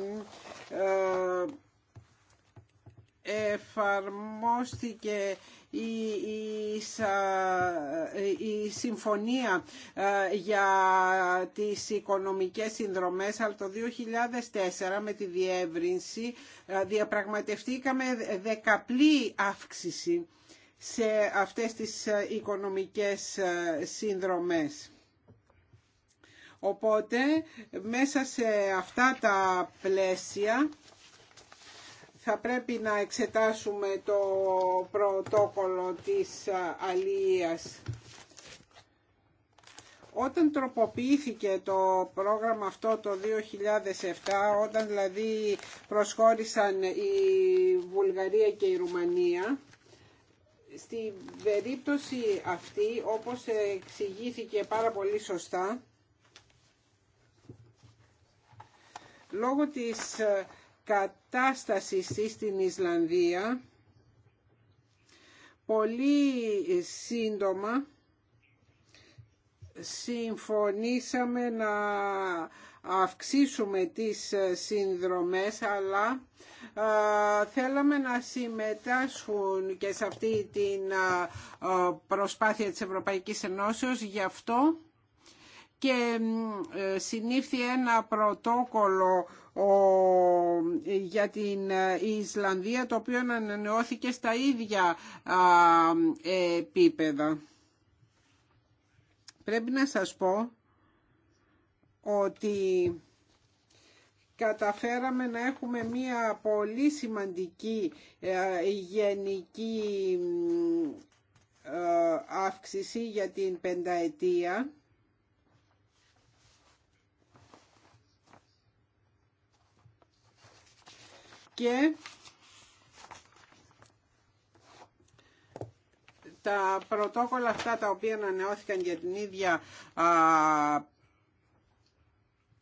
ε, εφαρμόστηκε η, συμφωνία ε, για τις οικονομικές συνδρομές αλλά το 2004 με τη διεύρυνση ε, διαπραγματευτήκαμε δεκαπλή αύξηση σε αυτές τις ε, οικονομικές συνδρομές. Οπότε μέσα σε αυτά τα πλαίσια θα πρέπει να εξετάσουμε το πρωτόκολλο της αλίας. Όταν τροποποιήθηκε το πρόγραμμα αυτό το 2007, όταν δηλαδή προσχώρησαν η Βουλγαρία και η Ρουμανία, στη περίπτωση αυτή, όπως εξηγήθηκε πάρα πολύ σωστά, λόγω της κατάσταση στην Ισλανδία πολύ σύντομα συμφωνήσαμε να αυξήσουμε τις συνδρομές αλλά α, θέλαμε να συμμετάσχουν και σε αυτή την προσπάθεια της Ευρωπαϊκής Ενώσεως γι' αυτό και ε, συνήφθη ένα πρωτόκολλο για την ε, Ισλανδία το οποίο ανανεώθηκε στα ίδια επίπεδα. Πρέπει να σας πω ότι καταφέραμε να έχουμε μία πολύ σημαντική ε, γενική αύξηση για την πενταετία και τα πρωτόκολλα αυτά τα οποία ανανεώθηκαν για την ίδια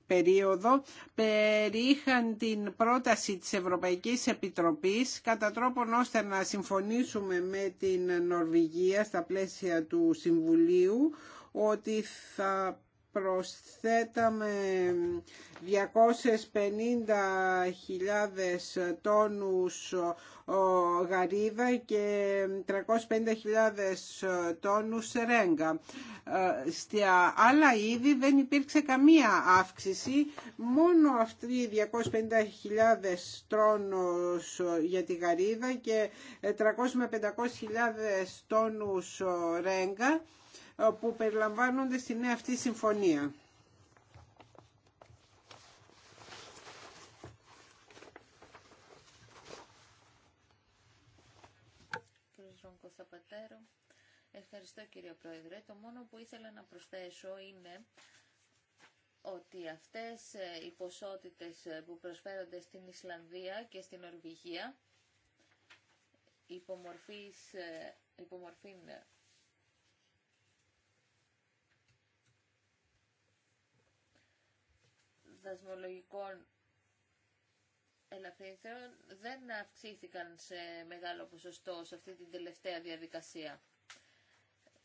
περίοδο περίχαν την πρόταση της Ευρωπαϊκής Επιτροπής κατά τρόπον ώστε να συμφωνήσουμε με την Νορβηγία στα πλαίσια του Συμβουλίου ότι θα προσθέταμε 250.000 τόνους γαρίδα και 350.000 τόνους ρέγγα. Ε, στα άλλα είδη δεν υπήρξε καμία αύξηση, μόνο αυτοί οι 250.000 τόνους για τη γαρίδα και 300 με 500.000 τόνους ρέγγα ε, που περιλαμβάνονται στη νέα αυτή συμφωνία. Ευχαριστώ κύριε Πρόεδρε. Το μόνο που ήθελα να προσθέσω είναι ότι αυτές ε, οι ποσότητες ε, που προσφέρονται στην Ισλανδία και στην Ορβηγία υπομορφής, υπομορφήν δασμολογικών ελαφρύνθεων δεν αυξήθηκαν σε μεγάλο ποσοστό σε αυτή την τελευταία διαδικασία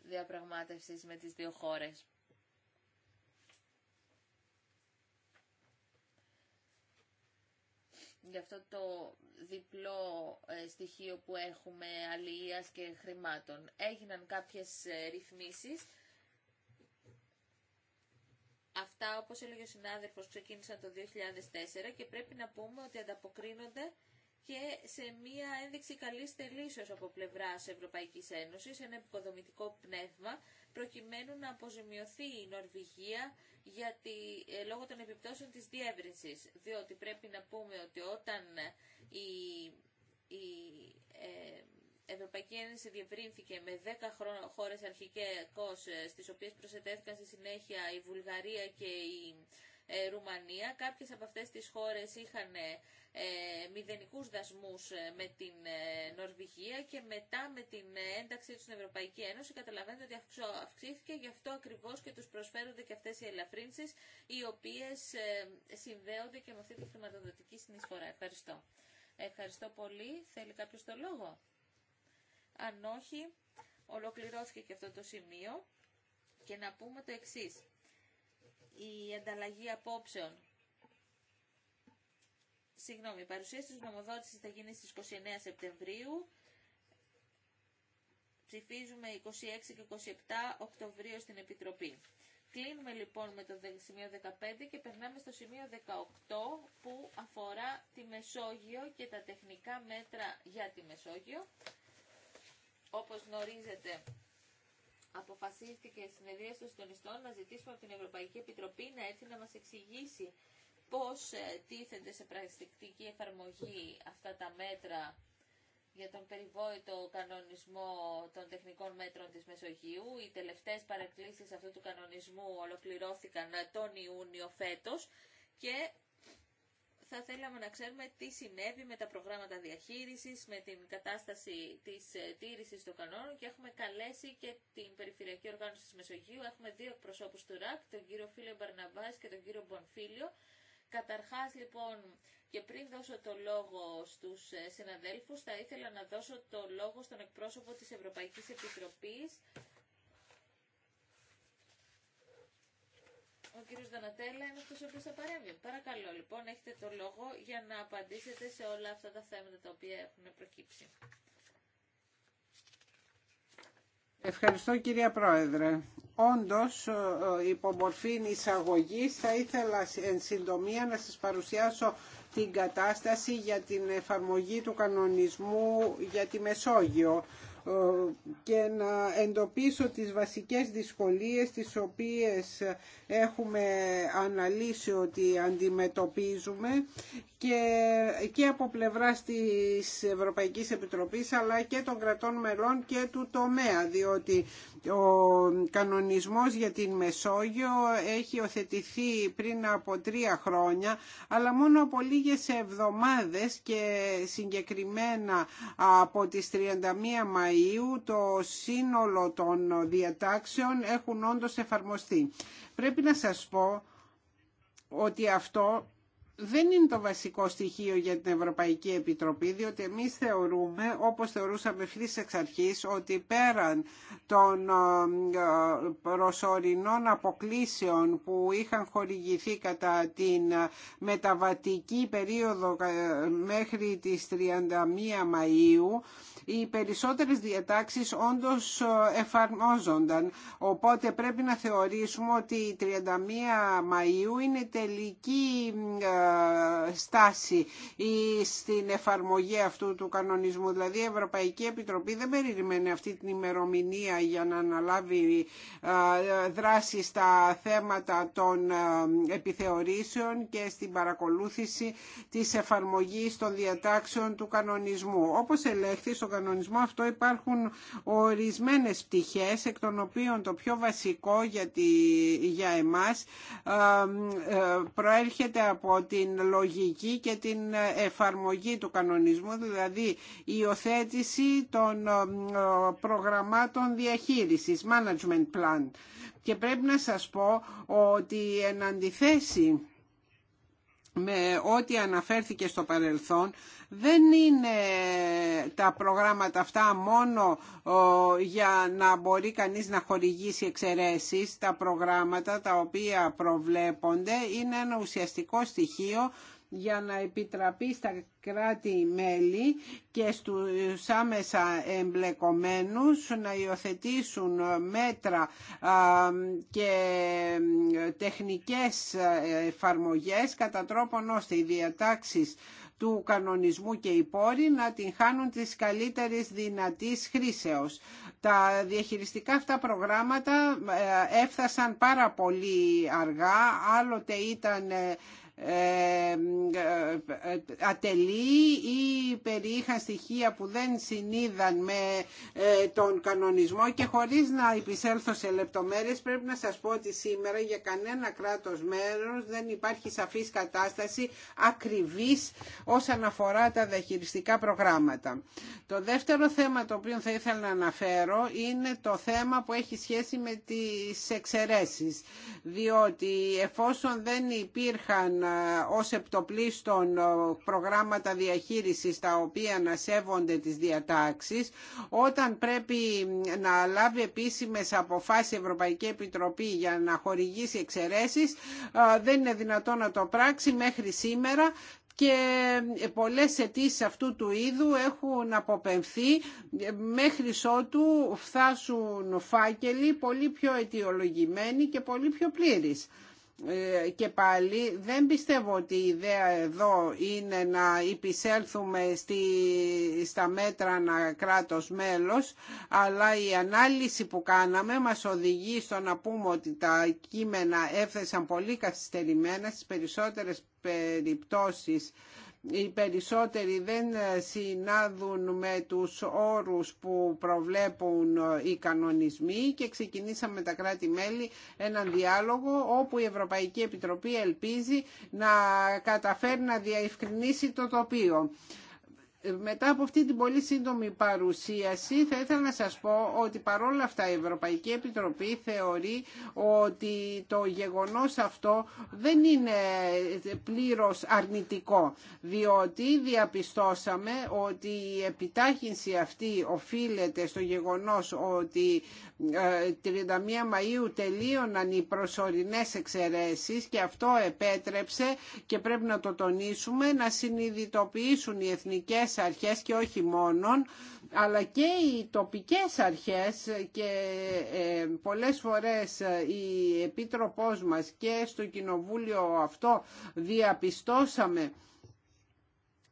διαπραγμάτευσης με τις δύο χώρες. Γι' αυτό το διπλό ε, στοιχείο που έχουμε αλληλείας και χρημάτων. Έγιναν κάποιες ε, ρυθμίσεις Αυτά, όπως έλεγε ο συνάδελφος, ξεκίνησαν το 2004 και πρέπει να πούμε ότι ανταποκρίνονται και σε μία ένδειξη καλής θελήσεως από πλευράς Ευρωπαϊκής Ένωσης, ένα επικοδομητικό πνεύμα, προκειμένου να αποζημιωθεί η Νορβηγία γιατί, ε, λόγω των επιπτώσεων της διεύρυνσης. Διότι πρέπει να πούμε ότι όταν η, ε, Ευρωπαϊκή Ένωση διευρύνθηκε με 10 χώρε αρχικέ, ε, στι οποίε προσετέθηκαν στη συνέχεια η Βουλγαρία και η ε, Ρουμανία. Κάποιε από αυτέ τι χώρε είχαν ε, ε δασμού δασμούς με την Νορβηγία και μετά με την ένταξή του στην Ευρωπαϊκή Ένωση καταλαβαίνετε ότι αυξήθηκε γι' αυτό ακριβώ και του προσφέρονται και αυτέ οι ελαφρύνσει, οι οποίες συνδέονται και με αυτή τη χρηματοδοτική συνεισφορά. Ευχαριστώ. Ευχαριστώ πολύ. Θέλει κάποιο το λόγο. Αν όχι, ολοκληρώθηκε και αυτό το σημείο και να πούμε το εξής. Η ανταλλαγή απόψεων Συγγνώμη, η παρουσίαση της νομοδότησης θα γίνει στις 29 Σεπτεμβρίου. Ψηφίζουμε 26 και 27 Οκτωβρίου στην Επιτροπή. Κλείνουμε λοιπόν με το σημείο 15 και περνάμε στο σημείο 18 που αφορά τη Μεσόγειο και τα τεχνικά μέτρα για τη Μεσόγειο. Όπως γνωρίζετε, αποφασίστηκε η συνεδρία των συντονιστών να ζητήσουμε από την Ευρωπαϊκή Επιτροπή να έρθει να μας εξηγήσει πώς ε, τίθενται σε πρακτική εφαρμογή αυτά τα μέτρα για τον περιβόητο κανονισμό των τεχνικών μέτρων της Μεσογείου. Οι τελευταίες παρακλήσεις αυτού του κανονισμού ολοκληρώθηκαν τον Ιούνιο φέτος και θα θέλαμε να ξέρουμε τι συνέβη με τα προγράμματα διαχείρισης, με την κατάσταση της ε, τήρησης των κανόνων και έχουμε καλέσει και την Περιφερειακή Οργάνωση της Μεσογείου. Έχουμε δύο προσώπους του ΡΑΚ, τον κύριο Φίλιο Μπαρναβάης και τον κύριο Μπονφίλιο. Καταρχάς λοιπόν και πριν δώσω το λόγο στους ε, συναδέλφους θα ήθελα να δώσω το λόγο στον εκπρόσωπο της Ευρωπαϊκής Επιτροπής Ο κύριο Δανατέλα είναι αυτός ο οποίο θα παρέμβει. Παρακαλώ λοιπόν, έχετε το λόγο για να απαντήσετε σε όλα αυτά τα θέματα τα οποία έχουν προκύψει. Ευχαριστώ κυρία Πρόεδρε. Όντως, υπό μορφή εισαγωγή. θα ήθελα εν συντομία να σας παρουσιάσω την κατάσταση για την εφαρμογή του κανονισμού για τη Μεσόγειο και να εντοπίσω τις βασικές δυσκολίες τις οποίες έχουμε αναλύσει ότι αντιμετωπίζουμε και, και από πλευρά της Ευρωπαϊκής Επιτροπής αλλά και των κρατών μελών και του τομέα διότι ο κανονισμός για την Μεσόγειο έχει οθετηθεί πριν από τρία χρόνια αλλά μόνο από λίγες εβδομάδες και συγκεκριμένα από τις 31 Μαΐου το σύνολο των διατάξεων έχουν όντως εφαρμοστεί. Πρέπει να σας πω ότι αυτό δεν είναι το βασικό στοιχείο για την Ευρωπαϊκή Επιτροπή, διότι εμείς θεωρούμε, όπως θεωρούσαμε ευθύς εξ αρχής, ότι πέραν των ε, προσωρινών αποκλήσεων που είχαν χορηγηθεί κατά την μεταβατική περίοδο ε, μέχρι τις 31 Μαΐου, οι περισσότερες διατάξεις όντως ε, εφαρμόζονταν. Οπότε πρέπει να θεωρήσουμε ότι η 31 Μαΐου είναι τελική ε, στάση στην εφαρμογή αυτού του κανονισμού. Δηλαδή η Ευρωπαϊκή Επιτροπή δεν περιμένει αυτή την ημερομηνία για να αναλάβει ε, δράση στα θέματα των επιθεωρήσεων και στην παρακολούθηση της εφαρμογής των διατάξεων του κανονισμού. Όπως ελέγχθη κανονισμό αυτό υπάρχουν ορισμένες πτυχές εκ των οποίων το πιο βασικό για, τη, για εμάς ε, προέρχεται από την λογική και την εφαρμογή του κανονισμού δηλαδή η υιοθέτηση των προγραμμάτων διαχείρισης management plan και πρέπει να σας πω ότι εν αντιθέσει με ό,τι αναφέρθηκε στο παρελθόν δεν είναι τα προγράμματα αυτά μόνο για να μπορεί κανείς να χορηγήσει εξαιρέσεις. Τα προγράμματα τα οποία προβλέπονται είναι ένα ουσιαστικό στοιχείο για να επιτραπεί στα κράτη-μέλη και στους άμεσα εμπλεκομένους να υιοθετήσουν μέτρα και τεχνικές εφαρμογές κατά τρόπον ώστε οι διατάξεις του κανονισμού και οι πόροι να την χάνουν της καλύτερης δυνατής χρήσεως. Τα διαχειριστικά αυτά προγράμματα ε, έφτασαν πάρα πολύ αργά, άλλοτε ήταν ε, ε, ε, ε, ατελεί ή περιείχαν στοιχεία που δεν συνείδαν με τον κανονισμό και χωρίς να επισέλθω σε λεπτομέρειες πρέπει να σας πω ότι σήμερα για κανένα κράτος μέρος δεν υπάρχει σαφής κατάσταση ακριβής όσον αφορά τα διαχειριστικά προγράμματα. Το δεύτερο θέμα το οποίο θα ήθελα να αναφέρω είναι το θέμα που έχει σχέση με τις εξαιρέσεις διότι εφόσον δεν υπήρχαν ε, ως επτοπλίστων ε, προγράμματα διαχείρισης τα οποία να σέβονται τις διατάξεις όταν πρέπει να λάβει επίσημες αποφάσεις η Ευρωπαϊκή Επιτροπή για να χορηγήσει εξαιρέσεις ε, δεν είναι δυνατό να το πράξει μέχρι σήμερα και πολλές αιτήσει αυτού του είδου έχουν αποπεμφθεί μέχρι ότου φτάσουν φάκελοι πολύ πιο αιτιολογημένοι και πολύ πιο πλήρεις. Ε, και πάλι δεν πιστεύω ότι η ιδέα εδώ είναι να υπησέλθουμε στη, στα μέτρα να κράτος μέλος αλλά η ανάλυση που κάναμε μας οδηγεί στο να πούμε ότι τα κείμενα έφθεσαν πολύ καθυστερημένα στις περισσότερες περιπτώσεις οι περισσότεροι δεν ε, συνάδουν με τους όρους που προβλέπουν ε, οι κανονισμοί και ξεκινήσαμε με τα κράτη-μέλη έναν διάλογο όπου η Ευρωπαϊκή Επιτροπή ελπίζει να καταφέρει να διευκρινίσει το τοπίο μετά από αυτή την πολύ σύντομη παρουσίαση θα ήθελα να σας πω ότι παρόλα αυτά η Ευρωπαϊκή Επιτροπή θεωρεί ότι το γεγονός αυτό δεν είναι πλήρως αρνητικό διότι διαπιστώσαμε ότι η επιτάχυνση αυτή οφείλεται στο γεγονός ότι 31 ε, Μαΐου τελείωναν οι προσωρινές εξαιρέσεις και αυτό επέτρεψε και πρέπει να το τονίσουμε να συνειδητοποιήσουν οι εθνικές Αρχέ αρχές και όχι μόνον, αλλά και οι τοπικές αρχές και ε, πολλές φορές ε, η Επίτροπός μας και στο Κοινοβούλιο αυτό διαπιστώσαμε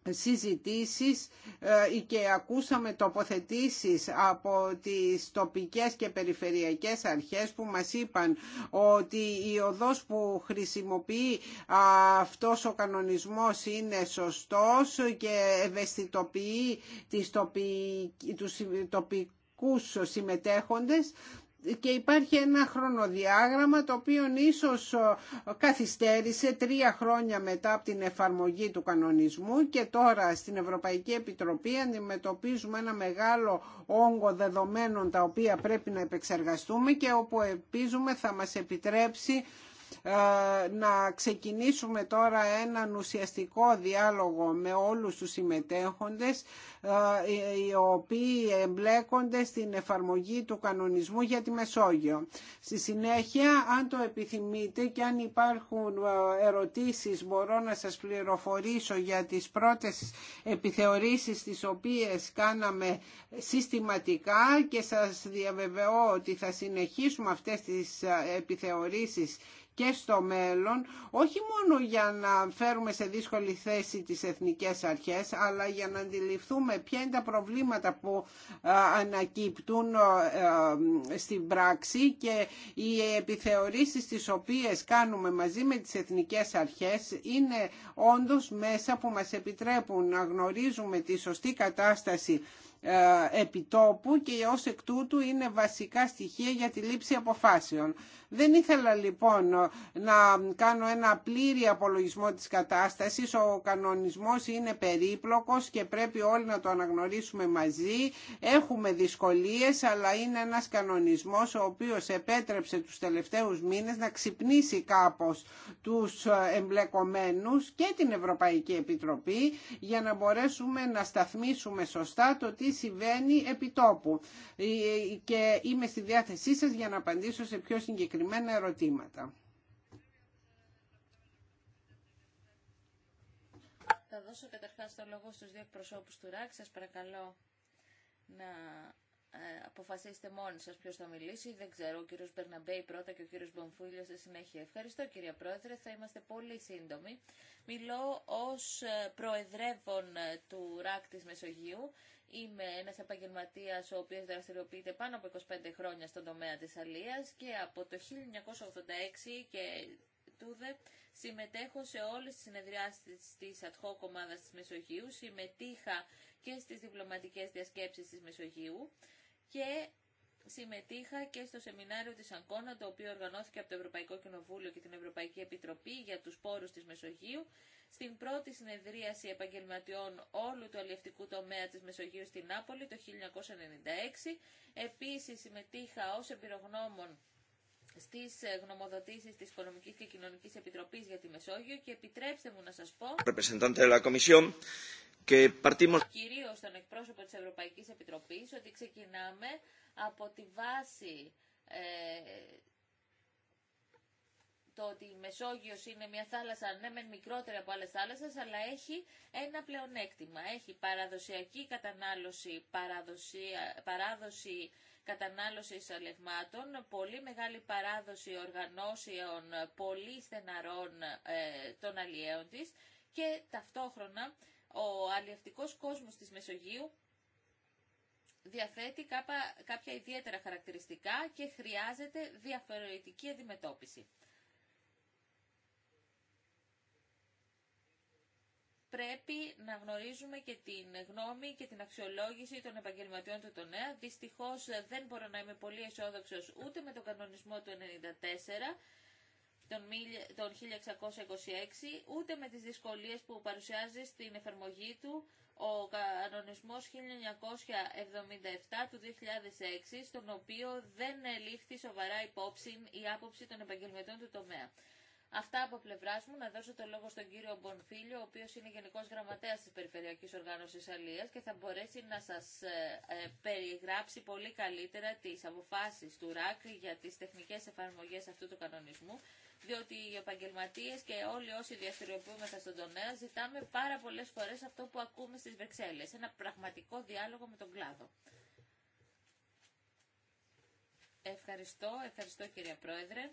συζητήσεις ε, και ακούσαμε τοποθετήσεις από τις τοπικές και περιφερειακές αρχές που μας είπαν ότι η οδός που χρησιμοποιεί αυτός ο κανονισμός είναι σωστός και ευαισθητοποιεί τις τοπικού τους τοπικούς συμμετέχοντες και υπάρχει ένα χρονοδιάγραμμα το οποίο ίσως καθυστέρησε τρία χρόνια μετά από την εφαρμογή του κανονισμού και τώρα στην Ευρωπαϊκή Επιτροπή αντιμετωπίζουμε ένα μεγάλο όγκο δεδομένων τα οποία πρέπει να επεξεργαστούμε και όπου επίζουμε θα μας επιτρέψει ε, να ξεκινήσουμε τώρα έναν ουσιαστικό διάλογο με όλους τους συμμετέχοντες ε, οι οποίοι εμπλέκονται στην εφαρμογή του κανονισμού για τη Μεσόγειο. Στη συνέχεια, αν το επιθυμείτε και αν υπάρχουν ε, ερωτήσεις μπορώ να σας πληροφορήσω για τις πρώτες επιθεωρήσεις τις οποίες κάναμε συστηματικά και σας διαβεβαιώ ότι θα συνεχίσουμε αυτές τις επιθεωρήσεις και στο μέλλον, όχι μόνο για να φέρουμε σε δύσκολη θέση τις εθνικές αρχές, αλλά για να αντιληφθούμε ποια είναι τα προβλήματα που ε, ανακύπτουν ε, ε, στην πράξη και οι επιθεωρήσεις τις οποίες κάνουμε μαζί με τις εθνικές αρχές είναι όντως μέσα που μας επιτρέπουν να γνωρίζουμε τη σωστή κατάσταση επιτόπου και ως εκ τούτου είναι βασικά στοιχεία για τη λήψη αποφάσεων. Δεν ήθελα λοιπόν να κάνω ένα πλήρη απολογισμό της κατάστασης. Ο κανονισμός είναι περίπλοκος και πρέπει όλοι να το αναγνωρίσουμε μαζί. Έχουμε δυσκολίες, αλλά είναι ένας κανονισμός ο οποίος επέτρεψε τους τελευταίους μήνες να ξυπνήσει κάπως τους εμπλεκομένους και την Ευρωπαϊκή Επιτροπή για να μπορέσουμε να σταθμίσουμε σωστά το τι συμβαίνει επί τόπου. Ε, ε, και είμαι στη διάθεσή σας για να απαντήσω σε πιο συγκεκριμένα συγκεκριμένα ερωτήματα. Θα δώσω καταρχάς το λόγο στους δύο προσώπου του ΡΑΚ. Σας παρακαλώ να ε, αποφασίστε μόνοι σας ποιος θα μιλήσει. Δεν ξέρω, ο κύριος Μπερναμπέη πρώτα και ο κύριος Μπομφούλιο στη συνέχεια. Ευχαριστώ κυρία Πρόεδρε, θα είμαστε πολύ σύντομοι. Μιλώ ως ε, προεδρεύων ε, του ΡΑΚ της Μεσογείου. Είμαι ένας επαγγελματίας ο οποίος δραστηριοποιείται πάνω από 25 χρόνια στον τομέα της αλίας και από το 1986 και τούδε συμμετέχω σε όλες τις συνεδριάσεις της ad hoc ομάδας της Μεσογείου, συμμετείχα και στις διπλωματικές διασκέψεις της Μεσογείου και συμμετείχα και στο σεμινάριο της Αγκώνα, το οποίο οργανώθηκε από το Ευρωπαϊκό Κοινοβούλιο και την Ευρωπαϊκή Επιτροπή για τους πόρους της Μεσογείου, στην πρώτη συνεδρίαση επαγγελματιών όλου του αλληλευτικού τομέα της Μεσογείου στην Νάπολη το 1996. Επίσης συμμετείχα ως εμπειρογνώμων στις ε, γνωμοδοτήσεις της Οικονομικής και Κοινωνικής Επιτροπής για τη Μεσόγειο και επιτρέψτε μου να σας πω και παρτίμος... Κυρίως τον εκπρόσωπο της Ευρωπαϊκής Επιτροπής ότι ξεκινάμε από τη βάση ε, το ότι η Μεσόγειος είναι μια θάλασσα, ναι μεν μικρότερη από άλλες θάλασσες, αλλά έχει ένα πλεονέκτημα. Έχει παραδοσιακή κατανάλωση, παραδοσία παράδοση κατανάλωσης αλευμάτων, πολύ μεγάλη παράδοση οργανώσεων, πολύ στεναρών ε, των αλλιέων της και ταυτόχρονα ο αλλιευτικός κόσμος της Μεσογείου διαθέτει κάποια ιδιαίτερα χαρακτηριστικά και χρειάζεται διαφορετική αντιμετώπιση. πρέπει να γνωρίζουμε και την γνώμη και την αξιολόγηση των επαγγελματιών του τομέα. Δυστυχώς ε, δεν μπορώ να είμαι πολύ αισιόδοξο ούτε με τον κανονισμό του 94 τον 1626, ούτε με τις δυσκολίες που παρουσιάζει στην εφαρμογή του ο κανονισμός 1977 του 2006, στον οποίο δεν ελήφθη σοβαρά υπόψη η άποψη των επαγγελματών του τομέα. Αυτά από πλευρά μου. Να δώσω το λόγο στον κύριο Μπονφίλιο, ο οποίο είναι Γενικό Γραμματέα τη Περιφερειακή Οργάνωση Αλία και θα μπορέσει να σα ε, ε, περιγράψει πολύ καλύτερα τι αποφάσει του ΡΑΚ για τι τεχνικέ εφαρμογέ αυτού του κανονισμού διότι οι επαγγελματίες και όλοι όσοι διαστηριοποιούμεθα στον τομέα ζητάμε πάρα πολλές φορές αυτό που ακούμε στις Βρυξέλλες, ένα πραγματικό διάλογο με τον κλάδο. Ευχαριστώ, ευχαριστώ κυρία Πρόεδρε.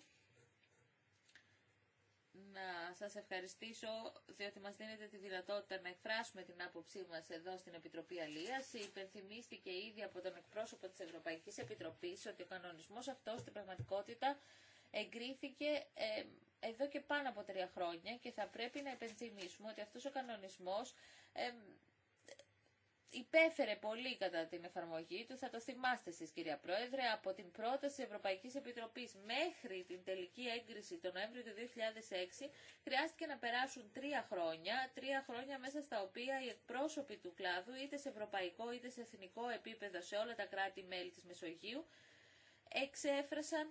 Να σας ευχαριστήσω διότι μας δίνετε τη δυνατότητα να εκφράσουμε την άποψή μας εδώ στην Επιτροπή Αλίας. Υπενθυμίστηκε ήδη από τον εκπρόσωπο της Ευρωπαϊκής Επιτροπής ότι ο κανονισμός αυτός στην πραγματικότητα εγκρίθηκε ε, εδώ και πάνω από τρία χρόνια και θα πρέπει να επενθυμίσουμε ότι αυτός ο κανονισμός ε, υπέφερε πολύ κατά την εφαρμογή του, θα το θυμάστε εσείς κυρία Πρόεδρε, από την πρόταση της Ευρωπαϊκής Επιτροπής μέχρι την τελική έγκριση τον Νοέμβριο του 2006 χρειάστηκε να περάσουν τρία χρόνια, τρία χρόνια μέσα στα οποία οι εκπρόσωποι του κλάδου είτε σε ευρωπαϊκό είτε σε εθνικό επίπεδο σε όλα τα κράτη-μέλη της Μεσογείου εξέφρασαν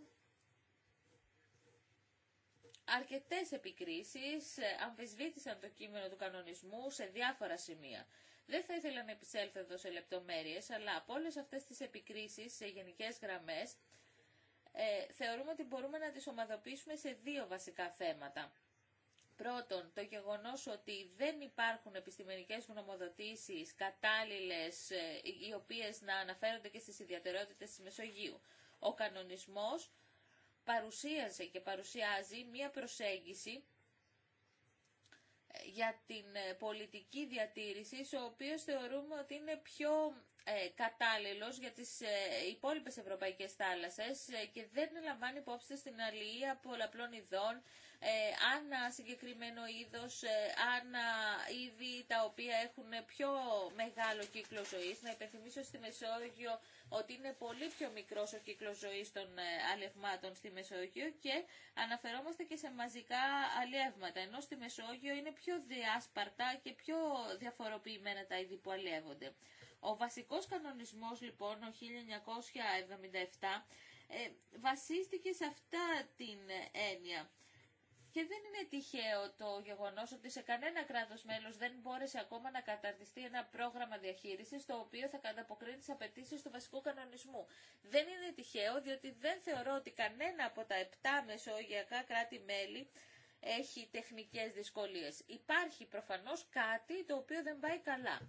αρκετές επικρίσεις, ε, αμφισβήτησαν το κείμενο του κανονισμού σε διάφορα σημεία. Δεν θα ήθελα να επισέλθω εδώ σε λεπτομέρειες, αλλά από όλες αυτές τις επικρίσεις σε γενικές γραμμές, ε, θεωρούμε ότι μπορούμε να τις ομαδοποιήσουμε σε δύο βασικά θέματα. Πρώτον, το γεγονός ότι δεν υπάρχουν επιστημονικές γνωμοδοτήσεις κατάλληλες, ε, οι οποίες να αναφέρονται και στις ιδιαιτερότητες της Μεσογείου. Ο κανονισμός παρουσίασε και παρουσιάζει μία προσέγγιση ε, για την ε, πολιτική διατήρηση, ο οποίος θεωρούμε ότι είναι πιο ε, κατάλληλος για τις ε, υπόλοιπες ευρωπαϊκές θάλασσες ε, και δεν λαμβάνει υπόψη στην αλληλεία πολλαπλών ειδών, ε, άνα συγκεκριμένο είδος, ε, άνα είδη τα οποία έχουν πιο μεγάλο κύκλο ζωής. Να υπενθυμίσω στη Μεσόγειο ότι είναι πολύ πιο μικρός ο κύκλος ζωής των αλευμάτων στη Μεσόγειο και αναφερόμαστε και σε μαζικά αλεύματα, ενώ στη Μεσόγειο είναι πιο διάσπαρτα και πιο διαφοροποιημένα τα είδη που αλεύονται. Ο βασικός κανονισμός λοιπόν, ο 1977, ε, βασίστηκε σε αυτά την έννοια. Και δεν είναι τυχαίο το γεγονός ότι σε κανένα κράτος μέλος δεν μπόρεσε ακόμα να καταρτιστεί ένα πρόγραμμα διαχείρισης το οποίο θα καταποκρίνει τις απαιτήσει του βασικού κανονισμού. Δεν είναι τυχαίο διότι δεν θεωρώ ότι κανένα από τα 7 μεσογειακά κράτη-μέλη έχει τεχνικές δυσκολίες. Υπάρχει προφανώς κάτι το οποίο δεν πάει καλά.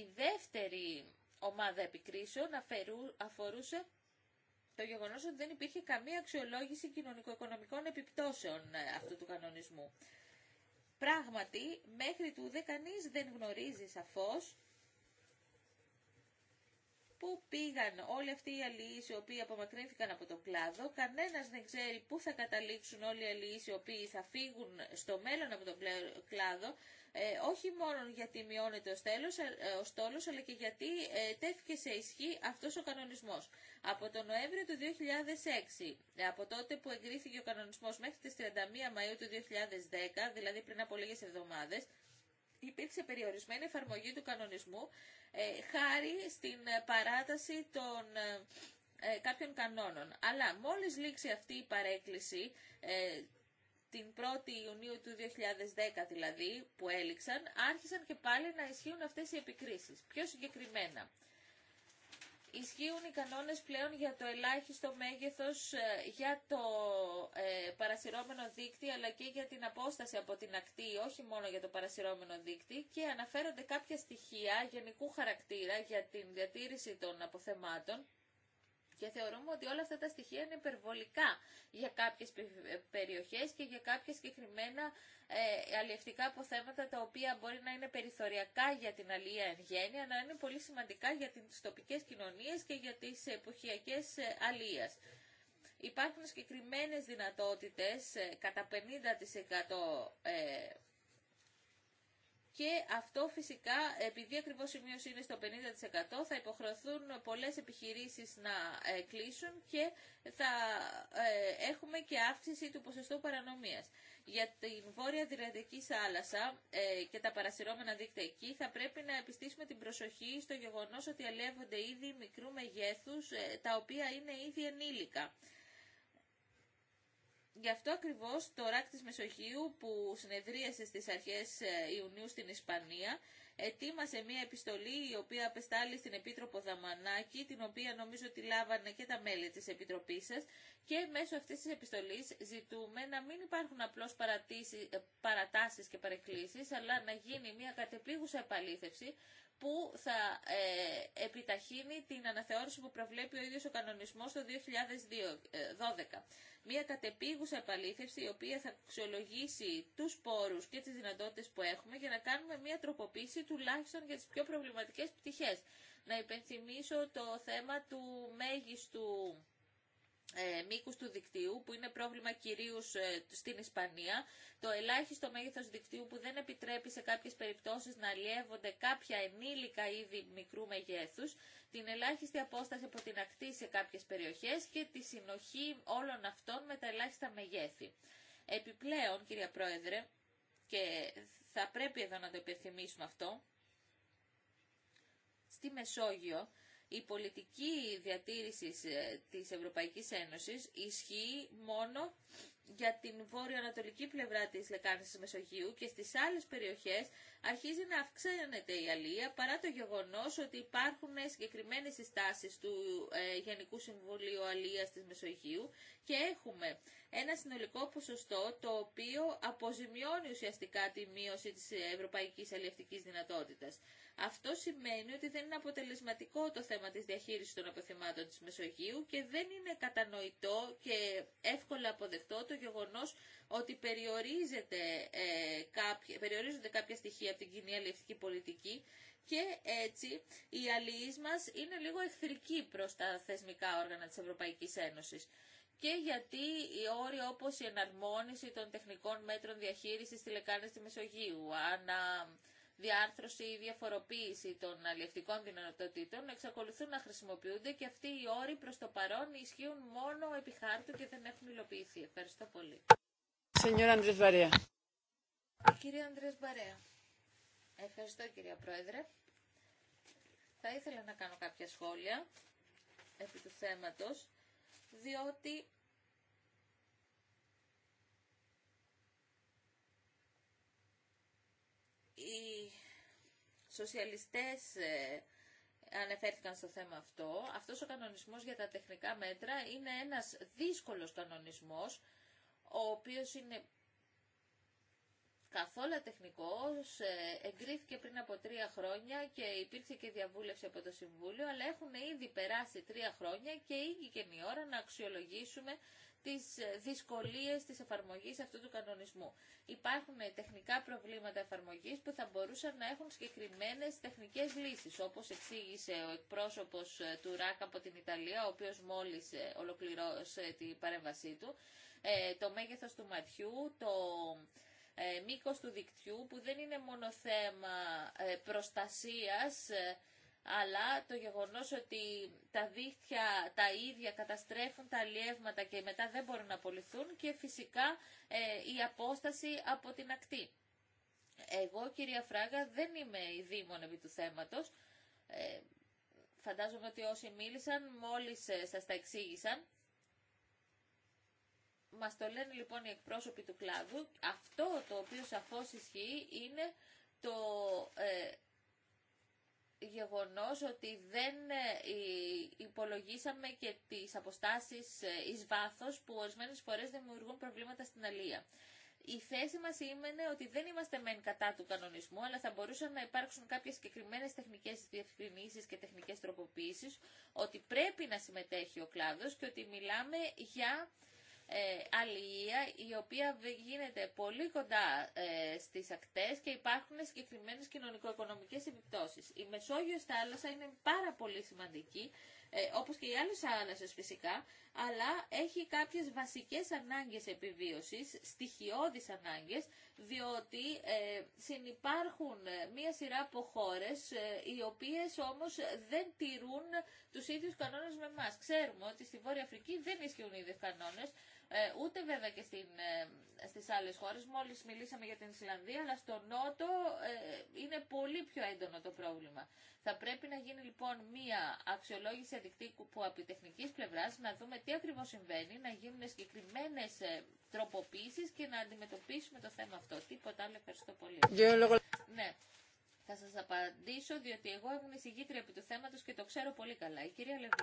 Η δεύτερη ομάδα επικρίσεων αφορούσε το γεγονός ότι δεν υπήρχε καμία αξιολόγηση κοινωνικο-οικονομικών επιπτώσεων ε, αυτού του κανονισμού. Πράγματι, μέχρι τούδε κανείς δεν γνωρίζει σαφώς Πού πήγαν όλοι αυτοί οι αλληλείς οι οποίοι απομακρύνθηκαν από τον κλάδο. Κανένας δεν ξέρει πού θα καταλήξουν όλοι οι αλληλείς οι οποίοι θα φύγουν στο μέλλον από τον κλάδο. Ε, όχι μόνο γιατί μειώνεται ο, στέλος, ε, ο στόλος, αλλά και γιατί ε, τέθηκε σε ισχύ αυτός ο κανονισμός. Από τον Νοέμβριο του 2006, ε, από τότε που εγκρίθηκε ο κανονισμός μέχρι τις 31 Μαΐου του 2010, δηλαδή πριν από λίγες εβδομάδες, υπήρξε περιορισμένη εφαρμογή του κανονισμού ε, χάρη στην ε, παράταση των ε, κάποιων κανόνων. Αλλά μόλις λήξει αυτή η παρέκκληση, την 1η Ιουνίου του 2010 δηλαδή, που έληξαν, άρχισαν και πάλι να ισχύουν αυτές οι επικρίσεις. Πιο συγκεκριμένα, Ισχύουν οι κανόνες πλέον για το ελάχιστο μέγεθος ε, για το ε, παρασυρώμενο δίκτυ αλλά και για την απόσταση από την ακτή, όχι μόνο για το παρασυρώμενο δίκτυ και αναφέρονται κάποια στοιχεία γενικού χαρακτήρα για την διατήρηση των αποθεμάτων και θεωρούμε ότι όλα αυτά τα στοιχεία είναι υπερβολικά για κάποιες περιοχές και για κάποια συγκεκριμένα ε, αλλιευτικά αποθέματα τα οποία μπορεί να είναι περιθωριακά για την αλληλεία εν γέννη, αλλά είναι πολύ σημαντικά για τις τοπικές κοινωνίες και για τις εποχιακές ε, αλληλείας. Υπάρχουν συγκεκριμένες δυνατότητες, ε, κατά 50% και αυτό φυσικά, επειδή ακριβώς η μείωση είναι στο 50%, θα υποχρεωθούν πολλές επιχειρήσεις να ε, κλείσουν και θα ε, έχουμε και αύξηση του ποσοστού παρανομίας. Για την Βόρεια Δυραδική Σάλασσα ε, και τα παρασυρώμενα δίκτυα εκεί θα πρέπει να επιστήσουμε την προσοχή στο γεγονός ότι αλλιεύονται ήδη μικρού μεγέθους τα οποία είναι ήδη ενήλικα. Γι' αυτό ακριβώς το ΡΑΚ τη Μεσοχείου που συνεδρίασε στις αρχές ε, Ιουνίου στην Ισπανία ετοίμασε μια επιστολή η οποία απεστάλλει στην Επίτροπο Δαμανάκη την οποία νομίζω ότι λάβανε και τα μέλη της επιτροπή σα και μέσω αυτής της επιστολής ζητούμε να μην υπάρχουν απλώς παρατάσεις και παρεκκλήσει, αλλά να γίνει μια κατεπίγουσα επαλήθευση που θα ε, επιταχύνει την αναθεώρηση που προβλέπει ο ίδιος ο κανονισμός το 2012. Ε, μία κατεπίγουσα επαλήθευση η οποία θα αξιολογήσει τους πόρους και τις δυνατότητες που έχουμε για να κάνουμε μία τροποποίηση τουλάχιστον για τις πιο προβληματικές πτυχές. Να υπενθυμίσω το θέμα του μέγιστου ε, μήκους του δικτύου που είναι πρόβλημα κυρίως ε, στην Ισπανία το ελάχιστο μέγεθος δικτύου που δεν επιτρέπει σε κάποιες περιπτώσεις να αλλιεύονται κάποια ενήλικα είδη μικρού μεγέθους την ελάχιστη απόσταση από την ακτή σε κάποιες περιοχές και τη συνοχή όλων αυτών με τα ελάχιστα μεγέθη. Επιπλέον, κυρία Πρόεδρε, και θα πρέπει εδώ να το υπενθυμίσουμε αυτό, στη Μεσόγειο η πολιτική διατήρηση ε, της Ευρωπαϊκής Ένωσης ισχύει μόνο για την βόρειο-ανατολική πλευρά της λεκάνης της Μεσογείου και στις άλλες περιοχές αρχίζει να αυξάνεται η αλία παρά το γεγονός ότι υπάρχουν συγκεκριμένε συστάσεις του ε, Γενικού Συμβουλίου Αλίας της Μεσογείου και έχουμε ένα συνολικό ποσοστό το οποίο αποζημιώνει ουσιαστικά τη μείωση της ευρωπαϊκής αλλιευτικής δυνατότητας. Αυτό σημαίνει ότι δεν είναι αποτελεσματικό το θέμα της διαχείρισης των αποθεμάτων της Μεσογείου και δεν είναι κατανοητό και εύκολα αποδεκτό το γεγονός ότι περιορίζεται, ε, κάποια, περιορίζονται κάποια στοιχεία από την κοινή αλληλευτική πολιτική και έτσι οι αλληλείς μας είναι λίγο εχθρικοί προς τα θεσμικά όργανα της Ευρωπαϊκής Ένωσης και γιατί οι όροι όπως η εναρμόνιση των τεχνικών μέτρων διαχείρισης της λεκάνη στη Μεσογείου, ανα διάρθρωση ή διαφοροποίηση των αλλιευτικών δυνατοτήτων εξακολουθούν να χρησιμοποιούνται και αυτοί οι όροι προς το παρόν ισχύουν μόνο επί χάρτου και δεν έχουν υλοποιηθεί. Ευχαριστώ πολύ. Κύριε Ανδρέας Μπαρέα, ευχαριστώ κυρία Πρόεδρε. Θα ήθελα να κάνω κάποια σχόλια επί του θέματος, διότι Οι σοσιαλιστές ε, ανεφέρθηκαν στο θέμα αυτό. Αυτός ο κανονισμός για τα τεχνικά μέτρα είναι ένας δύσκολος κανονισμός, ο οποίος είναι καθόλου τεχνικός, ε, εγκρίθηκε πριν από τρία χρόνια και υπήρξε και διαβούλευση από το Συμβούλιο, αλλά έχουν ήδη περάσει τρία χρόνια και ήγηκε η ώρα να αξιολογήσουμε τις ε, δυσκολίες της εφαρμογής αυτού του κανονισμού. Υπάρχουν τεχνικά προβλήματα εφαρμογής που θα μπορούσαν να έχουν συγκεκριμένες τεχνικές λύσεις, όπως εξήγησε ο εκπρόσωπος ε, του ΡΑΚ από την Ιταλία, ο οποίος μόλις ε, ολοκληρώσε την παρέμβασή του, το μέγεθος του ματιού, το μήκος του δικτυού, που δεν είναι μόνο θέμα προστασίας, αλλά το γεγονός ότι τα δίχτυα τα ίδια καταστρέφουν τα αλλιεύματα και μετά δεν μπορούν να απολυθούν και φυσικά ε, η απόσταση από την ακτή. Εγώ, κυρία Φράγα, δεν είμαι η δήμον του θέματος. Ε, φαντάζομαι ότι όσοι μίλησαν μόλις ε, σας τα εξήγησαν. Μας το λένε λοιπόν οι εκπρόσωποι του κλάδου. Αυτό το οποίο σαφώς ισχύει είναι το γεγονός ότι δεν ε, υπολογίσαμε και τις αποστάσεις ε, εις βάθος που ορισμένες φορές δημιουργούν προβλήματα στην αλία. Η θέση μας είναι ότι δεν είμαστε μεν κατά του κανονισμού, αλλά θα μπορούσαν να υπάρξουν κάποιες συγκεκριμένε τεχνικές διευκρινήσεις και τεχνικές τροποποίησεις, ότι πρέπει να συμμετέχει ο κλάδος και ότι μιλάμε για ε, αλληλεία η οποία γίνεται πολύ κοντά ε, στις ακτές και υπάρχουν συγκεκριμένες κοινωνικο-οικονομικές επιπτώσεις. Η Μεσόγειος θάλασσα είναι πάρα πολύ σημαντική ε, όπως και οι άλλες θάλασσες φυσικά, αλλά έχει κάποιες βασικές ανάγκες επιβίωσης, στοιχειώδεις ανάγκες, διότι ε, μία σειρά από χώρε οι οποίες όμως δεν τηρούν τους ίδιους κανόνες με εμά. Ξέρουμε ότι στη Βόρεια Αφρική δεν ισχύουν οι κανόνες, ε, ούτε βέβαια και στην, ε, στις άλλες χώρες. Μόλις μιλήσαμε για την Ισλανδία, αλλά στο Νότο ε, είναι πολύ πιο έντονο το πρόβλημα. Θα πρέπει να γίνει λοιπόν μία αξιολόγηση αδικτύπου που από τεχνική πλευρά να δούμε τι ακριβώς συμβαίνει, να γίνουν συγκεκριμένε τροποποίησεις και να αντιμετωπίσουμε το θέμα αυτό. Τίποτα άλλο, ευχαριστώ πολύ. Ναι. Θα σας απαντήσω, διότι εγώ ήμουν εισηγήτρια επί του θέματος και το ξέρω πολύ καλά. Η κυρία Λεβί.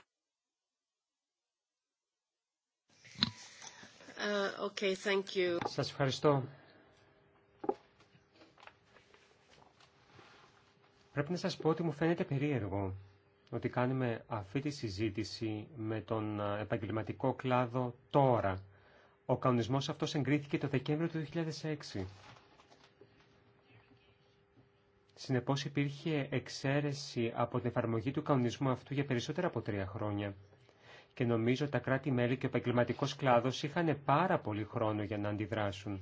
Uh, okay, thank you. Σας ευχαριστώ. Πρέπει να σας πω ότι μου φαίνεται περίεργο ότι κάνουμε αυτή τη συζήτηση με τον επαγγελματικό κλάδο τώρα. Ο κανονισμός αυτός εγκρίθηκε το Δεκέμβριο του 2006. Συνεπώς υπήρχε εξαίρεση από την εφαρμογή του κανονισμού αυτού για περισσότερα από τρία χρόνια και νομίζω τα κράτη-μέλη και ο επαγγελματικό κλάδο είχαν πάρα πολύ χρόνο για να αντιδράσουν.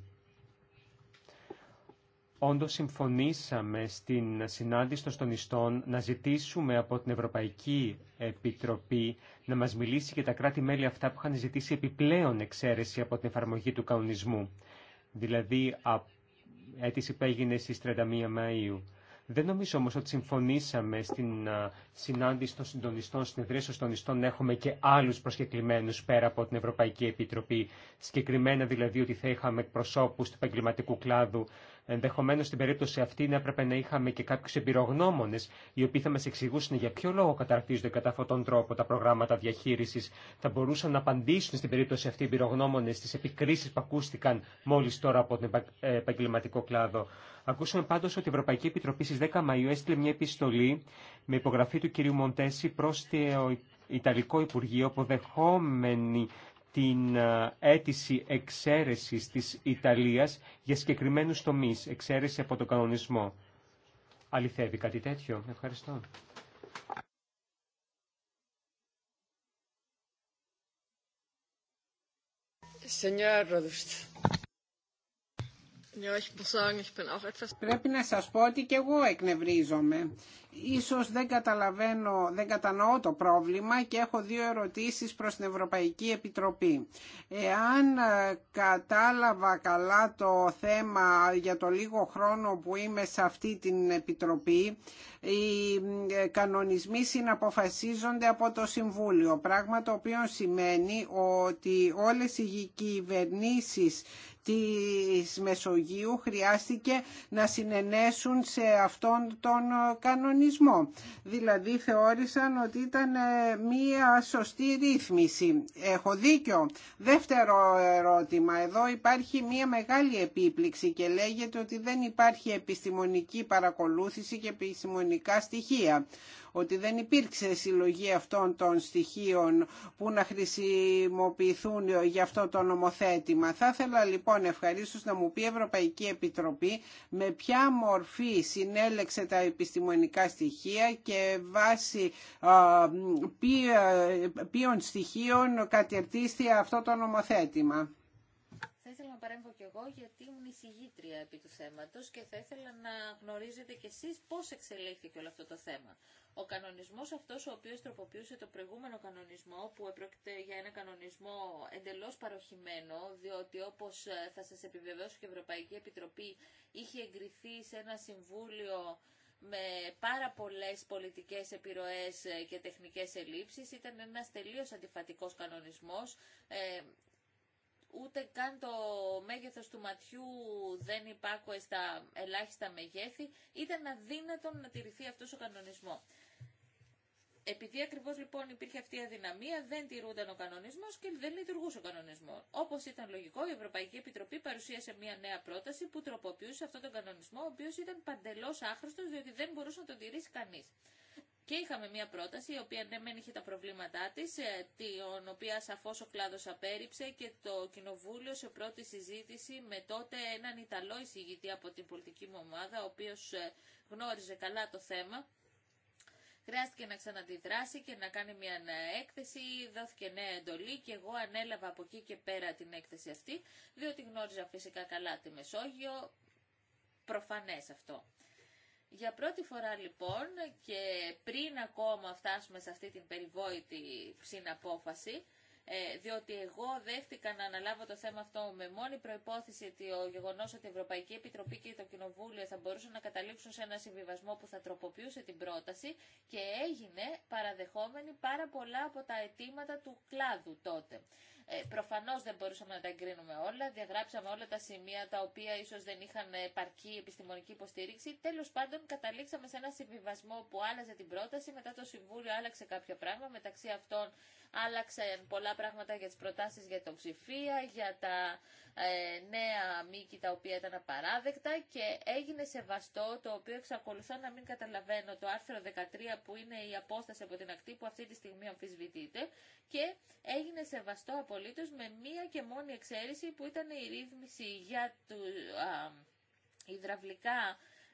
Όντως συμφωνήσαμε στην συνάντηση των στονιστών να ζητήσουμε από την Ευρωπαϊκή Επιτροπή να μας μιλήσει για τα κράτη-μέλη αυτά που είχαν ζητήσει επιπλέον εξαίρεση από την εφαρμογή του κανονισμού. Δηλαδή, αίτηση που έγινε στις 31 Μαΐου. Δεν νομίζω όμως ότι συμφωνήσαμε στην συνάντηση των συντονιστών, στην ευρία των συντονιστών, έχουμε και άλλους προσκεκλημένους πέρα από την Ευρωπαϊκή Επιτροπή. Συγκεκριμένα δηλαδή ότι θα είχαμε εκπροσώπους του επαγγελματικού κλάδου, Ενδεχομένω στην περίπτωση αυτή να έπρεπε να είχαμε και κάποιου εμπειρογνώμονε, οι οποίοι θα μα εξηγούσαν για ποιο λόγο καταρτίζονται κατά αυτόν τον τρόπο τα προγράμματα διαχείριση. Θα μπορούσαν να απαντήσουν στην περίπτωση αυτή οι εμπειρογνώμονε στι επικρίσει που ακούστηκαν μόλι τώρα από τον ε, επαγγελματικό κλάδο. Ακούσαμε πάντω ότι η Ευρωπαϊκή Επιτροπή στι 10 Μαου έστειλε μια επιστολή με υπογραφή του κ. Μοντέση προ το Ιταλικό Υπουργείο, αποδεχόμενη την ε, αίτηση εξαίρεσης της Ιταλίας για συγκεκριμένους τομείς, εξαίρεση από τον κανονισμό. Αληθεύει κάτι τέτοιο. Ευχαριστώ. Πρέπει να σας πω ότι και εγώ εκνευρίζομαι. Ίσως δεν καταλαβαίνω, δεν κατανοώ το πρόβλημα και έχω δύο ερωτήσεις προς την Ευρωπαϊκή Επιτροπή. Εάν ε, κατάλαβα καλά το θέμα για το λίγο χρόνο που είμαι σε αυτή την Επιτροπή, οι ε, κανονισμοί συναποφασίζονται από το Συμβούλιο, πράγμα το οποίο σημαίνει ότι όλες οι κυβερνήσεις της Μεσογείου χρειάστηκε να συνενέσουν σε αυτόν τον κανονισμό. Δηλαδή θεώρησαν ότι ήταν ε, μία σωστή ρύθμιση. Έχω δίκιο. Δεύτερο ερώτημα. Εδώ υπάρχει μία μεγάλη επίπληξη και λέγεται ότι δεν υπάρχει επιστημονική παρακολούθηση και επιστημονικά στοιχεία ότι δεν υπήρξε συλλογή αυτών των στοιχείων που να χρησιμοποιηθούν για αυτό το νομοθέτημα. Θα ήθελα λοιπόν ευχαρίστως να μου πει η Ευρωπαϊκή Επιτροπή με ποια μορφή συνέλεξε τα επιστημονικά στοιχεία και βάσει ποιων ε, στοιχείων κατερτίστηκε αυτό το νομοθέτημα ήθελα να παρέμβω κι εγώ γιατί ήμουν εισηγήτρια επί του θέματος και θα ήθελα να γνωρίζετε κι εσείς πώς εξελίχθηκε όλο αυτό το θέμα. Ο κανονισμός αυτός ο οποίος τροποποιούσε το προηγούμενο κανονισμό που επρόκειται για ένα κανονισμό εντελώς παροχημένο διότι όπως ε, θα σας επιβεβαιώσω και η Ευρωπαϊκή Επιτροπή είχε εγκριθεί σε ένα συμβούλιο με πάρα πολλές πολιτικές επιρροές ε, και τεχνικές ελλείψεις. Ήταν ένας τελείως αντιφατικός κανονισμός. Ε, ούτε καν το μέγεθος του ματιού δεν υπάκουε στα ελάχιστα μεγέθη, ήταν αδύνατον να τηρηθεί αυτός ο κανονισμός. Επειδή ακριβώ λοιπόν υπήρχε αυτή η αδυναμία, δεν τηρούνταν ο κανονισμό και δεν λειτουργούσε ο κανονισμό. Όπω ήταν λογικό, η Ευρωπαϊκή Επιτροπή παρουσίασε μια νέα πρόταση που τροποποιούσε αυτόν τον κανονισμό, ο οποίο ήταν παντελώ άχρηστο, διότι δεν μπορούσε να τον τηρήσει κανεί. Και είχαμε μια πρόταση, η οποία ναι μεν είχε τα προβλήματά της, ε, την οποία σαφώς ο κλάδος απέρριψε και το Κοινοβούλιο σε πρώτη συζήτηση με τότε έναν Ιταλό εισηγητή από την πολιτική μου ομάδα, ο οποίος ε, γνώριζε καλά το θέμα, Χρειάστηκε να ξαναντιδράσει και να κάνει μια έκθεση, δόθηκε νέα εντολή και εγώ ανέλαβα από εκεί και πέρα την έκθεση αυτή, διότι γνώριζα φυσικά καλά τη Μεσόγειο, προφανές αυτό. Για πρώτη φορά λοιπόν και πριν ακόμα φτάσουμε σε αυτή την περιβόητη συναπόφαση, ε, διότι εγώ δέχτηκα να αναλάβω το θέμα αυτό με μόνη προπόθεση ότι ο γεγονό ότι η Ευρωπαϊκή Επιτροπή και το Κοινοβούλιο θα μπορούσαν να καταλήξουν σε ένα συμβιβασμό που θα τροποποιούσε την πρόταση και έγινε παραδεχόμενη πάρα πολλά από τα αιτήματα του κλάδου τότε. Ε, προφανώς δεν μπορούσαμε να τα εγκρίνουμε όλα, διαγράψαμε όλα τα σημεία τα οποία ίσω δεν είχαν επαρκή επιστημονική υποστήριξη. Τέλο πάντων καταλήξαμε σε ένα συμβιβασμό που άλλαζε την πρόταση, μετά το Συμβούλιο άλλαξε κάποιο πράγμα μεταξύ αυτών άλλαξαν πολλά πράγματα για τι προτάσει για το ψηφία, για τα ε, νέα μήκη τα οποία ήταν απαράδεκτα και έγινε σεβαστό το οποίο εξακολουθώ να μην καταλαβαίνω το άρθρο 13 που είναι η απόσταση από την ακτή που αυτή τη στιγμή αμφισβητείται και έγινε σεβαστό από απολύτως με μία και μόνη εξαίρεση που ήταν η ρύθμιση για του, α, υδραυλικά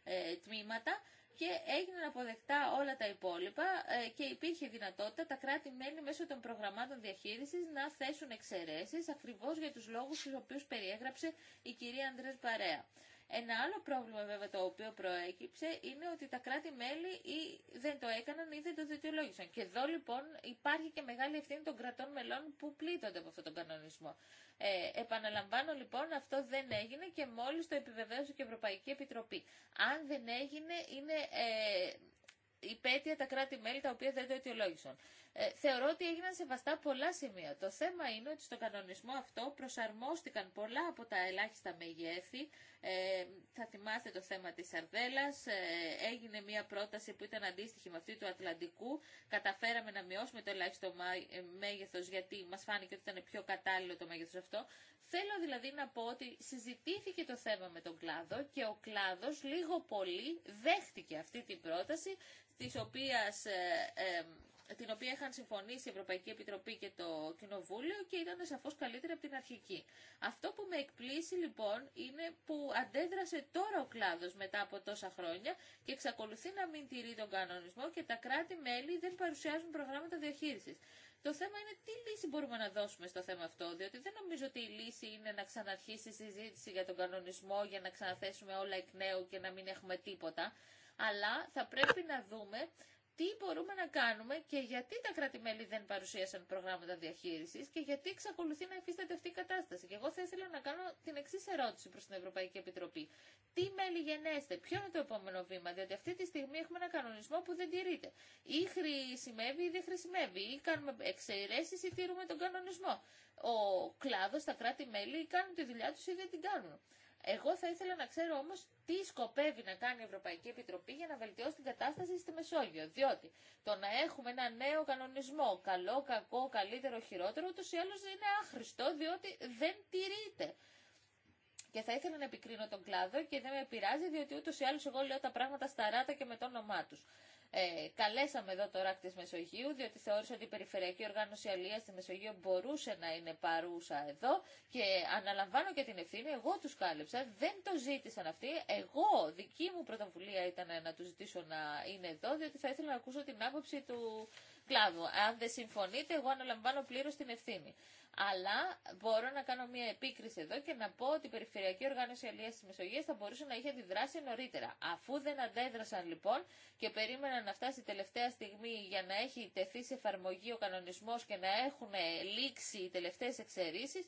ε, τμήματα και έγιναν αποδεκτά όλα τα υπόλοιπα ε, και υπήρχε δυνατότητα τα κράτη-μέλη μέσω των προγραμμάτων διαχείρισης να θέσουν εξαιρέσεις ακριβώς για τους λόγους στους οποίους περιέγραψε η κυρία Ανδρέας Παρέα. Ένα άλλο πρόβλημα βέβαια το οποίο προέκυψε είναι ότι τα κράτη-μέλη ή δεν το έκαναν ή δεν το δικαιολόγησαν. Και εδώ λοιπόν υπάρχει και μεγάλη ευθύνη των κρατών μελών που πλήττονται από αυτόν τον κανονισμό. Ε, επαναλαμβάνω λοιπόν αυτό δεν έγινε και μόλις το επιβεβαίωσε και η Ευρωπαϊκή Επιτροπή. Αν δεν έγινε είναι ε, υπέτεια τα κράτη-μέλη τα οποία δεν το αιτιολόγησαν. Ε, θεωρώ ότι έγιναν σεβαστά πολλά σημεία. Το θέμα είναι ότι στο κανονισμό αυτό προσαρμόστηκαν πολλά από τα ελάχιστα μεγέθη. Ε, θα θυμάστε το θέμα της Αρδέλας, ε, έγινε μια πρόταση που ήταν αντίστοιχη με αυτή του Ατλαντικού. Καταφέραμε να μειώσουμε το ελάχιστο ε, μέγεθος γιατί μας φάνηκε ότι ήταν πιο κατάλληλο το μέγεθος αυτό. Θέλω δηλαδή να πω ότι συζητήθηκε το θέμα με τον κλάδο και ο κλάδος λίγο πολύ δέχτηκε αυτή την πρόταση της οποίας την οποία είχαν συμφωνήσει η Ευρωπαϊκή Επιτροπή και το Κοινοβούλιο και ήταν σαφώ καλύτερη από την αρχική. Αυτό που με εκπλήσει λοιπόν είναι που αντέδρασε τώρα ο κλάδο μετά από τόσα χρόνια και εξακολουθεί να μην τηρεί τον κανονισμό και τα κράτη-μέλη δεν παρουσιάζουν προγράμματα διαχείριση. Το θέμα είναι τι λύση μπορούμε να δώσουμε στο θέμα αυτό, διότι δεν νομίζω ότι η λύση είναι να ξαναρχίσει η συζήτηση για τον κανονισμό, για να ξαναθέσουμε όλα εκ νέου και να μην έχουμε τίποτα, αλλά θα πρέπει να δούμε τι μπορούμε να κάνουμε και γιατί τα κράτη-μέλη δεν παρουσίασαν προγράμματα διαχείριση και γιατί εξακολουθεί να υφίσταται αυτή η κατάσταση. Και εγώ θα ήθελα να κάνω την εξή ερώτηση προ την Ευρωπαϊκή Επιτροπή. Τι μέλη γενέστε, ποιο είναι το επόμενο βήμα, διότι αυτή τη στιγμή έχουμε ένα κανονισμό που δεν τηρείται. Ή χρησιμεύει ή δεν χρησιμεύει, ή κάνουμε εξαιρέσει ή τηρούμε τον κανονισμό. Ο κλάδο, τα κράτη-μέλη κάνουν τη δουλειά του ή δεν την κάνουν. Εγώ θα ήθελα να ξέρω όμως τι σκοπεύει να κάνει η Ευρωπαϊκή Επιτροπή για να βελτιώσει την κατάσταση στη Μεσόγειο. Διότι το να έχουμε ένα νέο κανονισμό, καλό, κακό, καλύτερο, χειρότερο, ούτως ή άλλως είναι άχρηστο, διότι δεν τηρείται. Και θα ήθελα να επικρίνω τον κλάδο και δεν με πειράζει, διότι ούτως ή άλλως εγώ λέω τα πράγματα στα ράτα και με το όνομά τους. Ε, καλέσαμε εδώ το ΡΑΚ Μεσογείου, διότι θεώρησα ότι η Περιφερειακή Οργάνωση Αλία στη Μεσογείο μπορούσε να είναι παρούσα εδώ και αναλαμβάνω και την ευθύνη, εγώ τους κάλεψα, δεν το ζήτησαν αυτοί, εγώ δική μου πρωτοβουλία ήταν να του ζητήσω να είναι εδώ, διότι θα ήθελα να ακούσω την άποψη του κλάδου. Αν δεν συμφωνείτε, εγώ αναλαμβάνω πλήρω την ευθύνη. Αλλά μπορώ να κάνω μια επίκριση εδώ και να πω ότι η Περιφερειακή Οργάνωση Αλία τη Μεσογεία θα μπορούσε να είχε αντιδράσει νωρίτερα. Αφού δεν αντέδρασαν λοιπόν και περίμεναν να φτάσει η τελευταία στιγμή για να έχει τεθεί σε εφαρμογή ο κανονισμό και να έχουν λήξει οι τελευταίε εξαιρήσει,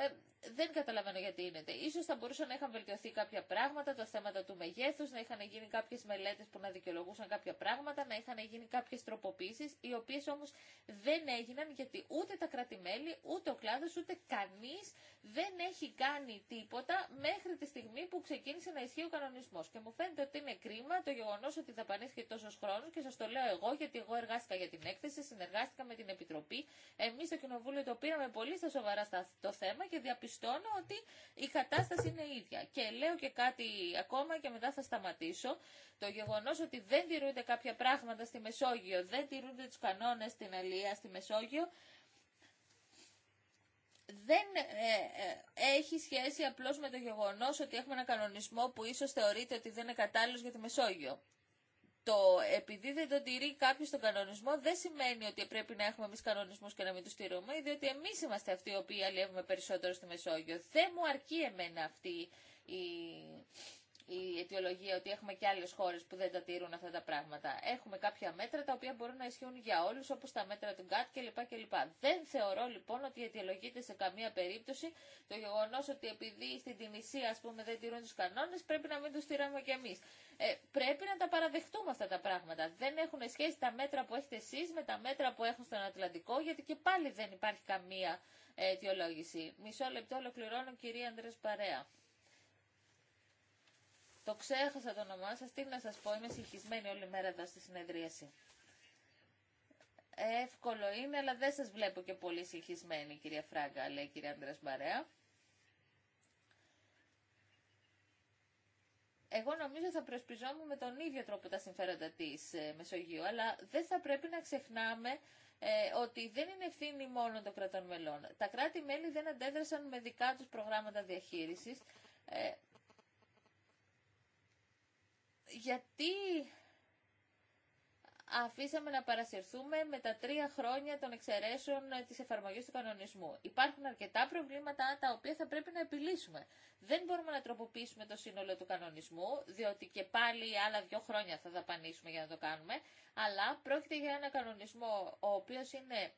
ε, δεν καταλαβαίνω γιατί είναι. Ίσως θα μπορούσαν να είχαν βελτιωθεί κάποια πράγματα, τα θέματα του μεγέθους, να είχαν γίνει κάποιες μελέτες που να δικαιολογούσαν κάποια πράγματα, να είχαν γίνει κάποιες τροποποίησεις, οι οποίες όμως δεν έγιναν γιατί ούτε τα κράτη-μέλη, ούτε ο κλάδος, ούτε κανείς δεν έχει κάνει τίποτα μέχρι τη στιγμή που ξεκίνησε να ισχύει ο κανονισμός. Και μου φαίνεται ότι είναι κρίμα το γεγονός ότι δαπανήθηκε τόσο χρόνο και σα το λέω εγώ γιατί εγώ εργάστηκα για την έκθεση, συνεργάστηκα με την Επιτροπή. Εμείς στο Κοινοβούλιο το πήραμε πολύ στα σοβαρά το θέμα και διαπιστώσαμε διαπιστώνω ότι η κατάσταση είναι ίδια. Και λέω και κάτι ακόμα και μετά θα σταματήσω. Το γεγονός ότι δεν τηρούνται κάποια πράγματα στη Μεσόγειο, δεν τηρούνται τους κανόνες στην Αλία, στη Μεσόγειο, δεν ε, ε, έχει σχέση απλώς με το γεγονός ότι έχουμε ένα κανονισμό που ίσως θεωρείται ότι δεν είναι κατάλληλος για τη Μεσόγειο το επειδή δεν τον τηρεί κάποιο τον κανονισμό δεν σημαίνει ότι πρέπει να έχουμε εμεί κανονισμού και να μην του τηρούμε, διότι εμεί είμαστε αυτοί οι οποίοι αλλιεύουμε περισσότερο στη Μεσόγειο. Δεν μου αρκεί εμένα αυτή η η αιτιολογία ότι έχουμε και άλλες χώρες που δεν τα τηρούν αυτά τα πράγματα. Έχουμε κάποια μέτρα τα οποία μπορούν να ισχύουν για όλους όπως τα μέτρα του ΓΚΑΤ κλπ. Δεν θεωρώ λοιπόν ότι αιτιολογείται σε καμία περίπτωση το γεγονός ότι επειδή στην Τινησία ας πούμε δεν τηρούν τους κανόνες πρέπει να μην τους τηράμε κι εμείς. Ε, πρέπει να τα παραδεχτούμε αυτά τα πράγματα. Δεν έχουν σχέση τα μέτρα που έχετε εσείς με τα μέτρα που έχουν στον Ατλαντικό γιατί και πάλι δεν υπάρχει καμία αιτιολόγηση. Μισό λεπτό ολοκληρώνω κυρία Ανδρέας Παρέα. Το ξέχασα το όνομά σα τι να σα πω, είμαι συγχυσμένη όλη μέρα εδώ στη συνεδρίαση. Εύκολο είναι, αλλά δεν σα βλέπω και πολύ συγχυσμένη, κυρία Φράγκα, λέει κυρία Ανδρέα Μπαρέα. εγώ νομίζω θα προσπιζόμουν με τον ίδιο τρόπο τα συμφέροντα τη ε, Μεσογείου, αλλά δεν θα πρέπει να ξεχνάμε ε, ότι δεν είναι ευθύνη μόνο των κρατών μελών. Τα κράτη-μέλη δεν αντέδρασαν με δικά τους προγράμματα διαχείρισης, ε, γιατί αφήσαμε να παρασυρθούμε με τα τρία χρόνια των εξαιρέσεων ε, της εφαρμογής του κανονισμού. Υπάρχουν αρκετά προβλήματα τα οποία θα πρέπει να επιλύσουμε. Δεν μπορούμε να τροποποιήσουμε το σύνολο του κανονισμού, διότι και πάλι άλλα δύο χρόνια θα δαπανίσουμε για να το κάνουμε, αλλά πρόκειται για ένα κανονισμό ο οποίος είναι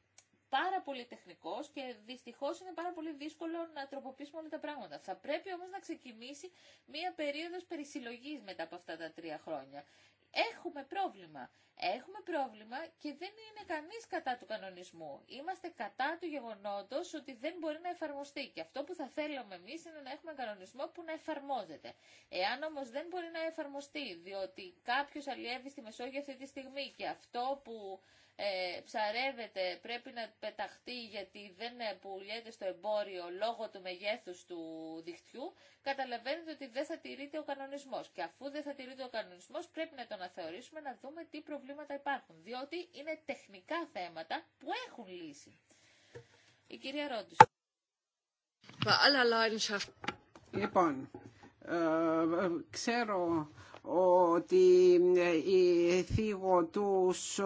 πάρα πολύ τεχνικό και δυστυχώς είναι πάρα πολύ δύσκολο να τροποποιήσουμε όλα τα πράγματα. Θα πρέπει όμως να ξεκινήσει μία περίοδος περισυλλογής μετά από αυτά τα τρία χρόνια. Έχουμε πρόβλημα. Έχουμε πρόβλημα και δεν είναι κανείς κατά του κανονισμού. Είμαστε κατά του γεγονότος ότι δεν μπορεί να εφαρμοστεί και αυτό που θα θέλαμε εμείς είναι να έχουμε κανονισμό που να εφαρμόζεται. Εάν όμως δεν μπορεί να εφαρμοστεί διότι κάποιος αλλιεύει στη Μεσόγειο αυτή τη στιγμή και αυτό που ε, ψαρεύεται πρέπει να πεταχτεί γιατί δεν ε, πουλιέται στο εμπόριο λόγω του μεγέθους του δικτυού, καταλαβαίνετε ότι δεν θα τηρείται ο κανονισμός. Και αφού δεν θα τηρείται ο κανονισμός πρέπει να τον αθεωρήσουμε να δούμε τι προβλήματα προβλήματα υπάρχουν, διότι είναι τεχνικά θέματα που έχουν λύση. Η κυρία Ρόντους. Λοιπόν, ε, ε ξέρω ότι θίγω τους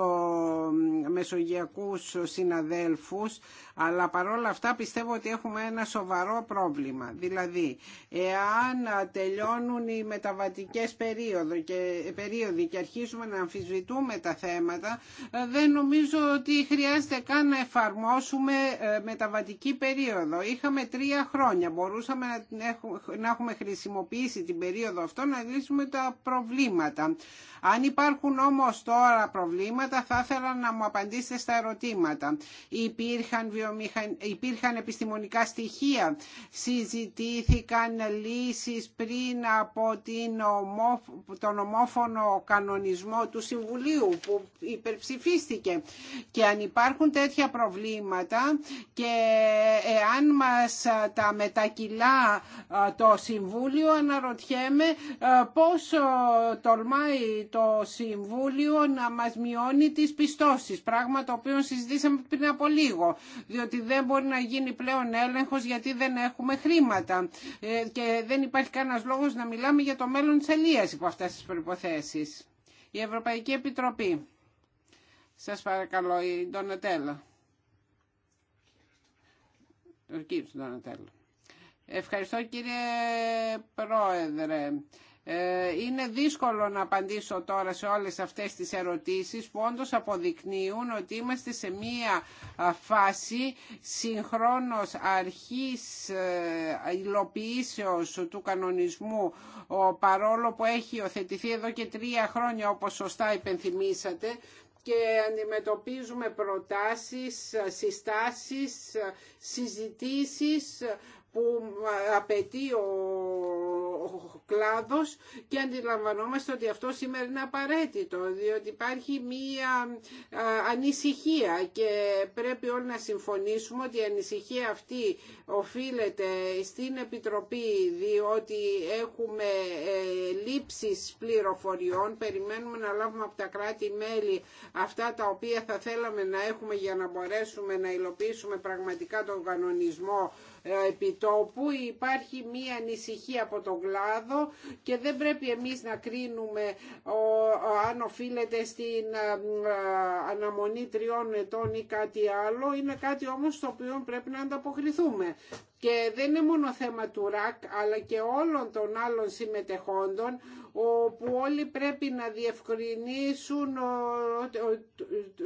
μεσογειακούς συναδέλφους αλλά παρόλα αυτά πιστεύω ότι έχουμε ένα σοβαρό πρόβλημα. Δηλαδή, εάν τελειώνουν οι μεταβατικές περίοδοι και, περίοδοι και αρχίζουμε να αμφισβητούμε τα θέματα, ε, δεν νομίζω ότι χρειάζεται καν να εφαρμόσουμε ε, μεταβατική περίοδο. Είχαμε τρία χρόνια. Μπορούσαμε να έχουμε χρησιμοποιήσει την περίοδο αυτό να λύσουμε τα προβλήματα. Αν υπάρχουν όμως τώρα προβλήματα θα ήθελα να μου απαντήσετε στα ερωτήματα. Υπήρχαν, υπήρχαν επιστημονικά στοιχεία, συζητήθηκαν λύσεις πριν από την τον ομόφωνο κανονισμό του Συμβουλίου που υπερψηφίστηκε και αν υπάρχουν τέτοια προβλήματα και εάν μας τα μετακυλά ε, το Συμβούλιο αναρωτιέμαι ε, πόσο τολμάει το Συμβούλιο να μας μειώνει τις πιστώσεις, πράγμα το οποίο συζητήσαμε πριν από λίγο, διότι δεν μπορεί να γίνει πλέον έλεγχος γιατί δεν έχουμε χρήματα ε, και δεν υπάρχει κανένας λόγος να μιλάμε για το μέλλον της Ελίας υπό αυτές τις προϋποθέσεις. Η Ευρωπαϊκή Επιτροπή. Σας παρακαλώ, η Ντονατέλα. Ευχαριστώ κύριε Πρόεδρε. Ε, είναι δύσκολο να απαντήσω τώρα σε όλες αυτές τις ερωτήσεις που όντως αποδεικνύουν ότι είμαστε σε μία φάση συγχρόνως αρχής ε, υλοποιήσεως του κανονισμού ο παρόλο που έχει οθετηθεί εδώ και τρία χρόνια όπως σωστά υπενθυμίσατε και αντιμετωπίζουμε προτάσεις, συστάσεις, συζητήσεις που ε, απαιτεί ο, κλάδος και αντιλαμβανόμαστε ότι αυτό σήμερα είναι απαραίτητο διότι υπάρχει μία ε, ανησυχία και πρέπει όλοι να συμφωνήσουμε ότι η ανησυχία αυτή οφείλεται στην Επιτροπή διότι έχουμε ε, λήψεις πληροφοριών περιμένουμε να λάβουμε από τα κράτη-μέλη αυτά τα οποία θα θέλαμε να έχουμε για να μπορέσουμε να υλοποιήσουμε πραγματικά τον κανονισμό επιτόπου. Υπάρχει μία ανησυχία από τον κλάδο και δεν πρέπει εμείς να κρίνουμε αν οφείλεται στην ε, ε, αναμονή τριών ετών ή κάτι άλλο. Είναι κάτι όμως στο οποίο πρέπει να ανταποκριθούμε. Και δεν είναι μόνο θέμα του ΡΑΚ αλλά και όλων των άλλων συμμετεχόντων όπου όλοι πρέπει να διευκρινίσουν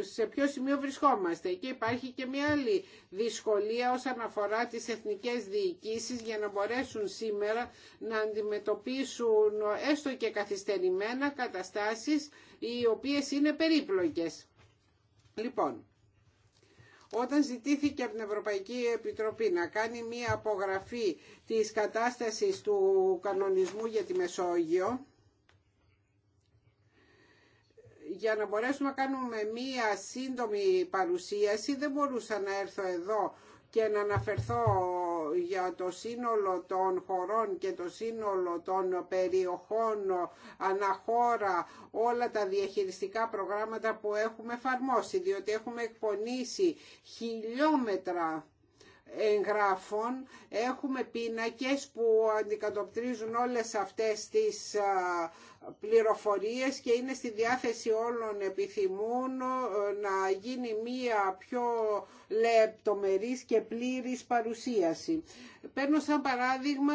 σε ποιο σημείο βρισκόμαστε. Και υπάρχει και μια άλλη δυσκολία όσον αφορά τις εθνικές διοικήσεις για να μπορέσουν σήμερα να αντιμετωπίσουν έστω και καθυστερημένα καταστάσεις οι οποίες είναι περίπλοκες. Λοιπόν, όταν ζητήθηκε από την Ευρωπαϊκή Επιτροπή να κάνει μία απογραφή της κατάστασης του κανονισμού για τη Μεσόγειο, για να μπορέσουμε να κάνουμε μία σύντομη παρουσίαση δεν μπορούσα να έρθω εδώ και να αναφερθώ για το σύνολο των χωρών και το σύνολο των περιοχών αναχώρα όλα τα διαχειριστικά προγράμματα που έχουμε εφαρμόσει, διότι έχουμε εκπονήσει χιλιόμετρα εγγράφων, έχουμε πίνακες που αντικατοπτρίζουν όλες αυτές τις πληροφορίες και είναι στη διάθεση όλων επιθυμούν ε, να γίνει μία πιο λεπτομερής και πλήρης παρουσίαση. Παίρνω σαν παράδειγμα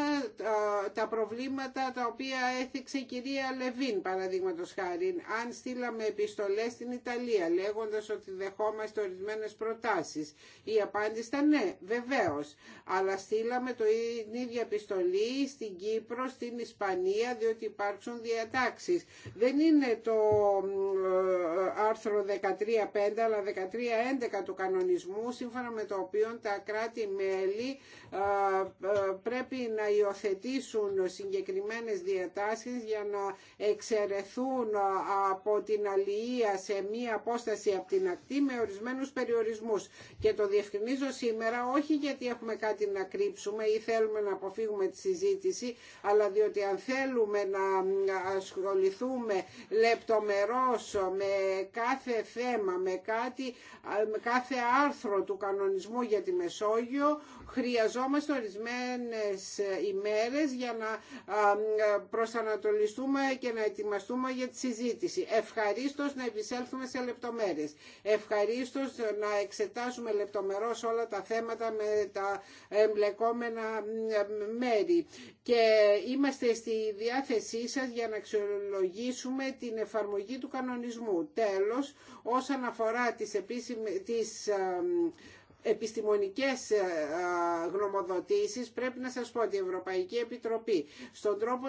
ε, τα προβλήματα τα οποία έθιξε η κυρία Λεβίν, παραδείγματο χάρη. Αν στείλαμε επιστολές στην Ιταλία λέγοντας ότι δεχόμαστε ορισμένες προτάσεις, η απάντηση ήταν ναι, βεβαίως. Αλλά στείλαμε την ίδια επιστολή στην Κύπρο, στην Ισπανία, διότι υπάρξουν διατάξεις δεν είναι το ε, άρθρο 13.5 αλλά 13.11 του κανονισμού σύμφωνα με το οποίο τα κράτη-μέλη ε, ε, πρέπει να υιοθετήσουν συγκεκριμένες διατάσεις για να εξαιρεθούν από την αλληλεία σε μία απόσταση από την ακτή με ορισμένους περιορισμούς. Και το διευκρινίζω σήμερα όχι γιατί έχουμε κάτι να κρύψουμε ή θέλουμε να αποφύγουμε τη συζήτηση, αλλά διότι αν θέλουμε να ασχοληθούμε λεπτομερώς με κάθε θέμα, με, κάτι, με κάθε άρθρο του κανονισμού για τη Μεσόγειο, χρειαζόμαστε ορισμένες ημέρες για να προσανατολιστούμε και να ετοιμαστούμε για τη συζήτηση. Ευχαρίστως να επισέλθουμε σε λεπτομέρειες. Ευχαρίστως να εξετάσουμε λεπτομερώς όλα τα θέματα με τα εμπλεκόμενα μέρη. Και είμαστε στη διάθεσή σας για να αξιολογήσουμε την εφαρμογή του κανονισμού. Τέλος, όσον αφορά τις, επίσημε τις επιστημονικές ε, γνωμοδοτήσεις πρέπει να σας πω ότι η Ευρωπαϊκή Επιτροπή στον τρόπο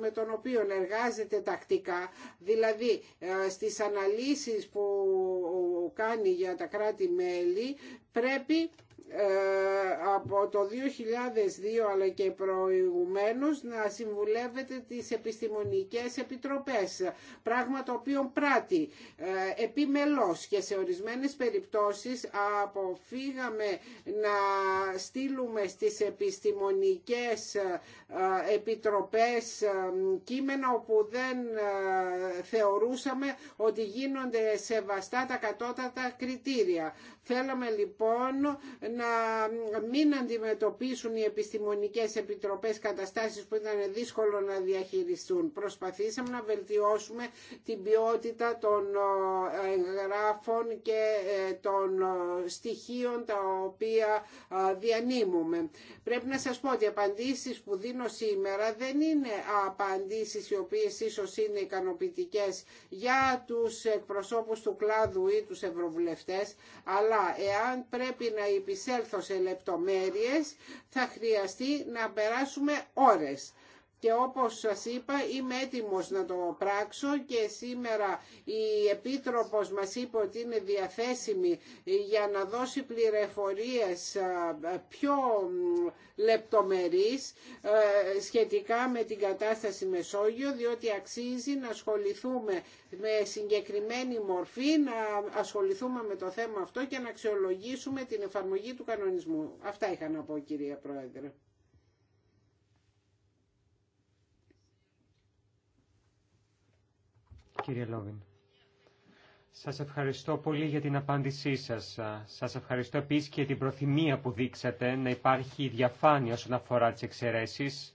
με τον οποίο εργάζεται τακτικά δηλαδή ε, στις αναλύσεις που κάνει για τα κράτη-μέλη πρέπει ε, από το 2002 αλλά και προηγουμένως να συμβουλεύεται τις επιστημονικές επιτροπές, πράγμα το οποίο πράττει ε, επιμελώς και σε ορισμένες περιπτώσεις αποφύγαμε να στείλουμε στις επιστημονικές ε, επιτροπές κείμενα όπου δεν θεωρούσαμε ότι γίνονται σεβαστά τα κατώτατα κριτήρια. Θέλαμε λοιπόν να μην αντιμετωπίσουν οι επιστημονικές επιτροπές καταστάσεις που ήταν δύσκολο να διαχειριστούν. Προσπαθήσαμε να βελτιώσουμε την ποιότητα των ε, εγγράφων και ε, των ε, στοιχείων τα οποία διανύμουμε. Πρέπει να σας πω ότι οι απαντήσεις που δίνω σήμερα δεν είναι απαντήσεις οι οποίες ίσως είναι ικανοποιητικές για τους εκπροσώπους του κλάδου ή τους ευρωβουλευτές, αλλά αλλά εάν πρέπει να υπησέλθω σε λεπτομέρειες θα χρειαστεί να περάσουμε ώρες. Και όπως σας είπα είμαι έτοιμος να το πράξω και σήμερα η Επίτροπος μας είπε ότι είναι διαθέσιμη για να δώσει πληροφορίες πιο λεπτομερείς ε, σχετικά με την κατάσταση Μεσόγειο διότι αξίζει να ασχοληθούμε με συγκεκριμένη μορφή, να ασχοληθούμε με το θέμα αυτό και να αξιολογήσουμε την εφαρμογή του κανονισμού. Αυτά είχα να πω κυρία Πρόεδρε. κύριε Λόβιν. Σας ευχαριστώ πολύ για την απάντησή σας. Σας ευχαριστώ επίσης και την προθυμία που δείξατε να υπάρχει διαφάνεια όσον αφορά τις εξαιρέσεις.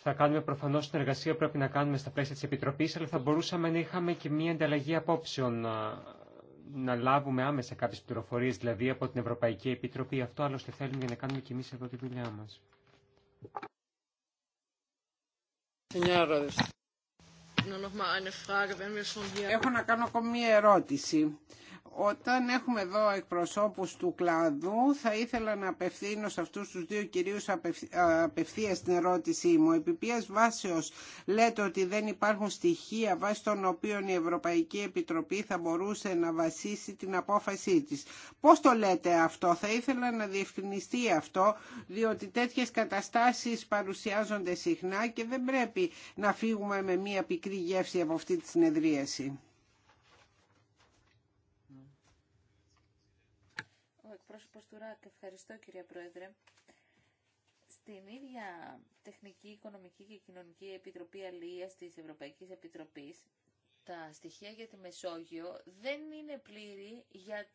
Θα κάνουμε προφανώς την εργασία που πρέπει να κάνουμε στα πλαίσια της Επιτροπής, αλλά θα μπορούσαμε να είχαμε και μια ανταλλαγή απόψεων, να λάβουμε άμεσα κάποιες πληροφορίες δηλαδή από την Ευρωπαϊκή Επιτροπή. Αυτό άλλωστε θέλουμε για να κάνουμε και εμείς εδώ τη δουλειά μας. Έχω να κάνω ακόμη μία ερώτηση. Όταν έχουμε εδώ εκπροσώπους του κλάδου, θα ήθελα να απευθύνω σε αυτούς τους δύο κυρίους απευθεία την ερώτησή μου. Επί ποιες βάσεως λέτε ότι δεν υπάρχουν στοιχεία βάσει των οποίων η Ευρωπαϊκή Επιτροπή θα μπορούσε να βασίσει την απόφασή της. Πώς το λέτε αυτό, θα ήθελα να διευκρινιστεί αυτό, διότι τέτοιες καταστάσεις παρουσιάζονται συχνά και δεν πρέπει να φύγουμε με μία πικρή γεύση από αυτή τη συνεδρίαση. Ευχαριστώ κυρία Πρόεδρε. Στην ίδια Τεχνική, Οικονομική και Κοινωνική Επιτροπή Αλίας της Ευρωπαϊκής Επιτροπής, τα στοιχεία για τη Μεσόγειο δεν είναι πλήρη για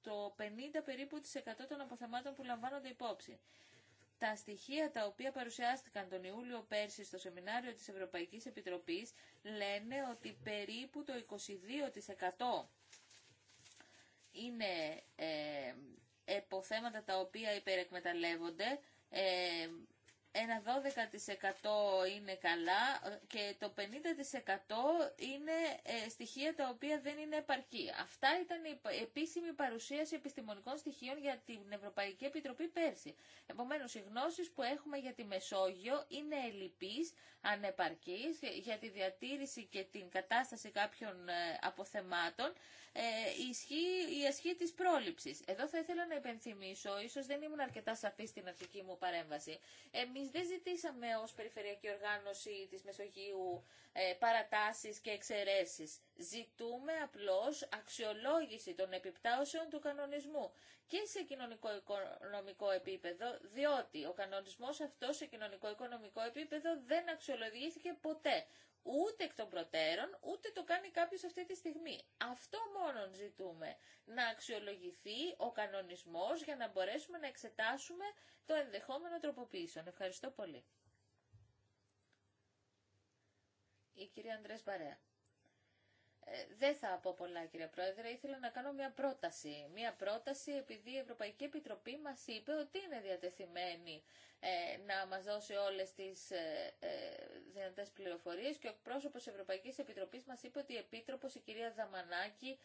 το 50 περίπου της 100 των αποθεμάτων που λαμβάνονται υπόψη. Τα στοιχεία τα οποία παρουσιάστηκαν τον Ιούλιο πέρσι στο σεμινάριο της Ευρωπαϊκής Επιτροπής λένε ότι περίπου το 22% είναι ε, ε, από τα οποία υπερεκμεταλλεύονται ε, ένα 12% είναι καλά και το 50% είναι ε, στοιχεία τα οποία δεν είναι επαρκή. Αυτά ήταν η επίσημη παρουσίαση επιστημονικών στοιχείων για την Ευρωπαϊκή Επιτροπή πέρσι. Επομένως, οι γνώσεις που έχουμε για τη Μεσόγειο είναι ελλειπείς, ανεπαρκείς, για τη διατήρηση και την κατάσταση κάποιων ε, αποθεμάτων. Ε, ισχύει η ασχή της πρόληψης. Εδώ θα ήθελα να υπενθυμίσω, ίσως δεν ήμουν αρκετά σαφή στην αρχική μου παρέμβαση. Εμείς δεν ζητήσαμε ως περιφερειακή οργάνωση της Μεσογείου ε, παρατάσεις και εξαιρέσεις. Ζητούμε απλώς αξιολόγηση των επιπτάσεων του κανονισμού και σε κοινωνικό-οικονομικό επίπεδο, διότι ο κανονισμός αυτό σε κοινωνικό-οικονομικό επίπεδο δεν αξιολογήθηκε ποτέ, ούτε εκ των προτέρων, ούτε το κάνει κάποιος αυτή τη στιγμή. Αυτό μόνον ζητούμε, να αξιολογηθεί ο κανονισμός για να μπορέσουμε να εξετάσουμε το ενδεχόμενο τροποποίησεων. Ευχαριστώ πολύ. Η κυρία Ανδρέας Παρέα. Ε, δεν θα πω πολλά κύριε Πρόεδρε, ήθελα να κάνω μια πρόταση. Μια πρόταση επειδή η Ευρωπαϊκή Επιτροπή μας είπε ότι είναι διατεθειμένη ε, να μας δώσει όλες τις ε, ε δυνατές πληροφορίες και ο πρόσωπος Ευρωπαϊκής Επιτροπής μας είπε ότι η Επίτροπος, η κυρία Δαμανάκη,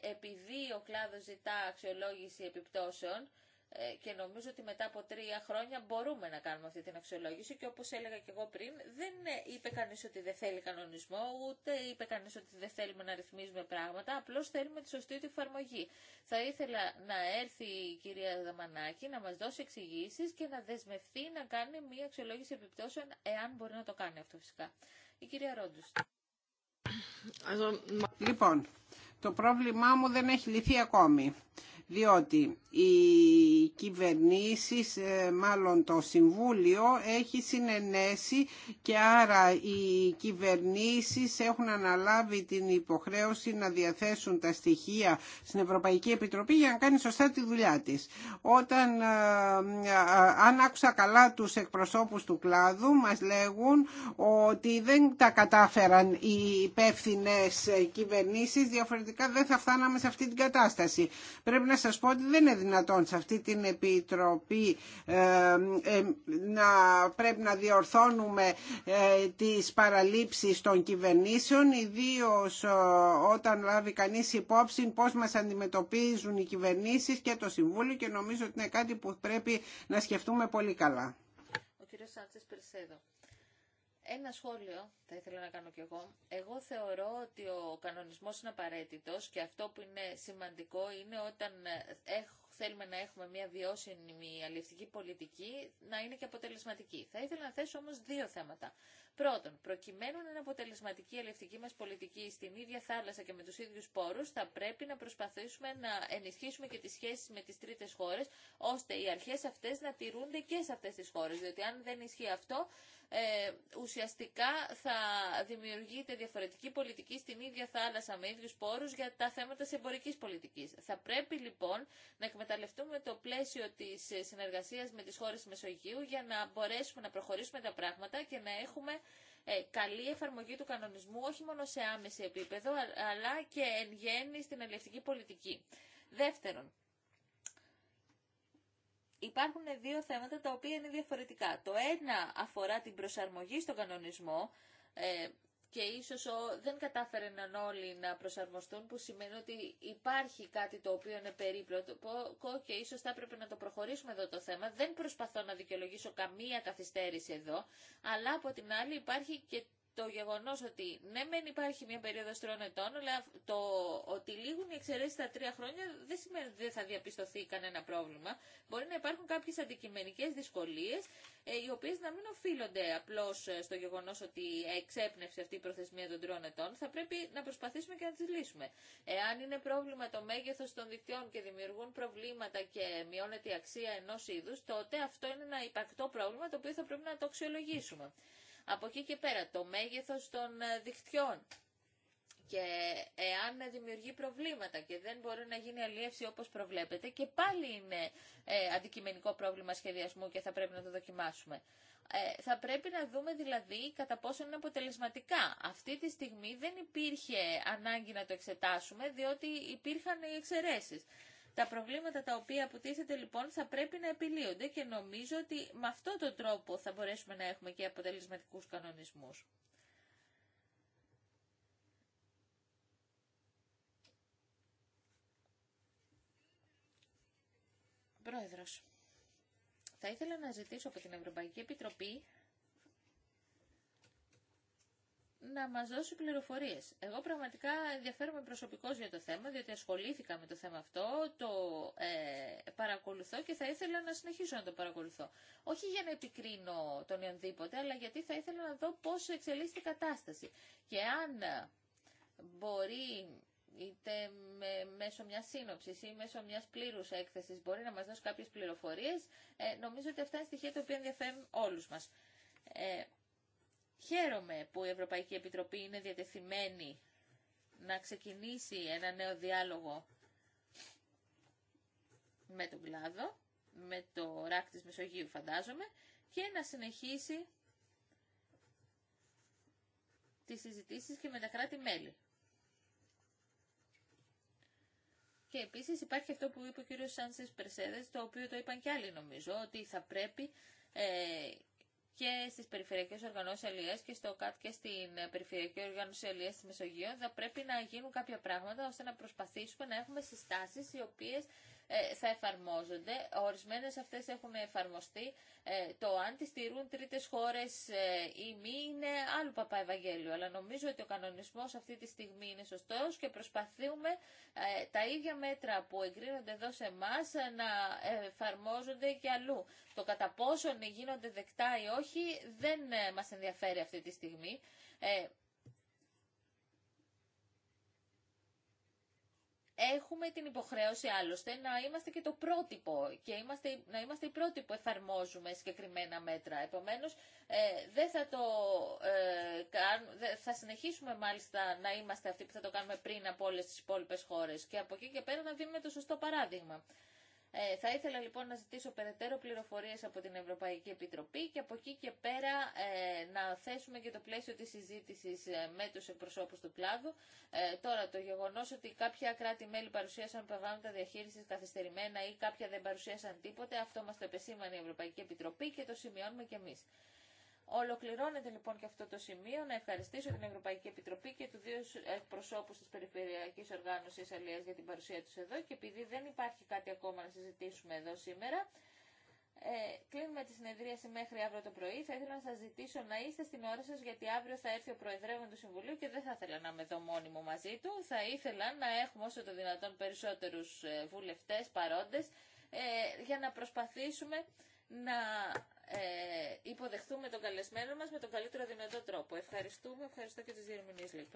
επειδή ο κλάδος ζητά αξιολόγηση επιπτώσεων, ε, και νομίζω ότι μετά από τρία χρόνια μπορούμε να κάνουμε αυτή την αξιολόγηση και όπως έλεγα και εγώ πριν δεν ε, είπε κανείς ότι δεν θέλει κανονισμό ούτε είπε κανείς ότι δεν θέλουμε να ρυθμίζουμε πράγματα απλώς θέλουμε τη σωστή του εφαρμογή. Θα ήθελα να έρθει η κυρία Δαμανάκη να μας δώσει εξηγήσει και να δεσμευτεί να κάνει μια αξιολόγηση επιπτώσεων εάν μπορεί να το κάνει αυτό φυσικά. Η κυρία Ρόντους. Λοιπόν, το πρόβλημά μου δεν έχει λυθεί ακόμη διότι οι κυβερνήσεις, ε, μάλλον το Συμβούλιο, έχει συνενέσει και άρα οι κυβερνήσεις έχουν αναλάβει την υποχρέωση να διαθέσουν τα στοιχεία στην Ευρωπαϊκή Επιτροπή για να κάνει σωστά τη δουλειά της. Όταν, ε, ε, αν άκουσα καλά τους εκπροσώπους του κλάδου, μας λέγουν ότι δεν τα κατάφεραν οι υπεύθυνε κυβερνήσεις, διαφορετικά δεν θα φτάναμε σε αυτή την κατάσταση. Πρέπει να σας πω ότι δεν είναι δυνατόν σε αυτή την Επιτροπή ε, ε, να πρέπει να διορθώνουμε ε, τις παραλήψεις των κυβερνήσεων ιδίω όταν λάβει κανείς υπόψη πώς μας αντιμετωπίζουν οι κυβερνήσεις και το Συμβούλιο και νομίζω ότι είναι κάτι που πρέπει να σκεφτούμε πολύ καλά. Ο κύριος Σάντσες Περσέδο. Ένα σχόλιο θα ήθελα να κάνω κι εγώ. Εγώ θεωρώ ότι ο κανονισμός είναι απαραίτητος και αυτό που είναι σημαντικό είναι όταν ε, έχω θέλουμε να έχουμε μια βιώσιμη αλληλευτική πολιτική, να είναι και αποτελεσματική. Θα ήθελα να θέσω όμως δύο θέματα. Πρώτον, προκειμένου να είναι αποτελεσματική η αλληλευτική μας πολιτική στην ίδια θάλασσα και με τους ίδιους πόρους, θα πρέπει να προσπαθήσουμε να ενισχύσουμε και τις σχέσεις με τις τρίτες χώρες, ώστε οι αρχές αυτές να τηρούνται και σε αυτές τις χώρες. Διότι αν δεν ισχύει αυτό, ε, ουσιαστικά θα δημιουργείται διαφορετική πολιτική στην ίδια θάλασσα με ίδιους πόρους για τα θέματα της εμπορικής πολιτικής. Θα πρέπει λοιπόν να εκμεταλλευτούμε το πλαίσιο της ε, συνεργασίας με τις χώρες της Μεσογείου για να μπορέσουμε να προχωρήσουμε τα πράγματα και να έχουμε ε, καλή εφαρμογή του κανονισμού όχι μόνο σε άμεση επίπεδο αλλά και εν γέννη στην αλληλευτική πολιτική. Δεύτερον, υπάρχουν δύο θέματα τα οποία είναι διαφορετικά. Το ένα αφορά την προσαρμογή στον κανονισμό. Ε, και ίσως δεν κατάφεραν όλοι να προσαρμοστούν, που σημαίνει ότι υπάρχει κάτι το οποίο είναι περίπλοκο και ίσως θα έπρεπε να το προχωρήσουμε εδώ το θέμα. Δεν προσπαθώ να δικαιολογήσω καμία καθυστέρηση εδώ, αλλά από την άλλη υπάρχει και το γεγονό ότι ναι, μεν υπάρχει μια περίοδο τριών ετών, αλλά το ότι λήγουν οι εξαιρέσει στα τρία χρόνια δεν σημαίνει ότι δεν θα διαπιστωθεί κανένα πρόβλημα. Μπορεί να υπάρχουν κάποιε αντικειμενικέ δυσκολίε, ε, οι οποίε να μην οφείλονται απλώ ε, στο γεγονό ότι εξέπνευσε αυτή η προθεσμία των τριών ετών. Θα πρέπει να προσπαθήσουμε και να τι λύσουμε. Εάν είναι πρόβλημα το μέγεθο των δικτυών και δημιουργούν προβλήματα και μειώνεται η αξία ενό είδου, τότε αυτό είναι ένα υπακτό πρόβλημα το οποίο θα πρέπει να το αξιολογήσουμε. Από εκεί και πέρα, το μέγεθος των ε, δικτυών. Και εάν δημιουργεί προβλήματα και δεν μπορεί να γίνει αλλιεύση όπως προβλέπεται, και πάλι είναι ε, αντικειμενικό πρόβλημα σχεδιασμού και θα πρέπει να το δοκιμάσουμε. Ε, θα πρέπει να δούμε δηλαδή κατά πόσο είναι αποτελεσματικά. Αυτή τη στιγμή δεν υπήρχε ανάγκη να το εξετάσουμε, διότι υπήρχαν οι εξαιρέσεις. Τα προβλήματα τα οποία αποτίθεται λοιπόν θα πρέπει να επιλύονται και νομίζω ότι με αυτόν τον τρόπο θα μπορέσουμε να έχουμε και αποτελεσματικούς κανονισμούς. Πρόεδρος, θα ήθελα να ζητήσω από την Ευρωπαϊκή Επιτροπή να μα δώσει πληροφορίε. Εγώ πραγματικά ενδιαφέρομαι προσωπικώ για το θέμα, διότι ασχολήθηκα με το θέμα αυτό, το ε, παρακολουθώ και θα ήθελα να συνεχίσω να το παρακολουθώ. Όχι για να επικρίνω τον ιονδήποτε, αλλά γιατί θα ήθελα να δω πώ εξελίσσεται η κατάσταση. Και αν μπορεί είτε με, μέσω μια σύνοψη ή μέσω μια πλήρους έκθεσης μπορεί να μας δώσει κάποιες πληροφορίες, ε, νομίζω ότι αυτά είναι στοιχεία τα οποία ενδιαφέρουν όλους μας. Ε, Χαίρομαι που η Ευρωπαϊκή Επιτροπή είναι διατεθειμένη να ξεκινήσει ένα νέο διάλογο με τον κλάδο, με το ράκ της Μεσογείου φαντάζομαι, και να συνεχίσει τις συζητήσεις και με τα κράτη-μέλη. Και επίσης υπάρχει αυτό που είπε ο κύριος Σάνσες Περσέδες, το οποίο το είπαν και άλλοι νομίζω, ότι θα πρέπει ε, και στις περιφερειακές οργανώσεις αλληλεία και στο ΚΑΤ και στην ε, περιφερειακή οργάνωση αλληλεία τη Μεσογείου θα πρέπει να γίνουν κάποια πράγματα ώστε να προσπαθήσουμε να έχουμε συστάσεις οι οποίες ε, θα εφαρμόζονται. Ορισμένες αυτές έχουν εφαρμοστεί. Ε, το αν τις τηρούν τρίτες χώρες ε, ή μη είναι άλλο παπά Ευαγγέλιο. Αλλά νομίζω ότι ο κανονισμός αυτή τη στιγμή είναι σωστός και προσπαθούμε τα ίδια μέτρα που εγκρίνονται εδώ σε εμά να εφαρμόζονται και αλλού. Το κατά πόσον γίνονται δεκτά ή όχι δεν μας ενδιαφέρει αυτή τη στιγμή. έχουμε την υποχρέωση άλλωστε να είμαστε και το πρότυπο και είμαστε, να είμαστε οι πρώτοι που εφαρμόζουμε συγκεκριμένα μέτρα. Επομένως, ε, δεν θα το ε, θα συνεχίσουμε μάλιστα να είμαστε αυτοί που θα το κάνουμε πριν από όλες τις υπόλοιπε χώρες και από εκεί και πέρα να δίνουμε το σωστό παράδειγμα. Ε, θα ήθελα λοιπόν να ζητήσω περαιτέρω πληροφορίες από την Ευρωπαϊκή Επιτροπή και από εκεί και πέρα ε, να θέσουμε και το πλαίσιο της συζήτησης ε, με τους εκπροσώπους του κλάδου. τώρα το γεγονός ότι κάποια κράτη-μέλη παρουσίασαν προγράμματα διαχείρισης καθυστερημένα ή κάποια δεν παρουσίασαν τίποτε, αυτό μας το επεσήμανε η Ευρωπαϊκή Επιτροπή και το σημειώνουμε κι εμείς. Ολοκληρώνεται λοιπόν και αυτό το σημείο. Να ευχαριστήσω την Ευρωπαϊκή Επιτροπή και του δύο εκπροσώπου τη Περιφερειακή Οργάνωση Αλία για την παρουσία του εδώ. Και επειδή δεν υπάρχει κάτι ακόμα να συζητήσουμε εδώ σήμερα, ε, κλείνουμε τη συνεδρίαση μέχρι αύριο το πρωί. Θα ήθελα να σα ζητήσω να είστε στην ώρα σα, γιατί αύριο θα έρθει ο Προεδρεύον του Συμβουλίου και δεν θα ήθελα να είμαι εδώ μόνη μαζί του. Θα ήθελα να έχουμε όσο το δυνατόν περισσότερου ε, βουλευτέ παρόντε ε, για να προσπαθήσουμε να ε, υποδεχθούμε τον καλεσμένο μας με τον καλύτερο δυνατό τρόπο. Ευχαριστούμε, ευχαριστώ και τους διερμηνείς, λέει